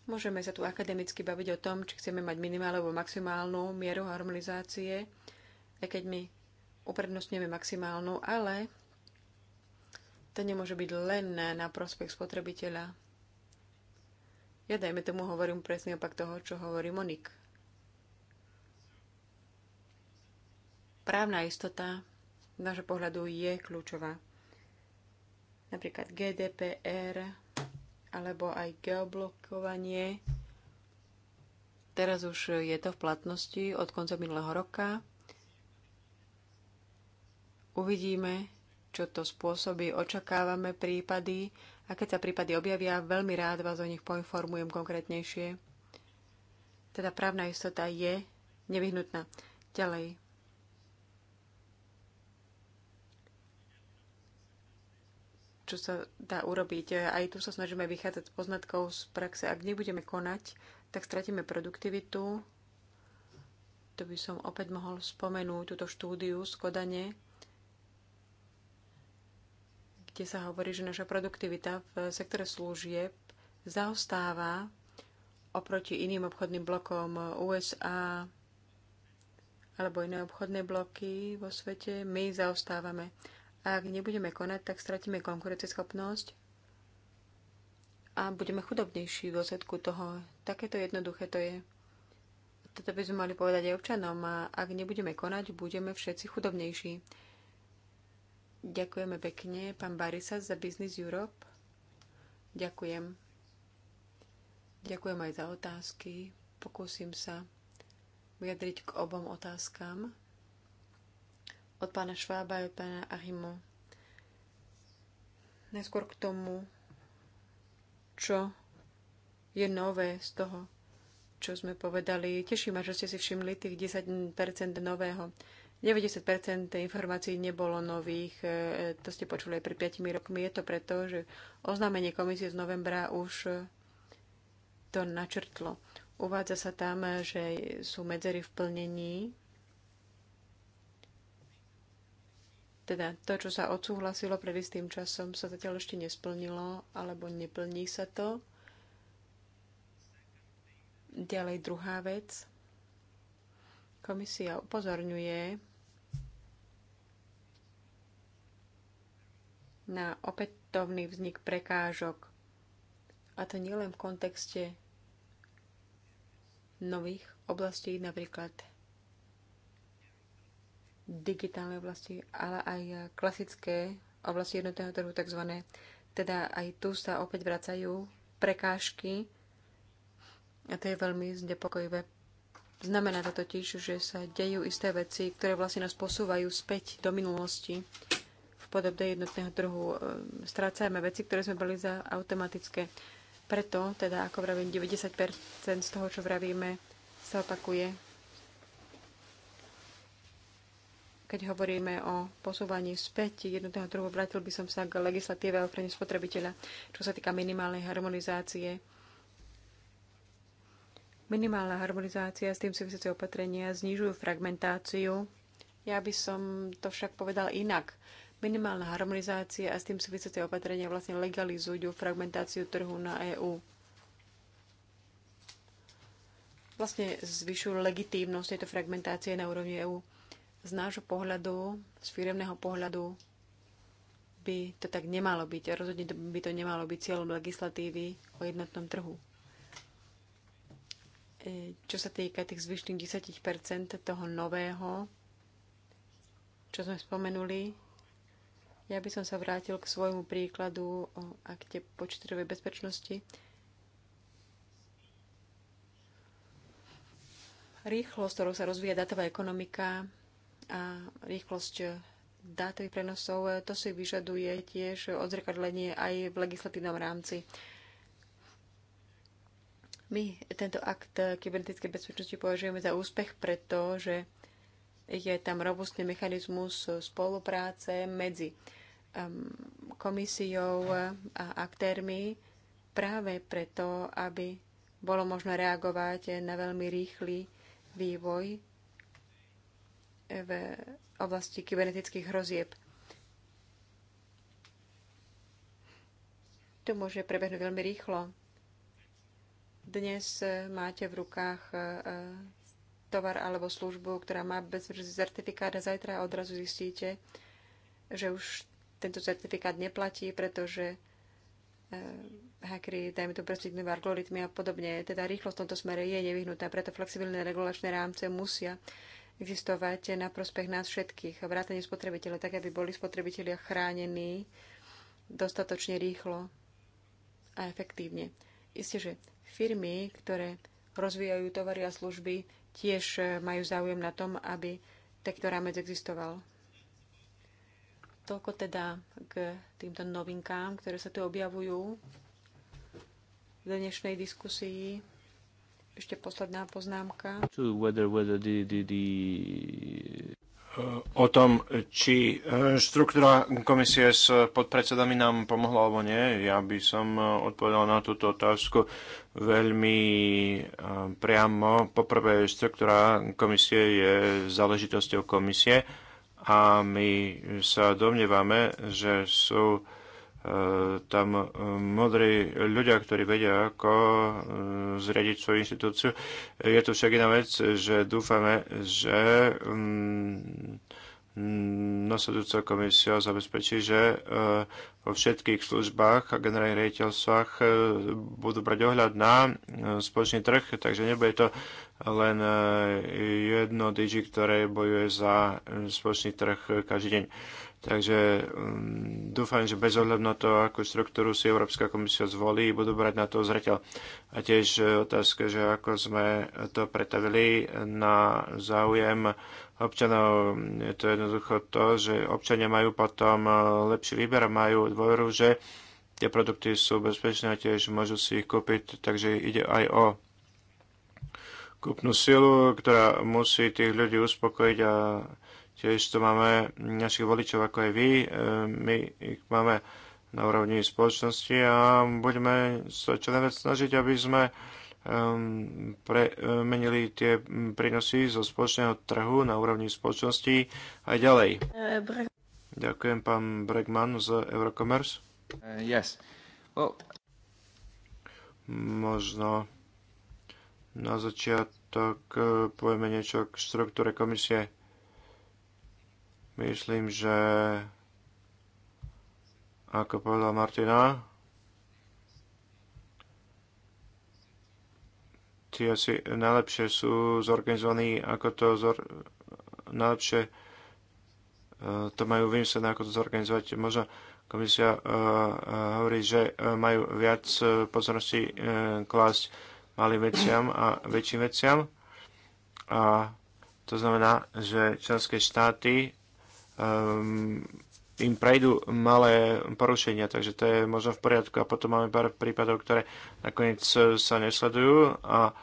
Môžeme sa tu akademicky baviť o tom, či chceme mať minimálnu alebo maximálnu mieru harmonizácie, aj keď my uprednostňujeme maximálnu, ale to nemôže byť len na prospech spotrebiteľa. Ja dajme tomu hovorím presný opak toho, čo hovorí Monik. Právna istota z nášho pohľadu je kľúčová. Napríklad GDPR alebo aj geoblokovanie. Teraz už je to v platnosti od konca minulého roka. Uvidíme, čo to spôsobí. Očakávame prípady a keď sa prípady objavia, veľmi rád vás o nich poinformujem konkrétnejšie. Teda právna istota je nevyhnutná. Ďalej, čo sa dá urobiť. Aj tu sa snažíme vychádzať z poznatkov z praxe. Ak nebudeme konať, tak stratíme produktivitu. To by som opäť mohol spomenúť túto štúdiu z Kodane, kde sa hovorí, že naša produktivita v sektore služieb zaostáva oproti iným obchodným blokom USA alebo iné obchodné bloky vo svete. My zaostávame. Ak nebudeme konať, tak stratíme konkurenceschopnosť a budeme chudobnejší v dôsledku toho. Takéto jednoduché to je. Toto by sme mali povedať aj občanom a ak nebudeme konať, budeme všetci chudobnejší. Ďakujeme pekne, pán Barisa za Business Europe. Ďakujem. Ďakujem aj za otázky. Pokúsim sa vyjadriť k obom otázkam od pána Švába a od pána Ahimo. Najskôr k tomu, čo je nové z toho, čo sme povedali. Teší ma, že ste si všimli tých 10% nového. 90% informácií nebolo nových, e, to ste počuli aj pred 5 rokmi. Je to preto, že oznámenie komisie z novembra už to načrtlo. Uvádza sa tam, že sú medzery v plnení Teda to, čo sa odsúhlasilo pred istým časom, sa zatiaľ ešte nesplnilo, alebo neplní sa to. Ďalej druhá vec. Komisia upozorňuje na opätovný vznik prekážok. A to nielen v kontexte nových oblastí, napríklad digitálnej oblasti, ale aj klasické oblasti jednotného trhu, tzv. Teda aj tu sa opäť vracajú prekážky a to je veľmi znepokojivé. Znamená to totiž, že sa dejú isté veci, ktoré vlastne nás posúvajú späť do minulosti v podobe jednotného trhu. E, strácajme veci, ktoré sme boli za automatické. Preto, teda ako vravím, 90% z toho, čo vravíme, sa opakuje Keď hovoríme o posúvaní späť jednotného druhu vrátil by som sa k legislatíve o ochrane spotrebiteľa, čo sa týka minimálnej harmonizácie. Minimálna harmonizácia s tým súvisiace opatrenia znižujú fragmentáciu. Ja by som to však povedal inak. Minimálna harmonizácia a s tým súvisiace opatrenia vlastne legalizujú fragmentáciu trhu na EÚ. Vlastne zvyšujú legitímnosť tejto fragmentácie na úrovni EÚ. Z nášho pohľadu, z firemného pohľadu, by to tak nemalo byť. A rozhodne by to nemalo byť cieľom legislatívy o jednotnom trhu. E, čo sa týka tých zvyšných 10% toho nového, čo sme spomenuli, ja by som sa vrátil k svojmu príkladu o akte počítačovej bezpečnosti. Rýchlosť, ktorou sa rozvíja datová ekonomika, a rýchlosť dátových prenosov, to si vyžaduje tiež odzrkadlenie aj v legislatívnom rámci. My tento akt kybernetickej bezpečnosti považujeme za úspech, pretože je tam robustný mechanizmus spolupráce medzi um, komisiou a aktérmi práve preto, aby bolo možné reagovať na veľmi rýchly vývoj v oblasti kybernetických hrozieb. To môže prebehnúť veľmi rýchlo. Dnes máte v rukách e, tovar alebo službu, ktorá má bezpečný certifikát a zajtra odrazu zistíte, že už tento certifikát neplatí, pretože e, hackery, dajme to prostredníctvom algoritmy a podobne. Teda rýchlosť v tomto smere je nevyhnutá, preto flexibilné regulačné rámce musia existovať na prospech nás všetkých, vrátane spotrebiteľa, tak aby boli spotrebitelia chránení dostatočne rýchlo a efektívne. Isté, že firmy, ktoré rozvíjajú tovary a služby, tiež e, majú záujem na tom, aby takýto rámec existoval. Toľko teda k týmto novinkám, ktoré sa tu objavujú v dnešnej diskusii. Ešte posledná poznámka. O tom, či e, štruktúra komisie s podpredsedami nám pomohla alebo nie, ja by som e, odpovedal na túto otázku veľmi e, priamo. Poprvé, štruktúra komisie je záležitosťou komisie a my sa domnievame, že sú E, tam e, modrí ľudia, ktorí vedia, ako e, zriadiť svoju inštitúciu. Je tu však iná vec, že dúfame, že mm, mm, nasledujúca komisia zabezpečí, že vo všetkých službách a generálnych rejiteľstvách budú brať ohľad na spoločný trh, takže nebude to len jedno DG, ktoré bojuje za spoločný trh každý deň. Takže um, dúfam, že bez ohľadu na to, akú štruktúru si Európska komisia zvolí, budú brať na to zreteľ. A tiež otázka, že ako sme to pretavili na záujem občanov. Je to jednoducho to, že občania majú potom uh, lepší výber a majú dôveru, že tie produkty sú bezpečné a tiež môžu si ich kúpiť. Takže ide aj o kúpnu silu, ktorá musí tých ľudí uspokojiť a Tiež to máme našich voličov ako aj vy. E, my ich máme na úrovni spoločnosti a budeme sa čo najviac snažiť, aby sme premenili tie prínosy zo spoločného trhu na úrovni spoločnosti aj ďalej. Ďakujem pán Bregman z Eurocommerce. Uh, yes. Well... Možno na začiatok eh, povieme niečo k štruktúre komisie. Myslím, že ako povedala Martina, tí asi najlepšie sú zorganizovaní, ako to zor- najlepšie e, to majú vymyslené, ako to zorganizovať. Možno komisia e, e, hovorí, že majú viac pozornosti klásť malým veciam a väčším veciam. A to znamená, že členské štáty um, im prejdú malé porušenia, takže to je možno v poriadku. A potom máme pár prípadov, ktoré nakoniec e, sa nesledujú a e,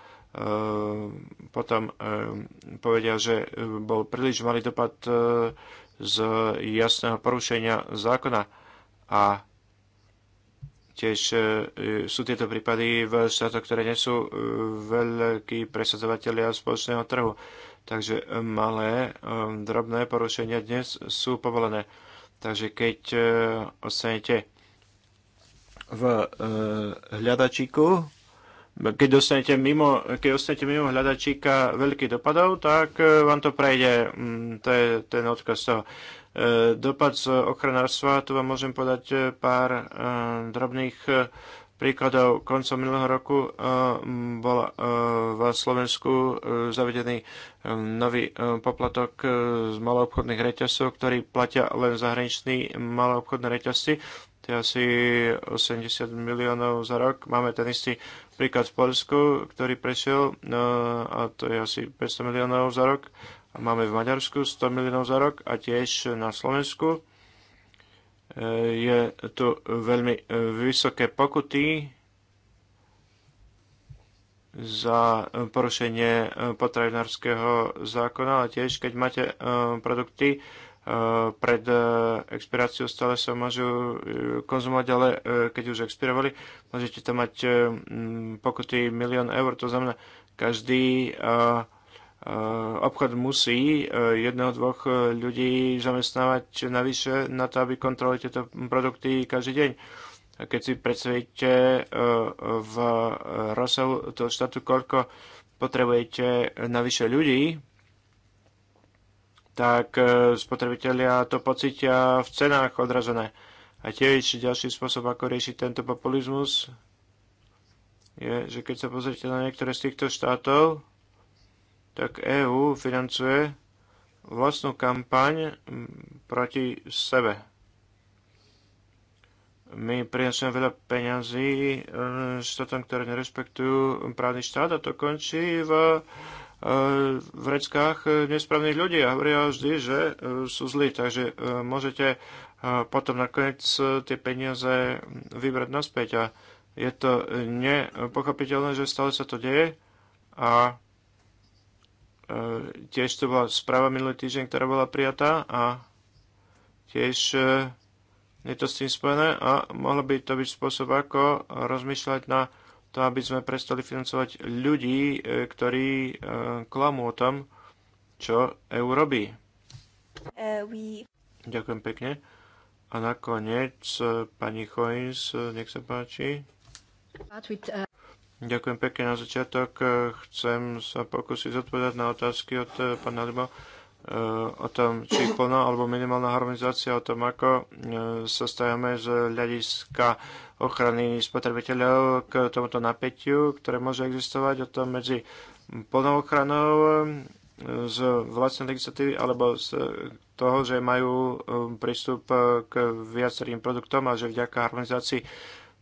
potom e, povedia, že bol príliš malý dopad z jasného porušenia zákona. A Tiež e, sú tieto prípady v štátoch, ktoré nie sú e, veľkí presadzovateľia spoločného trhu. Takže malé, e, drobné porušenia dnes sú povolené. Takže keď ostanete v hľadačíku, keď dostanete mimo, keď dostanete mimo hľadačíka veľký dopadov, tak vám to prejde. Mm, to je ten odkaz toho. E, dopad z ochranárstva. Tu vám môžem podať e, pár e, drobných príkladov. Koncom minulého roku bol v Slovensku zavedený nový poplatok z maloobchodných reťazcov, ktorý platia len zahraniční maloobchodné reťazci to je asi 80 miliónov za rok. Máme ten istý príklad v Polsku, ktorý prešiel a to je asi 500 miliónov za rok. Máme v Maďarsku 100 miliónov za rok a tiež na Slovensku e, je tu veľmi e, vysoké pokuty za porušenie e, potravinárskeho zákona, ale tiež keď máte produkty pred expiráciou stále sa môžu konzumovať, ale keď už expirovali, môžete tam mať pokuty milión eur, to znamená každý uh, Eh, obchod musí eh, jedného, dvoch eh, ľudí zamestnávať navyše na to, aby kontrolovali tieto produkty každý deň. A keď si predstavíte v rozsahu toho štátu, koľko potrebujete navyše ľudí, tak spotrebitelia to pocítia v cenách odrazené. A tiež ďalší spôsob, ako riešiť tento populizmus, je, že keď sa pozrite na niektoré z týchto štátov, tak EÚ financuje vlastnú kampaň mm, proti sebe. My prinesieme veľa peňazí mm, štátom, ktoré nerespektujú právny štát a to končí v e, v nesprávnych ľudí a hovoria vždy, že e, sú zlí. Takže e, môžete potom nakoniec tie peniaze mm, vybrať naspäť. A je to nepochopiteľné, že stále sa to deje a E, tiež to bola správa minulý týždeň, ktorá bola prijatá a tiež e, je to s tým spojené a mohlo by to byť spôsob, ako rozmýšľať na to, aby sme prestali financovať ľudí, e, ktorí klamú o tom, čo EU robí. Uh, we... Ďakujem pekne. A nakoniec pani Choins, nech sa páči. Ďakujem pekne na začiatok. Eh, chcem sa pokúsiť odpovedať na otázky od eh, pána Libo eh, o tom, či plná alebo minimálna harmonizácia, o tom, ako sa stajame z hľadiska ochrany spotrebiteľov k tomuto napätiu, ktoré môže existovať, o tom medzi plnou ochranou z vlastnej legislatívy alebo z toho, že majú prístup k viacerým produktom a že vďaka harmonizácii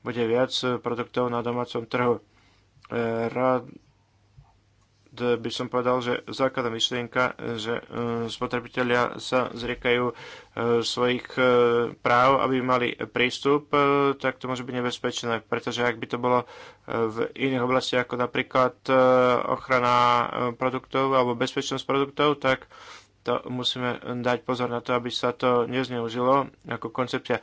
bude viac produktov na domácom trhu. E, rád by som povedal, že základná myšlienka, že e, spotrebitelia sa zriekajú e, svojich práv, aby mali prístup, tak to môže byť nebezpečné, pretože ak by to bolo v iných oblastiach, ako napríklad ochrana produktov alebo bezpečnosť produktov, tak to musíme dať pozor na to, aby sa to nezneužilo ako koncepcia. E,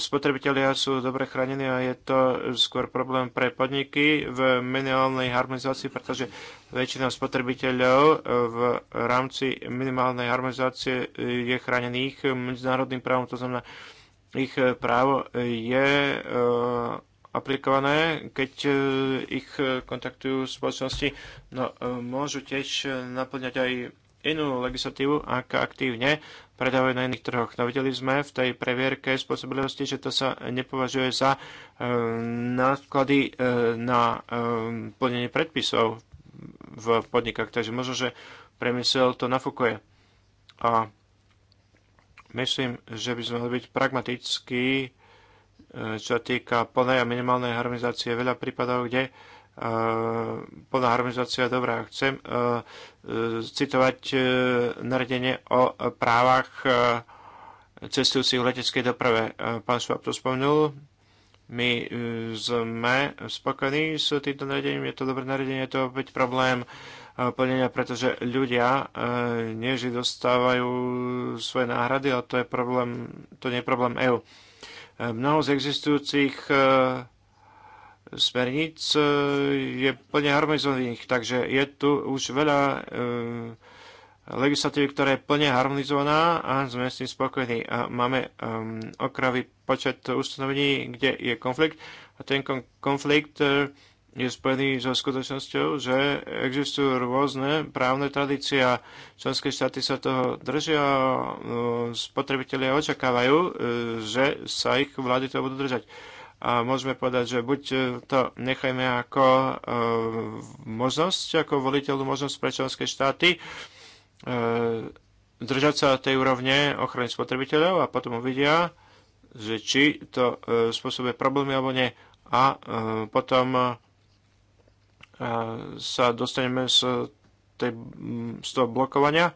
spotrebitelia sú dobre chránení a je to skôr problém pre podniky v minimálnej harmonizácii, pretože väčšina spotrebiteľov v rámci minimálnej harmonizácie je chránených medzinárodným právom, to znamená, ich právo je e, aplikované, keď e, ich kontaktujú spoločnosti. No, môžu tiež naplňať aj inú legislatívu, ak aktívne predávajú na iných trhoch. No videli sme v tej previerke spôsobilosti, že to sa nepovažuje za e, náklady e, na e, plnenie predpisov v podnikách. Takže možno, že premysel to nafúkuje. A myslím, že by sme mali byť pragmatickí, e, čo týka plnej a minimálnej harmonizácie. Veľa prípadov, kde e, plná harmonizácia dobrá. Chcem e, e, citovať e, naredenie o právach cestujúcich v leteckej doprave. Pán Šváb to spomenul. My sme spokojní s týmto naredením. Je to dobré naredenie, je to opäť problém plnenia, pretože ľudia neži dostávajú svoje náhrady, ale to je problém, to nie je problém EU. Mnoho z existujúcich smerníc e, je plne harmonizovaných, takže je tu už veľa e, legislatívy, ktorá je plne harmonizovaná a sme s tým spokojní. A máme e, okravý počet ustanovení, kde je konflikt a ten konflikt je spojený so skutočnosťou, že existujú rôzne právne tradície a členské štáty sa toho držia, a spotrebitelia očakávajú, že sa ich vlády to budú držať a môžeme povedať, že buď e, to nechajme ako e, možnosť, ako voliteľnú možnosť pre členské štáty, e, držať sa tej úrovne ochrany spotrebiteľov a potom uvidia, že či to spôsobuje problémy alebo nie. A potom sa dostaneme z, tej, z toho blokovania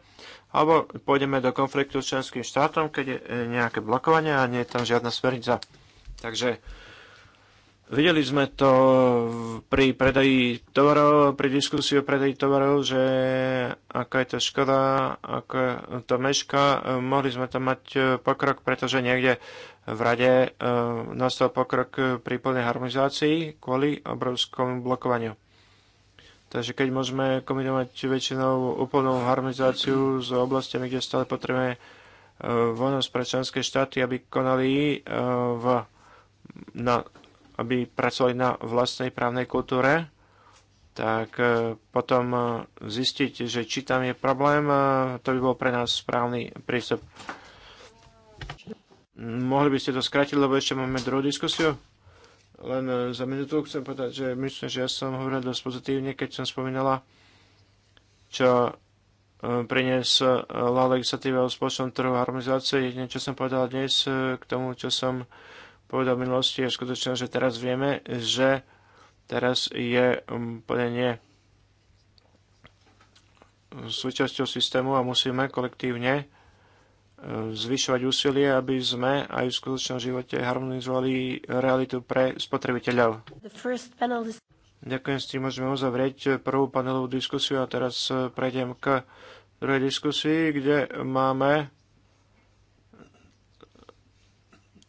alebo pôjdeme do konfliktu s členským štátom, keď je nejaké blokovanie a nie je tam žiadna smernica. Takže Videli sme to pri predaji tovarov, pri diskusii o predaji tovarov, že aká je to škoda, ako to meška. Mohli sme tam mať e, pokrok, pretože niekde v rade e, nastal pokrok pri plnej harmonizácii kvôli obrovskom blokovaniu. Takže keď môžeme kombinovať väčšinou úplnú harmonizáciu s oblastiami, kde stále potrebujeme e, voľnosť pre členské štáty, aby konali v na aby pracovali na vlastnej právnej kultúre, tak e, potom e, zistiť, že či tam je problém, e, to by bol pre nás správny prístup. Mohli by ste to skrátiť, lebo ešte máme druhú diskusiu? Len za minútu chcem povedať, že myslím, že ja som hovoril dosť pozitívne, keď som spomínala, čo priniesla legislatíva o spoločnom trhu harmonizácie. Niečo som povedal dnes k tomu, čo som povedal v minulosti, je skutočné, že teraz vieme, že teraz je um, plnenie súčasťou systému a musíme kolektívne uh, zvyšovať úsilie, aby sme aj v skutočnom živote harmonizovali realitu pre spotrebiteľov. Ďakujem, s tým môžeme uzavrieť prvú panelovú diskusiu a teraz prejdem k druhej diskusii, kde máme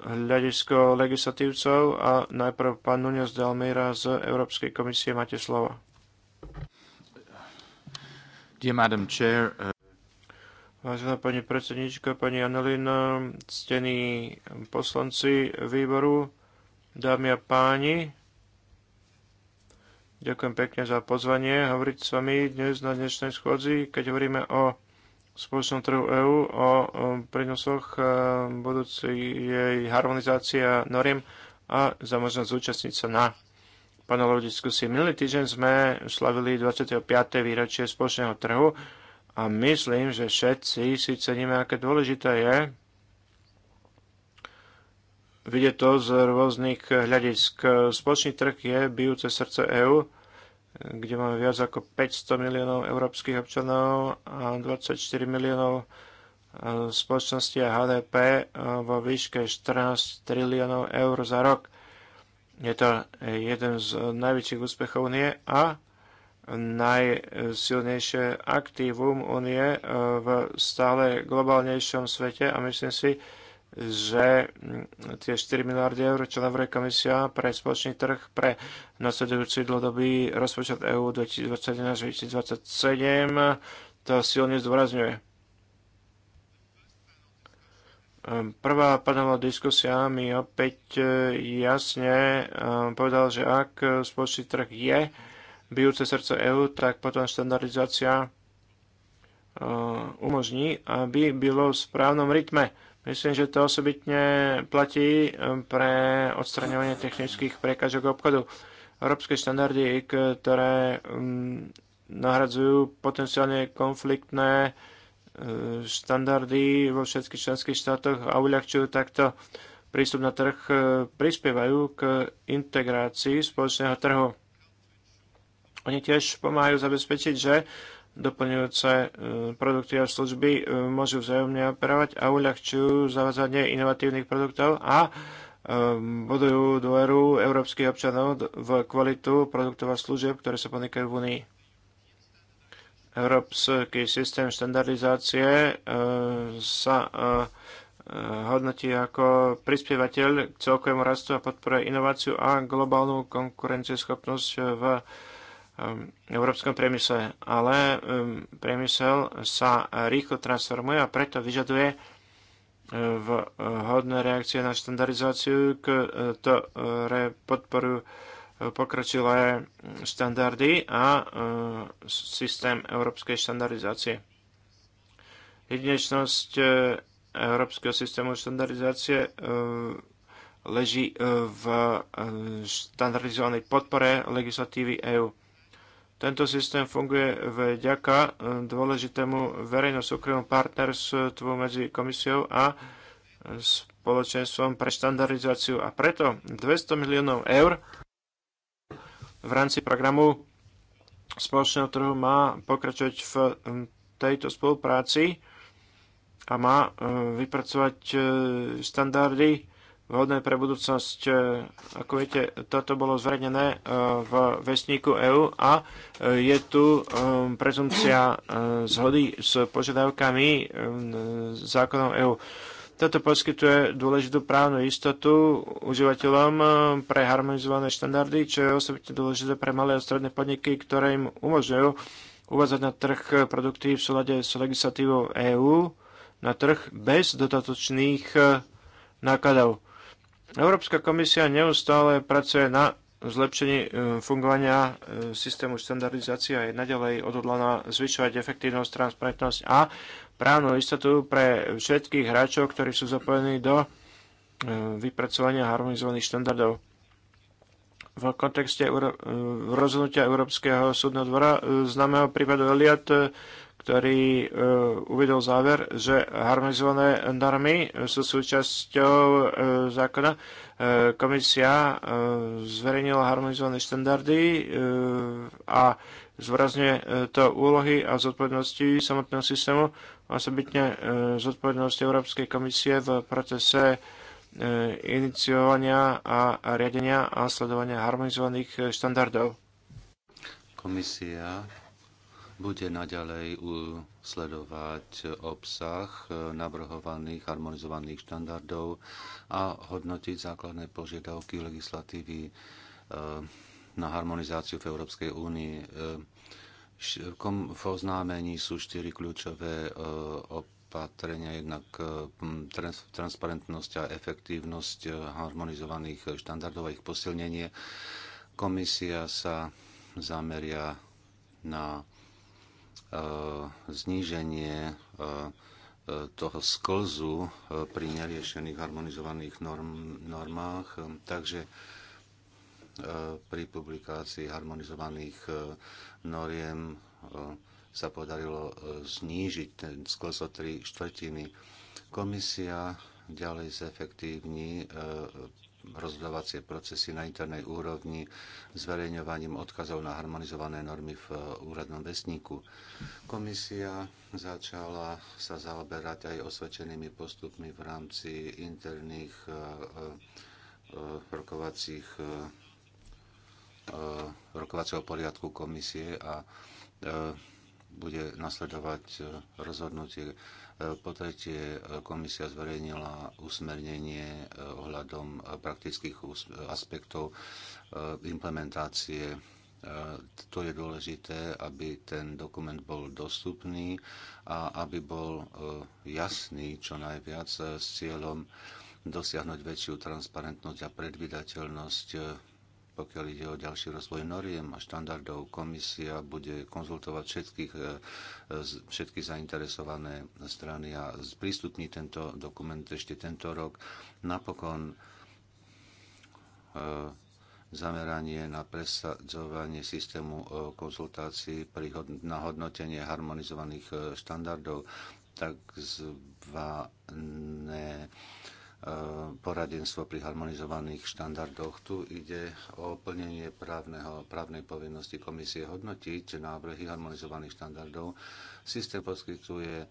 hľadisko legislatívcov a najprv pán Nunez de Almeida z Európskej komisie. Máte slovo. Dear Madam Chair, uh... Vážená pani predsednička, pani Annelin, ctení poslanci výboru, dámy a páni, ďakujem pekne za pozvanie hovoriť s vami dnes na dnešnej schôdzi, keď hovoríme o spoločnom trhu EÚ o prínosoch e, budúcej jej harmonizácia noriem a za možnosť zúčastniť sa na panelovú diskusii. Minulý týždeň sme slavili 25. výročie spoločného trhu a myslím, že všetci si ceníme, aké dôležité je vidieť to z rôznych hľadisk. Spoločný trh je bijúce srdce EÚ kde máme viac ako 500 miliónov európskych občanov a 24 miliónov e, spoločnosti a HDP e, vo výške 14 triliónov eur za rok. Je to jeden z najväčších úspechov Unie a najsilnejšie aktívum Unie e, v stále globálnejšom svete a myslím si, že mm, tie 4 miliardy eur, čo navrhuje komisia pre spoločný trh pre nasledujúci dlhodobý rozpočet EÚ 2021-2027, to silne zdôrazňuje. Ehm, prvá panelová diskusia mi opäť e, jasne ehm, povedal, že ak spoločný trh je bijúce srdce EÚ, tak potom štandardizácia ehm, umožní, aby bylo v správnom rytme Myslím, že to osobitne platí um, pre odstraňovanie technických prekážok obchodu. Európske štandardy, ktoré um, nahradzujú potenciálne konfliktné uh, štandardy vo všetkých členských štátoch a uľahčujú takto prístup na trh, uh, prispievajú k integrácii spoločného trhu. Oni tiež pomáhajú zabezpečiť, že doplňujúce e, produkty a služby e, môžu vzájomne operovať a uľahčujú zavádzanie inovatívnych produktov a e, budujú dôveru európskych občanov v kvalitu produktov a služieb, ktoré sa ponikajú v Unii. Európsky systém štandardizácie sa hodnotí ako prispievateľ k celkovému rastu a podporuje inováciu a globálnu konkurencieschopnosť v európskom priemysle. Ale um, priemysel sa rýchlo transformuje a preto vyžaduje uh, vhodné uh, reakcie na štandardizáciu, uh, ktoré podporujú pokročilé štandardy a systém európskej štandardizácie. Jedinečnosť európskeho systému štandardizácie leží v štandardizovanej podpore legislatívy EÚ. Tento systém funguje vďaka eh, dôležitému verejno-súkromnému partnerstvu medzi komisiou a spoločenstvom pre štandardizáciu a preto 200 miliónov eur v rámci programu spoločného trhu má pokračovať v hm, tejto spolupráci a má eh, vypracovať eh, štandardy vhodné pre budúcnosť. E, ako viete, toto bolo zverejnené e, v vesníku EU a e, je tu prezumcia zhody s požiadavkami zákonom EÚ. Toto poskytuje dôležitú právnu istotu užívateľom pre harmonizované štandardy, čo je osobitne dôležité pre malé a stredné podniky, ktoré im umožňujú uvázať na trh produkty v súlade s legislatívou EÚ na trh bez dotatočných nákladov. Európska komisia neustále pracuje na zlepšení e, fungovania e, systému štandardizácie a je naďalej odhodlaná zvyšovať efektívnosť, transparentnosť a právnu istotu pre všetkých hráčov, ktorí sú zapojení do e, vypracovania harmonizovaných štandardov v kontexte rozhodnutia Európskeho súdneho dvora známeho prípadu Eliot ktorý e, uvedol záver, že harmonizované normy sú súčasťou e, zákona. E, komisia zverejnila harmonizované štandardy a zvrazňuje to úlohy a zodpovednosti samotného systému, osobitne zodpovednosti Európskej komisie v procese iniciovania a riadenia a sledovania harmonizovaných štandardov. Komisia bude naďalej sledovať obsah e, navrhovaných harmonizovaných štandardov a hodnotiť základné požiadavky legislatívy e, na harmonizáciu v Európskej únii. E, v oznámení sú štyri kľúčové opatrenia, jednak transparentnosť a efektívnosť harmonizovaných štandardov a ich posilnenie. Komisia sa zameria na E, zníženie e, e, toho sklzu pri neriešených harmonizovaných norm, normách. Takže pri publikácii harmonizovaných noriem sa podarilo znížiť ten sklz o tri štvrtiny. Komisia ďalej zefektívni rozhodovacie procesy na internej úrovni, zverejňovaním odkazov na harmonizované normy v eh, úradnom vesníku. Komisia začala sa zaoberať aj osvedčenými postupmi v rámci interných eh, eh, rokovacích rokovacieho poriadku komisie a bude nasledovať rozhodnutie po tretie, komisia zverejnila usmernenie eh, ohľadom eh, praktických aspektov eh, implementácie. To je dôležité, aby ten dokument bol dostupný a aby bol jasný čo najviac s cieľom dosiahnuť väčšiu transparentnosť a predvydateľnosť pokiaľ ide o ďalší rozvoj noriem a štandardov. Komisia bude konzultovať všetkých, e, všetky zainteresované strany a sprístupní tento dokument ešte tento rok. Napokon e, zameranie na presadzovanie systému e, konzultácií pri hod- na hodnotenie harmonizovaných štandardov, takzvané Eh, poradenstvo pri harmonizovaných štandardoch. Tu ide o plnenie právneho, právnej povinnosti komisie hodnotiť návrhy harmonizovaných štandardov. Systém poskytuje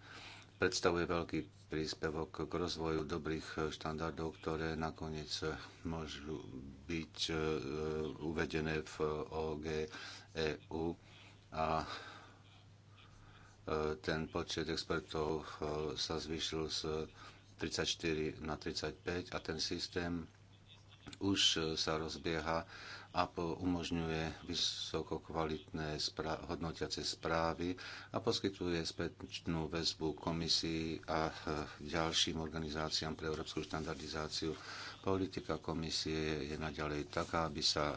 predstavuje veľký príspevok k rozvoju dobrých štandardov, ktoré nakoniec môžu byť eh, uvedené v OGEU a eh, ten počet expertov sa zvýšil z 34 na 35 a ten systém už e, sa rozbieha a umožňuje vysokokvalitné spra- hodnotiace správy a poskytuje spätnú väzbu komisii a e, ďalším organizáciám pre európsku štandardizáciu. Politika komisie je naďalej taká, aby sa e,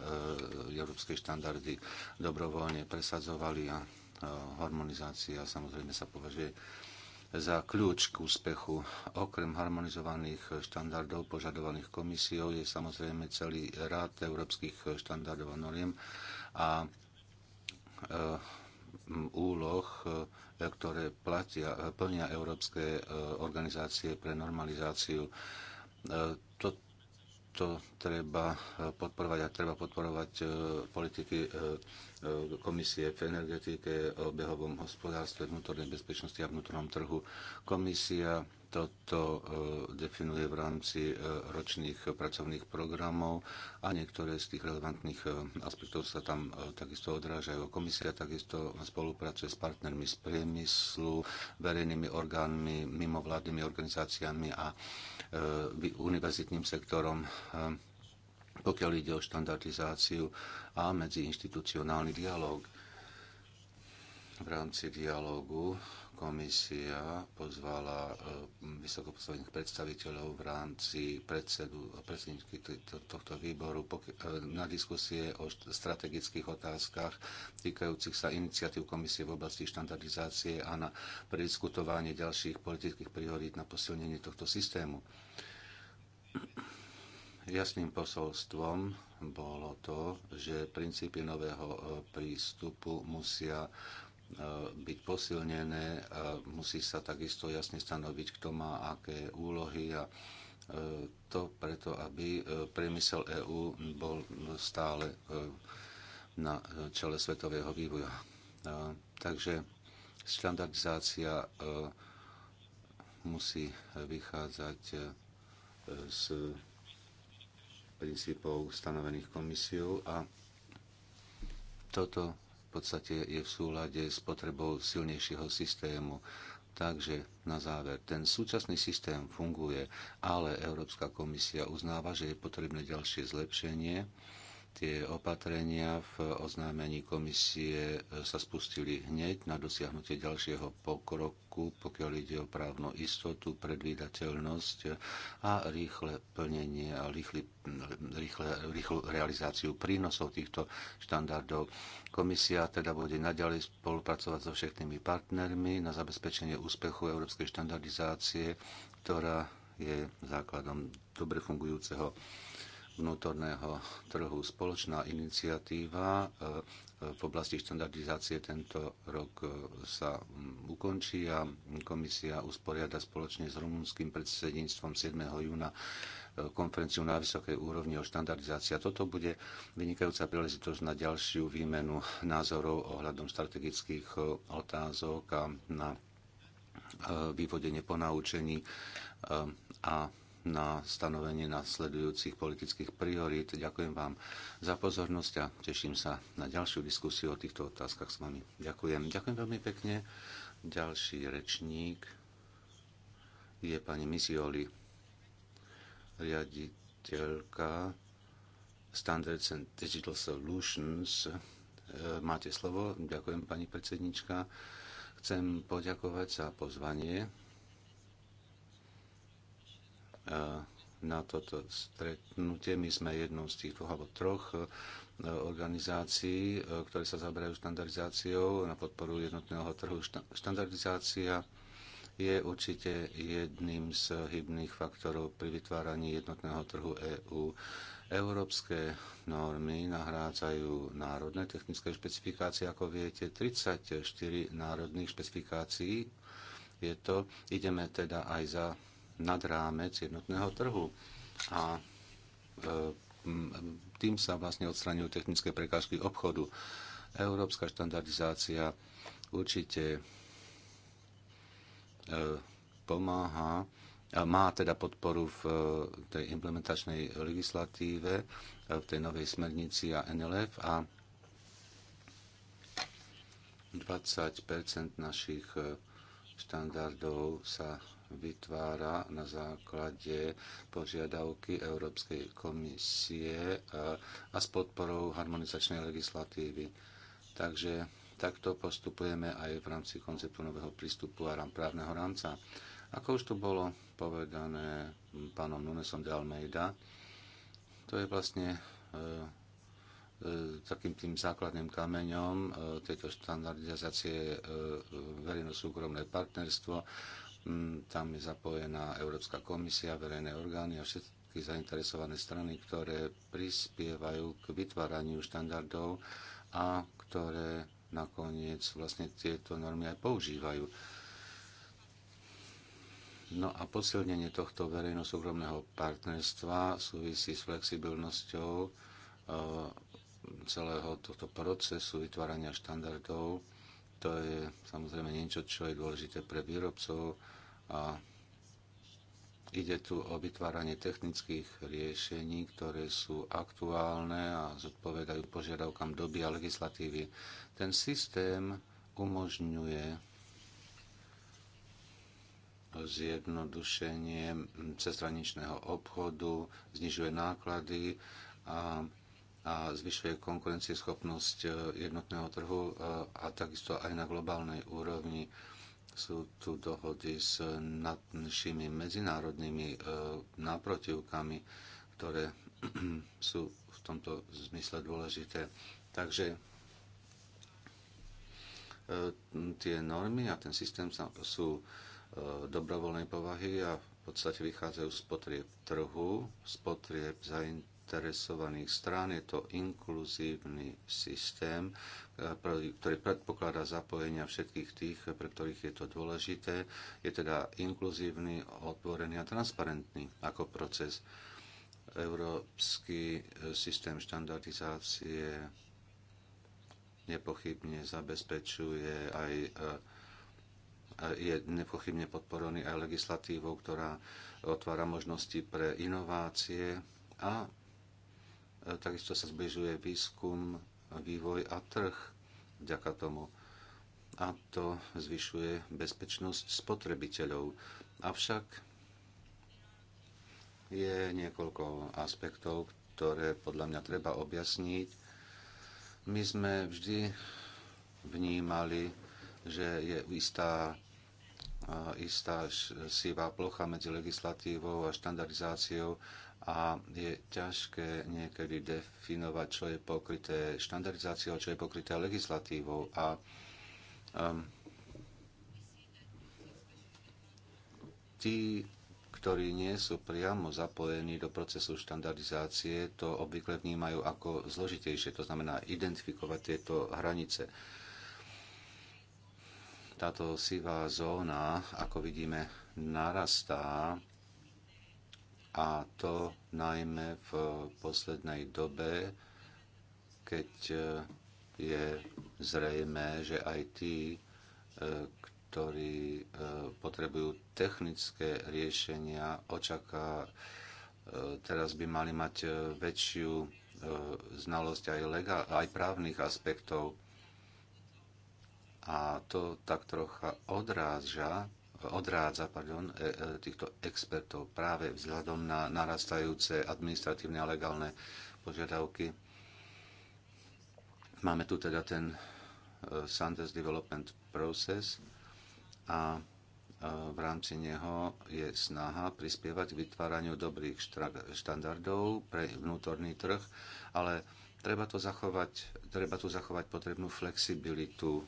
európske štandardy dobrovoľne presadzovali a harmonizácia samozrejme sa považuje za kľúč k úspechu. Okrem harmonizovaných štandardov požadovaných komisiou je samozrejme celý rád európskych štandardov a noriem a e, úloh, e, ktoré platia, e, plnia európske organizácie pre normalizáciu. To, to treba eh, podporovať a treba podporovať eh, politiky eh, komisie v energetike, obehovom hospodárstve, vnútornej bezpečnosti a vnútornom trhu. Komisia toto definuje v rámci ročných pracovných programov a niektoré z tých relevantných aspektov sa tam takisto odrážajú. Komisia takisto spolupracuje s partnermi z priemyslu, verejnými orgánmi, mimovládnymi organizáciami a univerzitným sektorom, eh, pokiaľ ide o štandardizáciu a medziinstitucionálny dialog. V rámci dialogu komisia pozvala eh, vysokoposledných predstaviteľov v rámci predsedu, predsedničky tohto výboru eh, na diskusie o strategických otázkach týkajúcich sa iniciatív komisie v oblasti štandardizácie a na prediskutovanie ďalších politických priorít na posilnenie tohto systému. Jasným posolstvom bolo to, že princípy nového e, prístupu musia e, byť posilnené, musí sa takisto jasne stanoviť, kto má aké úlohy a e, to preto, aby priemysel EÚ bol stále na čele svetového vývoja. Takže štandardizácia musí vychádzať z princípov stanovených komisiou a toto v podstate je v súlade s potrebou silnejšieho systému. Takže na záver, ten súčasný systém funguje, ale Európska komisia uznáva, že je potrebné ďalšie zlepšenie Tie opatrenia v oznámení komisie e, sa spustili hneď na dosiahnutie ďalšieho pokroku, pokiaľ ide o právnu istotu, predvídateľnosť e, a rýchle plnenie a rýchle, rýchle, rýchlu realizáciu prínosov týchto štandardov. Komisia teda bude naďalej spolupracovať so všetkými partnermi na zabezpečenie úspechu európskej štandardizácie, ktorá je základom dobre fungujúceho vnútorného trhu. Spoločná iniciatíva e, e, v oblasti štandardizácie tento rok e, sa mm, ukončí a komisia usporiada spoločne s rumunským predsedníctvom 7. júna konferenciu na vysokej úrovni o štandardizácii. A toto bude vynikajúca príležitosť na ďalšiu výmenu názorov ohľadom strategických otázok a na vyvodenie ponaučení a na stanovenie nasledujúcich politických priorít. Ďakujem vám za pozornosť a teším sa na ďalšiu diskusiu o týchto otázkach s vami. Ďakujem. Ďakujem veľmi pekne. Ďalší rečník je pani Misioli, riaditeľka Standards and Digital Solutions. E, máte slovo. Ďakujem, pani predsednička. Chcem poďakovať za pozvanie E, na toto stretnutie. My sme jednou z tých dvoch alebo troch e, organizácií, e, ktoré sa zaberajú štandardizáciou na podporu jednotného trhu. Štandardizácia je určite jedným z hybných faktorov pri vytváraní jednotného trhu EÚ. Európske normy nahrádzajú národné technické špecifikácie, ako viete, 34 národných špecifikácií je to. Ideme teda aj za nad rámec jednotného trhu. A e, tým sa vlastne odstraňujú technické prekážky obchodu. Európska štandardizácia určite e, pomáha, má teda podporu v e, tej implementačnej legislatíve, v tej novej smernici a NLF a 20 našich štandardov sa vytvára na základe požiadavky Európskej komisie a s podporou harmonizačnej legislatívy. Takže takto postupujeme aj v rámci konceptu nového prístupu a právneho rámca. Ako už tu bolo povedané pánom Nunesom de Almeida, to je vlastne e, e, takým tým základným kameňom e, tejto štandardizácie verejno-súkromné partnerstvo Mm, tam je zapojená Európska komisia, verejné orgány a všetky zainteresované strany, ktoré prispievajú k vytváraniu štandardov a ktoré nakoniec vlastne tieto normy aj používajú. No a posilnenie tohto verejno-súkromného partnerstva súvisí s flexibilnosťou e, celého tohto procesu vytvárania štandardov to je samozrejme niečo, čo je dôležité pre výrobcov a ide tu o vytváranie technických riešení, ktoré sú aktuálne a zodpovedajú požiadavkám doby a legislatívy. Ten systém umožňuje zjednodušenie cezhraničného obchodu, znižuje náklady a a zvyšuje konkurencieschopnosť e, jednotného trhu e, a takisto aj na globálnej úrovni sú tu dohody s nadšími medzinárodnými e, náprotivkami, ktoré sú v tomto zmysle dôležité. Takže tie normy a ten systém sú dobrovoľnej povahy a v podstate vychádzajú z potrieb trhu, z potrieb zain- zainteresovaných strán. Je to inkluzívny systém, eh, ktorý predpokladá zapojenia všetkých tých, eh, pre ktorých je to dôležité. Je teda inkluzívny, otvorený a transparentný ako proces. Európsky eh, systém štandardizácie nepochybne zabezpečuje aj je nepochybne podporovaný aj legislatívou, ktorá otvára možnosti pre inovácie a E, takisto sa zbližuje výskum, vývoj a trh vďaka tomu. A to zvyšuje bezpečnosť spotrebiteľov. Avšak je niekoľko aspektov, ktoré podľa mňa treba objasniť. My sme vždy vnímali, že je istá, e, istá sivá plocha medzi legislatívou a štandardizáciou a je ťažké niekedy definovať, čo je pokryté štandardizáciou, čo je pokryté legislatívou a um, tí, ktorí nie sú priamo zapojení do procesu štandardizácie, to obvykle vnímajú ako zložitejšie, to znamená identifikovať tieto hranice. Táto sivá zóna, ako vidíme, narastá a to najmä v poslednej dobe, keď e, je zrejme, že aj tí, e, ktorí e, potrebujú technické riešenia, očaká, teraz by mali mať väčšiu znalosť aj, legál, aj právnych aspektov. A to tak trocha odráža odrádza pardon, e, e, týchto expertov práve vzhľadom na narastajúce administratívne a legálne požiadavky. Máme tu teda ten e, Sanders Development Process a v rámci neho je snaha prispievať k vytváraniu dobrých štandardov pre vnútorný trh, ale treba, to zachovať, treba tu zachovať potrebnú flexibilitu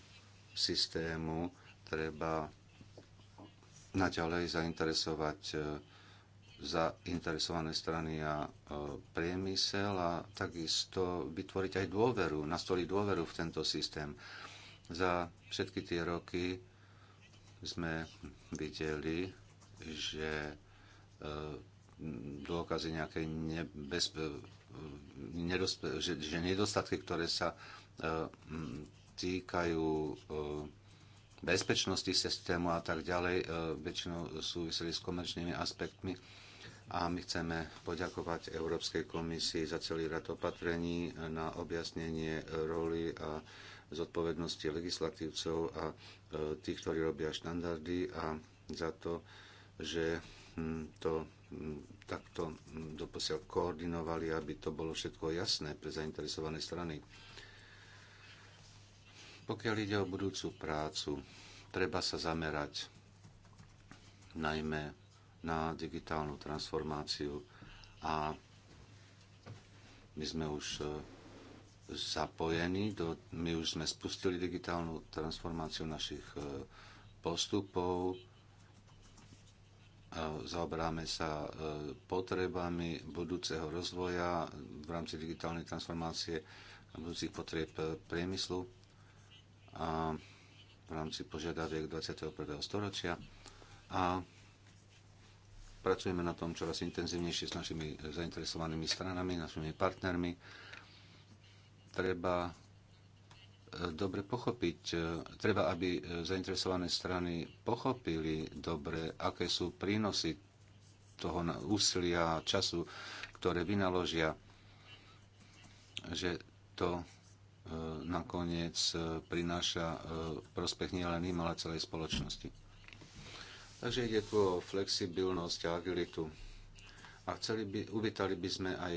systému, treba naďalej zainteresovať e, zainteresované strany a e, priemysel a takisto vytvoriť aj dôveru, nastoliť dôveru v tento systém. Za všetky tie roky sme videli, že e, dôkazy nejakej nebezpe- že, že nedostatky, ktoré sa týkajú bezpečnosti systému a tak ďalej, e, väčšinou súviseli s komerčnými aspektmi. A my chceme poďakovať Európskej komisii za celý rad opatrení na objasnenie roli a zodpovednosti legislatívcov a e, tých, ktorí robia štandardy a za to, že hm, to hm, takto hm, doposiaľ koordinovali, aby to bolo všetko jasné pre zainteresované strany. Pokiaľ ide o budúcu prácu, treba sa zamerať najmä na digitálnu transformáciu a my sme už e, zapojení, do, my už sme spustili digitálnu transformáciu našich e, postupov, e, zaoberáme sa potrebami budúceho rozvoja v rámci digitálnej transformácie a budúcich potrieb priemyslu a v rámci požiadaviek 21. storočia a pracujeme na tom čoraz intenzívnejšie s našimi zainteresovanými stranami, našimi partnermi. Treba eh, dobre pochopiť, eh, treba, aby eh, zainteresované strany pochopili dobre, aké sú prínosy toho úsilia, času, ktoré vynaložia, že to E, nakoniec e, prináša e, prospech nielen im, ale celej spoločnosti. Takže ide tu o flexibilnosť a agilitu. A chceli by, uvítali by sme aj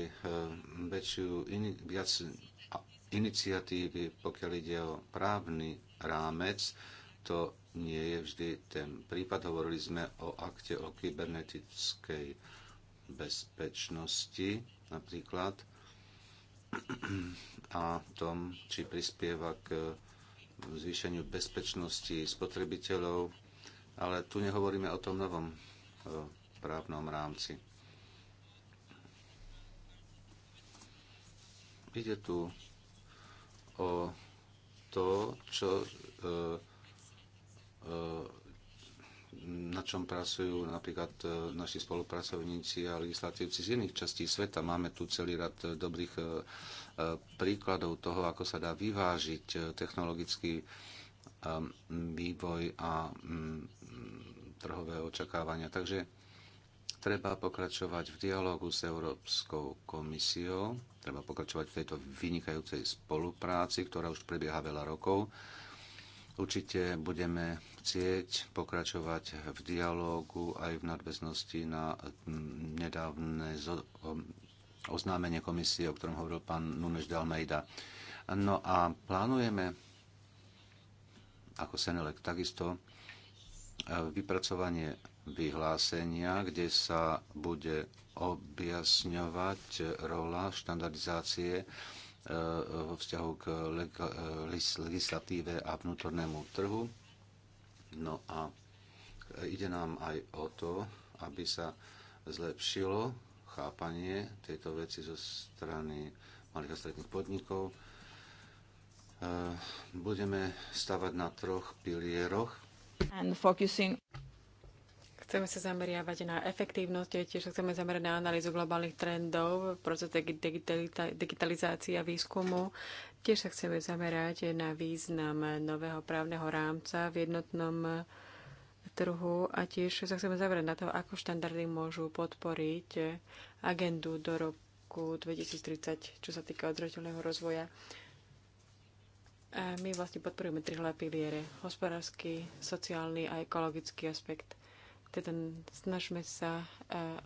väčšiu, in, viac iniciatívy, pokiaľ ide o právny rámec. To nie je vždy ten prípad. Hovorili sme o akte o kybernetickej bezpečnosti napríklad a tom, či prispieva k zvýšeniu bezpečnosti spotrebiteľov, ale tu nehovoríme o tom novom e, právnom rámci. Ide tu o to, čo e, e, na čom pracujú napríklad e, naši spolupracovníci a legislatívci z iných častí sveta. Máme tu celý rad e, dobrých e, príkladov toho, ako sa dá vyvážiť technologický vývoj a trhové očakávania. Takže treba pokračovať v dialogu s Európskou komisiou, treba pokračovať v tejto vynikajúcej spolupráci, ktorá už prebieha veľa rokov. Určite budeme chcieť pokračovať v dialógu aj v nadväznosti na nedávne oznámenie komisie, o ktorom hovoril pán Nunes de Almeida. No a plánujeme ako Senelek takisto e, vypracovanie vyhlásenia, kde sa bude objasňovať rola štandardizácie e, vo vzťahu k e, legislatíve a vnútornému trhu No a ide nám aj o to, aby sa zlepšilo chápanie tejto veci zo strany malých a stredných podnikov. E, budeme stavať na troch pilieroch. And focusing Chceme sa zameriavať na efektívnosť, tiež sa chceme zamerať na analýzu globálnych trendov, proces digitalizácia výskumu. Tiež sa chceme zamerať na význam nového právneho rámca v jednotnom trhu a tiež sa chceme zamerať na to, ako štandardy môžu podporiť agendu do roku 2030, čo sa týka odročilného rozvoja. A my vlastne podporujeme tri hlavné piliere. Hospodársky, sociálny a ekologický aspekt. Teda snažme sa e,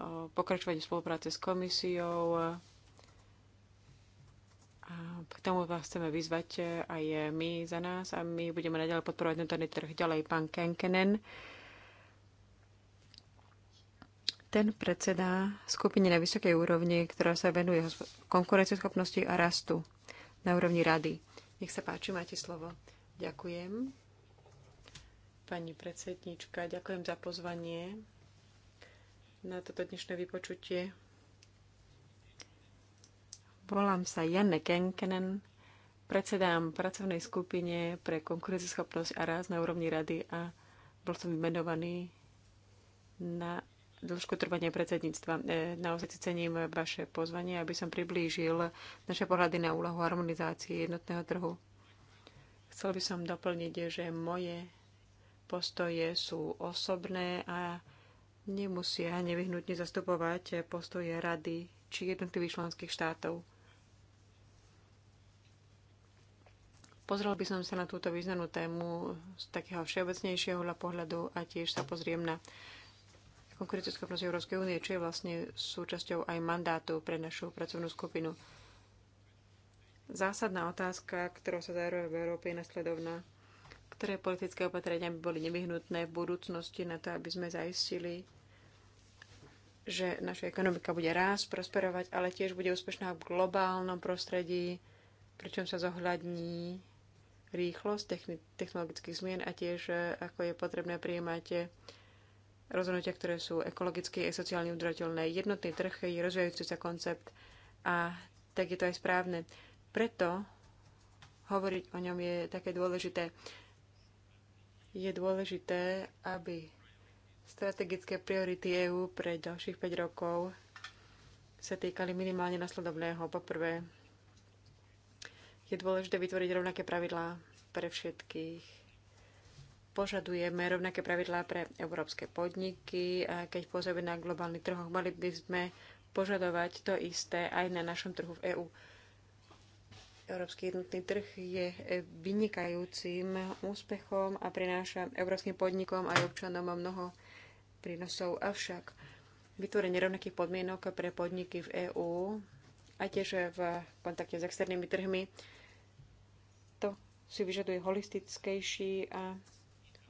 o pokračovanie spolupráce s komisiou. E, a k tomu vás chceme vyzvať e, aj my za nás a my budeme naďalej podporovať vnútorný trh. Ďalej pán Kenkenen. Ten predseda skupiny na vysokej úrovni, ktorá sa venuje konkurencieschopnosti a rastu na úrovni rady. Nech sa páči, máte slovo. Ďakujem pani predsednička. Ďakujem za pozvanie na toto dnešné vypočutie. Volám sa Janne Kenkenen, predsedám pracovnej skupine pre konkurenceschopnosť a ráz na úrovni rady a bol som vymenovaný na dĺžku trvania predsedníctva. E, naozaj si cením vaše pozvanie, aby som priblížil naše pohľady na úlohu harmonizácie jednotného trhu. Chcel by som doplniť, že moje postoje sú osobné a nemusia nevyhnutne zastupovať postoje rady či jednotlivých členských štátov. Pozrel by som sa na túto významnú tému z takého všeobecnejšieho pohľadu a tiež sa pozriem na schopnosti Európskej únie, čo je vlastne súčasťou aj mandátu pre našu pracovnú skupinu. Zásadná otázka, ktorá sa zároveň v Európe je nasledovná ktoré politické opatrenia by boli nevyhnutné v budúcnosti na to, aby sme zaistili, že naša ekonomika bude rásť, prosperovať, ale tiež bude úspešná v globálnom prostredí, pričom sa zohľadní rýchlosť technologických zmien a tiež eh, ako je potrebné prijímať eh, rozhodnutia, ktoré sú ekologicky a sociálne udržateľné. Jednotný trh je rozvíjajúci sa koncept a tak je to aj správne. Preto hovoriť o ňom je také dôležité je dôležité, aby strategické priority EÚ pre ďalších 5 rokov sa týkali minimálne nasledovného. Poprvé, je dôležité vytvoriť rovnaké pravidlá pre všetkých. Požadujeme rovnaké pravidlá pre európske podniky a keď pôsobíme na globálnych trhoch, mali by sme požadovať to isté aj na našom trhu v EÚ. Európsky jednotný trh je eh, vynikajúcim úspechom a prináša európskym podnikom aj občanom mnoho prínosov. Avšak vytvorenie rovnakých podmienok pre podniky v EÚ a tiež v kontakte s externými trhmi to si vyžaduje holistickejší a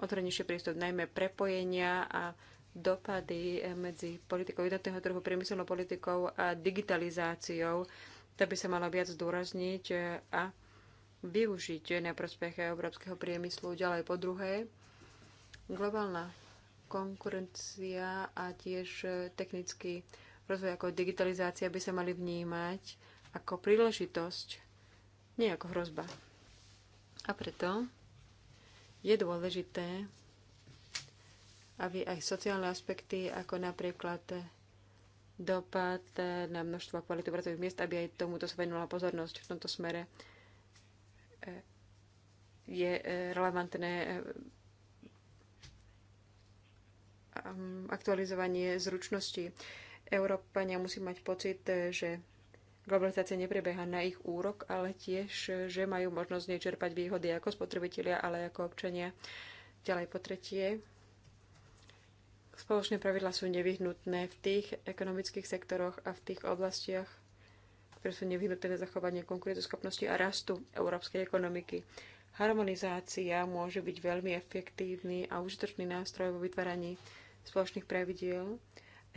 otvorenejší prístup, najmä prepojenia a dopady eh, medzi politikou jednotného trhu, priemyselnou politikou a digitalizáciou to by sa malo viac zdôrazniť e, a využiť na prospech európskeho priemyslu ďalej. Po druhé, globálna konkurencia a tiež e, technický rozvoj ako digitalizácia by sa mali vnímať ako príležitosť, nie ako hrozba. A preto je dôležité, aby aj sociálne aspekty, ako napríklad dopad e, na množstvo a kvalitu pracovných miest, aby aj tomuto sa venula pozornosť v tomto smere. E, je e, relevantné aktualizovanie zručnosti. Európania musí mať pocit, že globalizácia neprebieha na ich úrok, ale tiež, že majú možnosť nečerpať výhody ako spotrebitelia, ale ako občania. Ďalej po tretie, Spoločné pravidlá sú nevyhnutné v tých ekonomických sektoroch a v tých oblastiach, ktoré sú nevyhnutné na zachovanie konkurenceschopnosti a rastu európskej ekonomiky. Harmonizácia môže byť veľmi efektívny a užitočný nástroj vo vytváraní spoločných pravidiel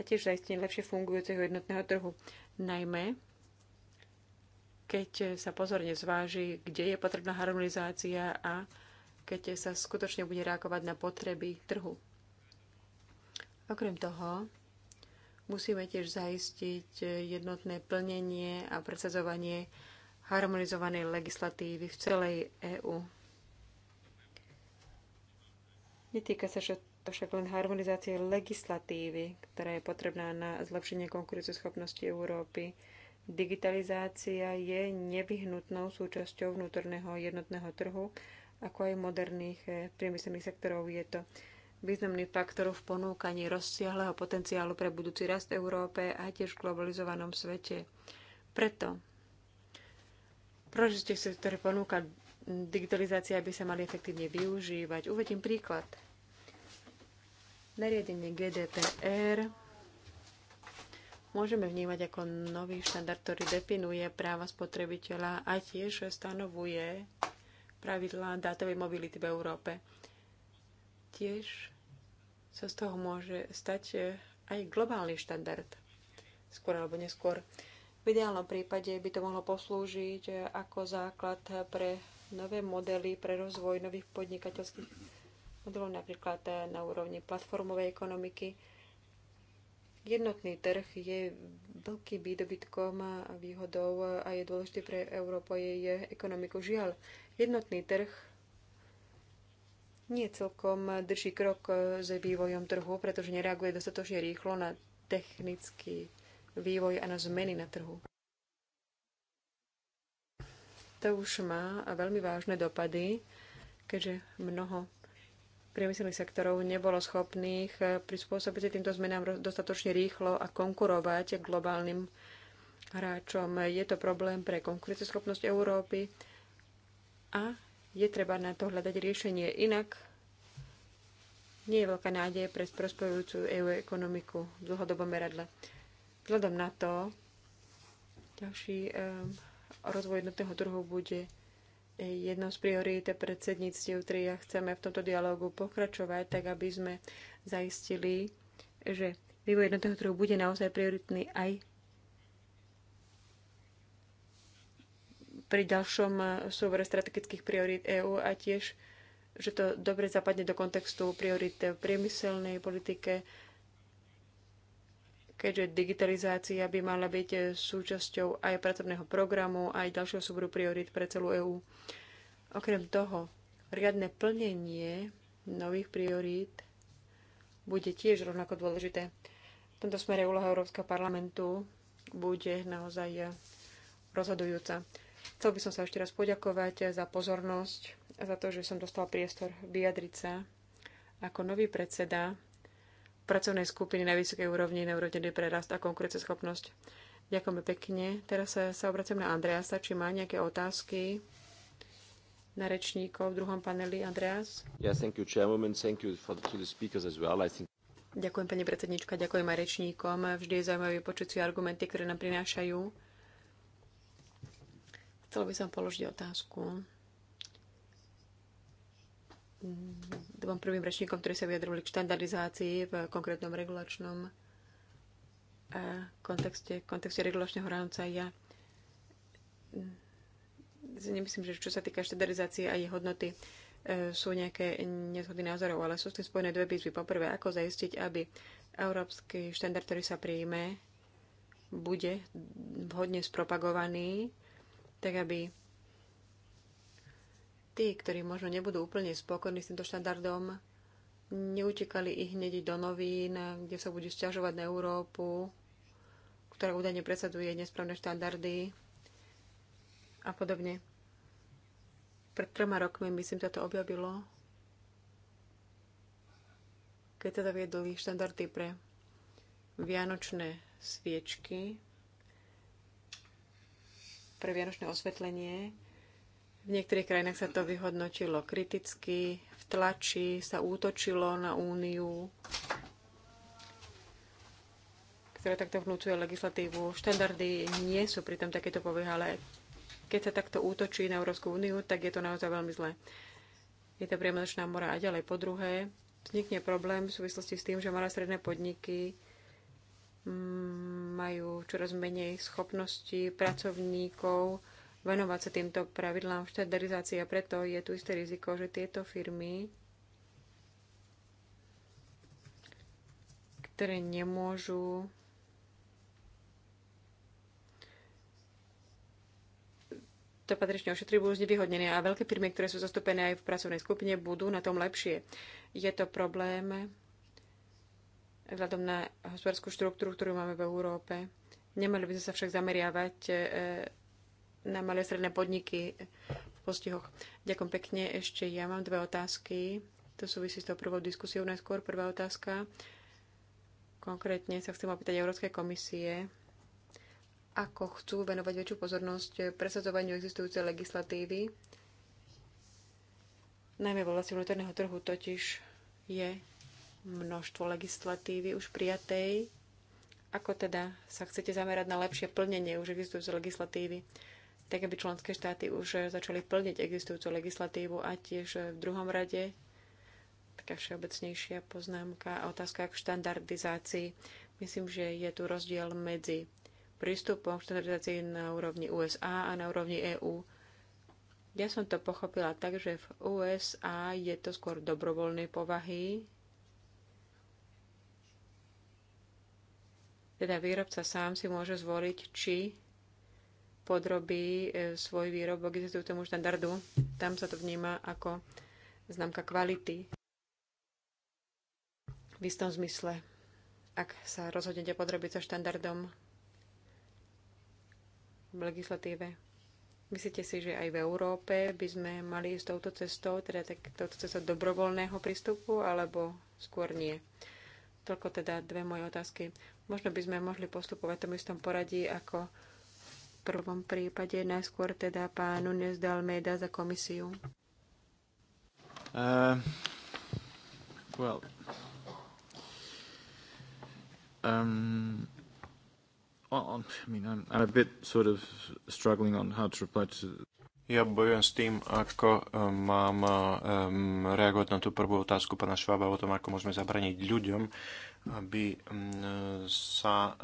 a tiež zaistenie lepšie fungujúceho jednotného trhu. Najmä, keď sa pozorne zváži, kde je potrebná harmonizácia a keď sa skutočne bude reagovať na potreby trhu. Okrem toho, musíme tiež zaistiť jednotné plnenie a presadzovanie harmonizovanej legislatívy v celej EÚ. Netýka sa to však len harmonizácie legislatívy, ktorá je potrebná na zlepšenie konkurenceschopnosti Európy. Digitalizácia je nevyhnutnou súčasťou vnútorného jednotného trhu, ako aj moderných eh, priemyselných sektorov. Je to významný faktor v ponúkaní rozsiahleho potenciálu pre budúci rast Európe a tiež v globalizovanom svete. Preto prožite, ktoré ponúka digitalizácia, aby sa mali efektívne využívať. Uvedím príklad. Nariadenie GDPR môžeme vnímať ako nový štandard, ktorý definuje práva spotrebiteľa a tiež stanovuje pravidlá dátovej mobility v Európe. Tiež sa z toho môže stať aj globálny štandard, skôr alebo neskôr. V ideálnom prípade by to mohlo poslúžiť ako základ pre nové modely pre rozvoj nových podnikateľských modelov, napríklad na úrovni platformovej ekonomiky. Jednotný trh je veľkým výdobytkom a výhodou a je dôležitý pre Európu a jej ekonomiku. Žiaľ, jednotný trh nie celkom drží krok e, s vývojom trhu, pretože nereaguje dostatočne rýchlo na technický vývoj a na zmeny na trhu. To už má veľmi vážne dopady, keďže mnoho priemyselných sektorov nebolo schopných e, prispôsobiť sa týmto zmenám dostatočne rýchlo a konkurovať globálnym hráčom. Je to problém pre konkurenceschopnosť Európy a je treba na to hľadať riešenie. Inak nie je veľká nádej pre prosperujúcu EU ekonomiku v dlhodobom meradle. Vzhľadom na to, ďalší um, rozvoj jednotného trhu bude eh, jednou z priorít predsedníctiev, ktoré ja chceme v tomto dialogu pokračovať, tak aby sme zaistili, že vývoj jednotného trhu bude naozaj prioritný aj pri ďalšom e, súbore strategických priorít EÚ a tiež, že to dobre zapadne do kontextu priorít v priemyselnej politike, keďže digitalizácia by mala byť súčasťou aj pracovného programu, aj ďalšieho súboru priorít pre celú EÚ. Okrem toho, riadne plnenie nových priorít bude tiež rovnako dôležité. V tomto smere úloha Európskeho parlamentu bude naozaj rozhodujúca. Chcel by som sa ešte raz poďakovať za pozornosť, za to, že som dostal priestor vyjadriť sa ako nový predseda pracovnej skupiny na vysokej úrovni na úrovni pre rast a konkurenceschopnosť. Ďakujeme pekne. Teraz sa, sa obracujem na Andreasa. Či má nejaké otázky na rečníkov v druhom paneli? Andreas? thank you, chairwoman. Thank you for, the speakers as well. I think... Ďakujem, pani predsednička, ďakujem aj rečníkom. Vždy je zaujímavé počuť si argumenty, ktoré nám prinášajú Chcel by som položiť otázku dvom prvým rečníkom, ktorí sa vyjadrovali k štandardizácii v konkrétnom regulačnom eh, kontexte, kontexte regulačného rámca. Ja hm, nemyslím, že čo sa týka štandardizácie a jej hodnoty, eh, sú nejaké nezhody názorov, ale sú s tým spojené dve výzvy. Poprvé, ako zaistiť, aby európsky štandard, ktorý sa príjme, bude vhodne spropagovaný tak aby tí, ktorí možno nebudú úplne spokojní s týmto štandardom, neutekali ich hneď do novín, kde sa bude sťažovať na Európu, ktorá údajne presaduje nesprávne štandardy a podobne. Pred troma rokmi, myslím, sa to objavilo, keď teda viedli štandardy pre vianočné sviečky, pre vianočné osvetlenie. V niektorých krajinách sa to vyhodnotilo kriticky, v tlači sa útočilo na úniu, ktorá takto vnúcuje legislatívu. Štandardy nie sú pritom takéto povyhy, ale keď sa takto útočí na Európsku úniu, tak je to naozaj veľmi zlé. Je to priamočná mora a ďalej. Po druhé, vznikne problém v súvislosti s tým, že malé stredné podniky majú čoraz menej schopností pracovníkov venovať sa týmto pravidlám štandardizácie a preto je tu isté riziko, že tieto firmy, ktoré nemôžu to patrične ošetriť, budú znevýhodnené a veľké firmy, ktoré sú zastúpené aj v pracovnej skupine, budú na tom lepšie. Je to problém, vzhľadom na hospodárskú štruktúru, ktorú máme v Európe. Nemali by sme sa však zameriavať e, na malé stredné podniky v postihoch. Ďakujem pekne. Ešte ja mám dve otázky. To súvisí s tou prvou diskusiou najskôr. Prvá otázka. Konkrétne sa chcem opýtať Európskej komisie, ako chcú venovať väčšiu pozornosť presadzovaniu existujúcej legislatívy, najmä v oblasti vnútorného trhu totiž je množstvo legislatívy už prijatej. Ako teda sa chcete zamerať na lepšie plnenie už existujúcej legislatívy, tak aby členské štáty už začali plniť existujúcu legislatívu a tiež v druhom rade taká všeobecnejšia poznámka a otázka k štandardizácii. Myslím, že je tu rozdiel medzi prístupom k štandardizácii na úrovni USA a na úrovni EÚ. Ja som to pochopila tak, že v USA je to skôr dobrovoľnej povahy, Teda výrobca sám si môže zvoliť, či podrobí e, svoj výrobok existujúcemu štandardu. Tam sa to vníma ako známka kvality. V istom zmysle, ak sa rozhodnete podrobiť sa štandardom v legislatíve. Myslíte si, že aj v Európe by sme mali ísť touto cestou, teda tak, touto cestou dobrovoľného prístupu, alebo skôr nie? Toľko teda dve moje otázky. Možno by sme mohli postupovať v tom istom poradí ako v prvom prípade. Najskôr teda pánu nezdal Meda za komisiu. Uh, well, um, Well, I mean, I'm, I'm a bit sort of struggling on how to reply to ja bojujem s tým, ako eh, mám eh, reagovať na tú prvú otázku pána Švába o tom, ako môžeme zabraniť ľuďom, aby mm, sa eh,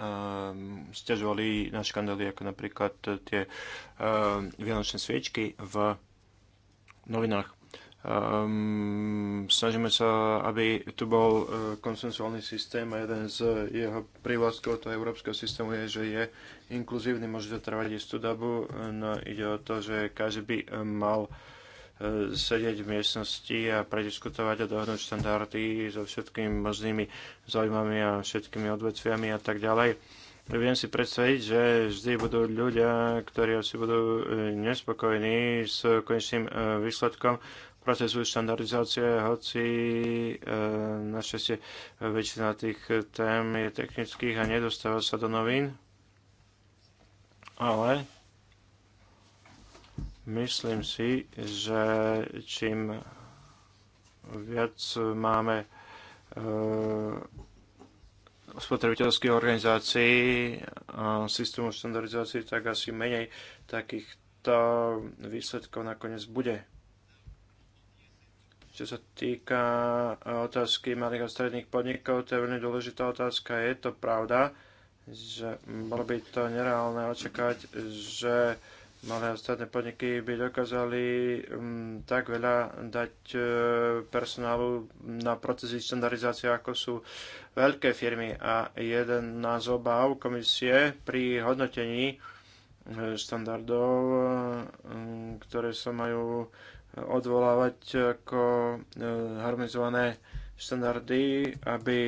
stiažovali na škandály, ako napríklad tie vianočné sviečky v novinách. Um, snažíme sa, aby tu bol uh, e, konsensuálny systém a jeden z jeho prívlastkov toho európskeho systému je, že je inkluzívny, môže to trvať istú dobu, no ide o to, že každý by e, mal e, sedieť v miestnosti a prediskutovať a dohodnúť štandardy so všetkými možnými zaujímami a všetkými odvetviami a tak ďalej. Viem si predstaviť, že vždy budú ľudia, ktorí asi budú nespokojní s konečným výsledkom, procesu štandardizácie, hoci e, našťastie väčšina tých tém je technických a nedostáva sa do novín. Ale myslím si, že čím viac máme e, spotrebiteľských organizácií a systému štandardizácií, tak asi menej takýchto výsledkov nakoniec bude. Čo sa týka eh, otázky malých a stredných podnikov, to je veľmi dôležitá otázka. Je to pravda, že bolo by to nereálne očakávať, že malé a stredné podniky by dokázali um, tak veľa dať uh, personálu na procesy standardizácie, ako sú veľké firmy. A jeden z obáv komisie pri hodnotení štandardov, eh, ktoré sa majú odvolávať ako e, harmonizované štandardy, aby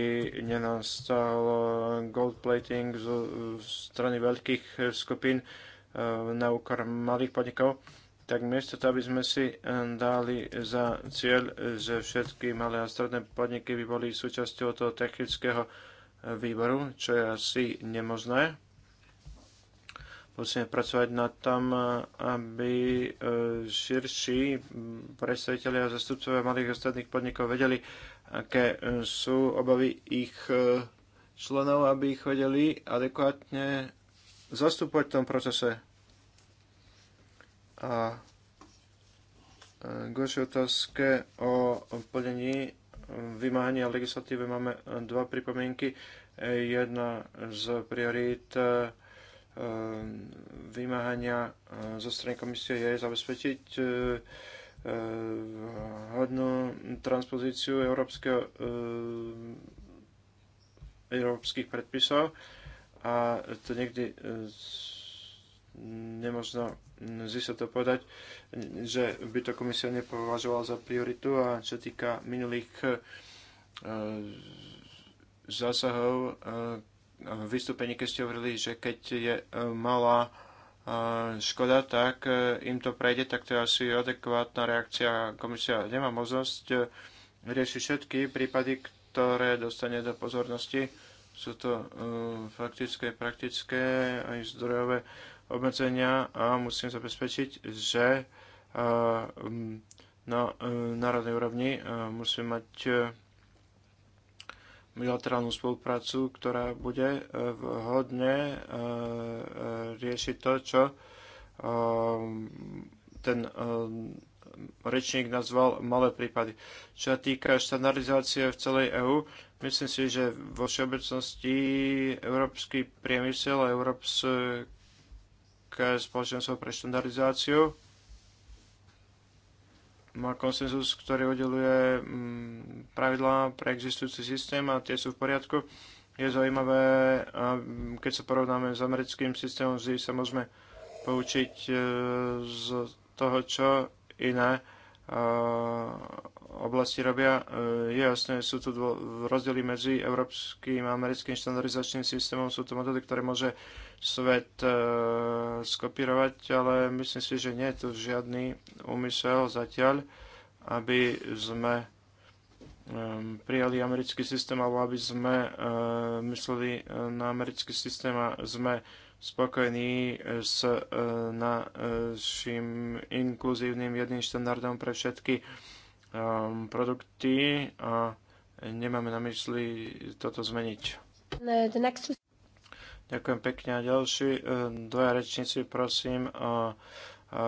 nenastal gold plating zo strany veľkých skupín e, na úkor malých podnikov, tak miesto to, aby sme si e, dali za cieľ, že všetky malé a stredné podniky by boli súčasťou toho technického výboru, čo je asi nemožné, musíme pracovať na tom, aby e, širší predstaviteľi a zastupcovia malých a stredných podnikov vedeli, aké e, sú obavy ich e, členov, aby ich vedeli adekvátne zastupovať v tom procese. A k vašej otázke o plnení vymáhania legislatívy máme dva pripomienky. Jedna z priorít Ehm, vymáhania e, zo strany komisie je zabezpečiť e, e, hodnú transpozíciu európskeho, európskych predpisov a to niekdy nemožno zísť to povedať, že by to komisia nepovažovala za prioritu a čo týka minulých zásahov, vystúpení, keď ste hovorili, že keď je e, malá e, škoda, tak e, im to prejde, tak to je asi adekvátna reakcia. Komisia nemá možnosť riešiť všetky prípady, ktoré dostane do pozornosti. Sú to faktické, praktické aj zdrojové obmedzenia a musím zabezpečiť, že na národnej úrovni musím mať bilaterálnu spoluprácu, ktorá bude e, vhodne e, e, riešiť to, čo ten rečník nazval malé prípady. Čo sa týka štandardizácie v celej EÚ, myslím si, že vo všeobecnosti európsky priemysel a európske spoločenstvo pre štandardizáciu má konsenzus, ktorý oddeluje mm, pravidlá pre existujúci systém a tie sú v poriadku. Je zaujímavé, mm, keď sa porovnáme s americkým systémom, že sa môžeme poučiť e, z toho, čo iné oblasti robia. E, je jasné, sú tu rozdiely medzi európskym a americkým štandardizačným systémom. Sú to metódy, ktoré môže svet e, skopírovať, ale myslím si, že nie je to žiadny úmysel zatiaľ, aby sme e, prijali americký systém alebo aby sme mysleli na americký systém a sme spokojní s našim inkluzívnym jedným štandardom pre všetky Ehm, produkty a nemáme na mysli toto zmeniť. Next... Ďakujem pekne. A ďalší e, dvaja rečníci, prosím, a, e, a,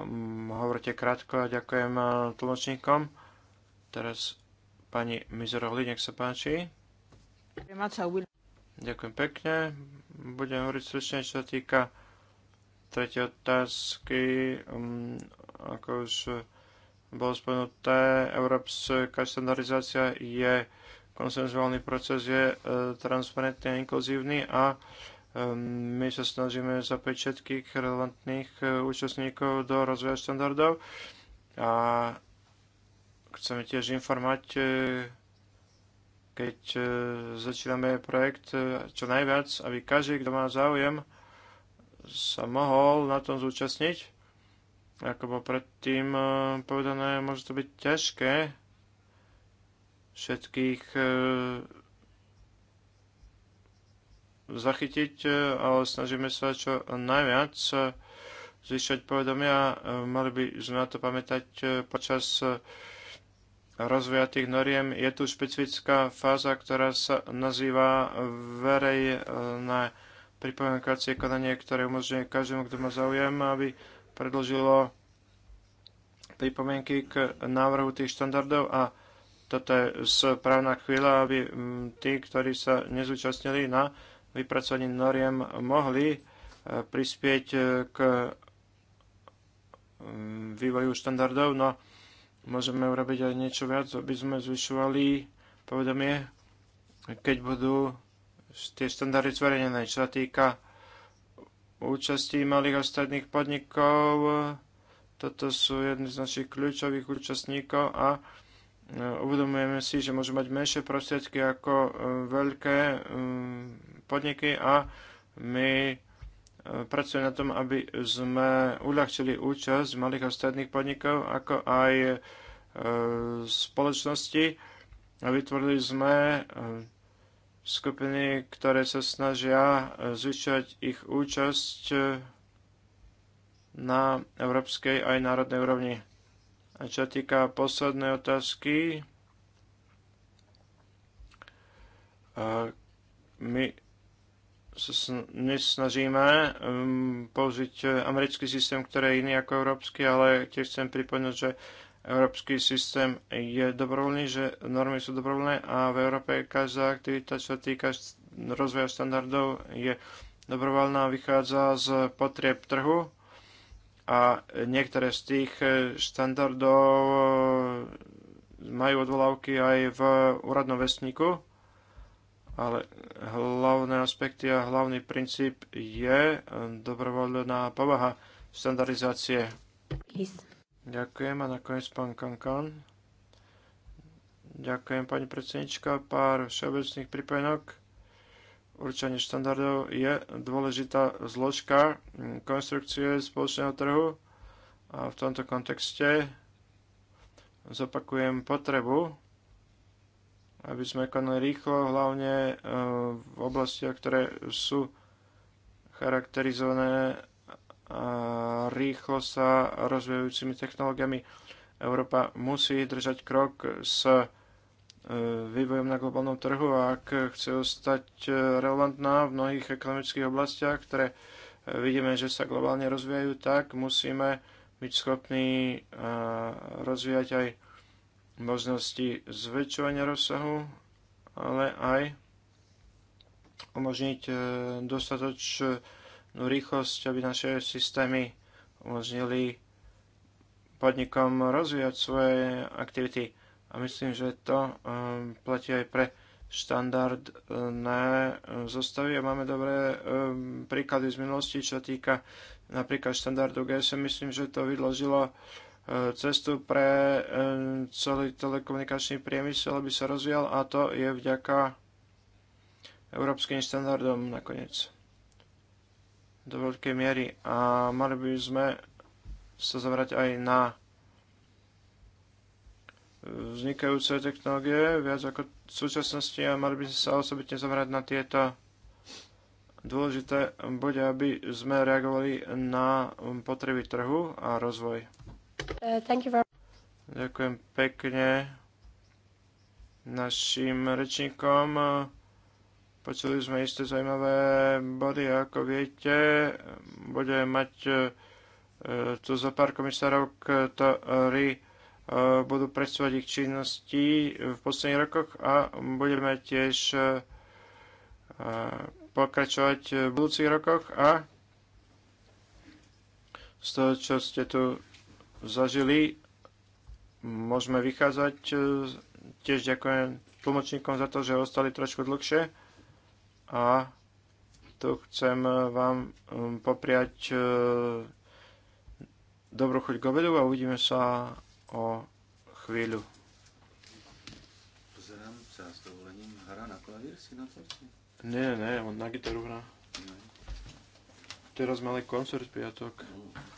e, hovorte krátko a ďakujem tlmočníkom. Teraz pani Mizerohli, nech sa páči. Ďakujem pekne. Budem hovoriť stručne, čo sa týka tretej otázky. Mm, ako už bolo spomenuté, európska štandardizácia je konsenzuálny proces, je e, transparentný a inkluzívny a e, my sa snažíme zapojiť všetkých relevantných e, účastníkov do rozvoja štandardov a chceme tiež informovať, keď začíname projekt, čo najviac, aby každý, kto má záujem, sa mohol na tom zúčastniť ako bolo predtým eh, povedané, môže to byť ťažké všetkých eh, zachytiť, eh, ale snažíme sa čo najviac zvyšať povedomia. Mali by sme na to pamätať počas rozvoja tých noriem. Je tu špecifická fáza, ktorá sa nazýva verejné pripomienkacie konanie, ktoré umožňuje každému, kto má záujem, aby predložilo pripomienky k návrhu tých štandardov a toto je správna chvíľa, aby mm, tí, ktorí sa nezúčastnili na vypracovaní noriem, mohli e, prispieť e, k mm, vývoju štandardov, no môžeme urobiť aj niečo viac, aby sme zvyšovali povedomie, keď budú tie štandardy zverejnené, čo sa týka účasti malých a stredných podnikov. Toto sú jedni z našich kľúčových účastníkov a e, uvedomujeme si, že môžu mať menšie prostriedky ako e, veľké e, podniky a my pracujeme na tom, aby sme uľahčili účasť malých a stredných podnikov, ako aj spoločnosti. Vytvorili sme skupiny, ktoré sa snažia e, zvyšovať ich účasť e, na európskej aj národnej úrovni. A čo týka poslednej otázky, e, my sa nesnažíme použiť americký systém, ktorý je iný ako európsky, ale tiež chcem pripomenúť, že európsky systém je dobrovoľný, že normy sú dobrovoľné a v Európe každá aktivita, čo týka rozvoja štandardov, je dobrovoľná, vychádza z potrieb trhu a niektoré z tých štandardov e, majú odvolávky aj v úradnom vestníku, ale hlavné aspekty a hlavný princíp je dobrovoľná povaha štandardizácie. Yes. Ďakujem a nakoniec pán Kankan. Ďakujem pani predsednička. Pár všeobecných pripojenok. Určenie štandardov je dôležitá zložka mm, konstrukcie spoločného trhu a v tomto kontexte zopakujem potrebu, aby sme konali rýchlo, hlavne e, v oblastiach, ktoré sú charakterizované rýchlo sa rozvíjajúcimi technológiami. Európa musí držať krok s e, vývojom na globálnom trhu a ak chce ostať e, relevantná v mnohých ekonomických oblastiach, ktoré e, vidíme, že sa globálne rozvíjajú, tak musíme byť schopní rozvíjať aj možnosti zväčšovania rozsahu, ale aj umožniť dostatočnú rýchlosť, aby naše systémy umožnili podnikom rozvíjať svoje aktivity. A myslím, že to um, platí aj pre štandardné um, zostavy. A máme dobré um, príklady z minulosti, čo týka napríklad štandardu GSM. Myslím, že to vydložilo uh, cestu pre um, celý telekomunikačný priemysel, aby sa rozvíjal a to je vďaka európskym štandardom nakoniec do veľkej miery a mali by sme sa zamerať aj na vznikajúce technológie viac ako v súčasnosti a mali by sme sa osobitne zamerať na tieto dôležité bode, aby sme reagovali na potreby trhu a rozvoj. Uh, very... Ďakujem pekne našim rečníkom. Počuli sme isté zaujímavé body ako viete, budeme mať e, tu za pár komisárov, ktorí e, budú predstavovať ich činnosti v posledných rokoch a budeme tiež e, pokračovať v budúcich rokoch a z toho, čo ste tu zažili, môžeme vychádzať. Tiež ďakujem tlmočníkom za to, že ostali trošku dlhšie a tu chcem eh, vám eh, popriať eh, dobrú chuť k obedu a uvidíme sa o chvíľu. Pozerám sa s dovolením. Hra na klavír si na to? Nie, nie, on na gitaru hrá. Teraz malý koncert piatok. Mm.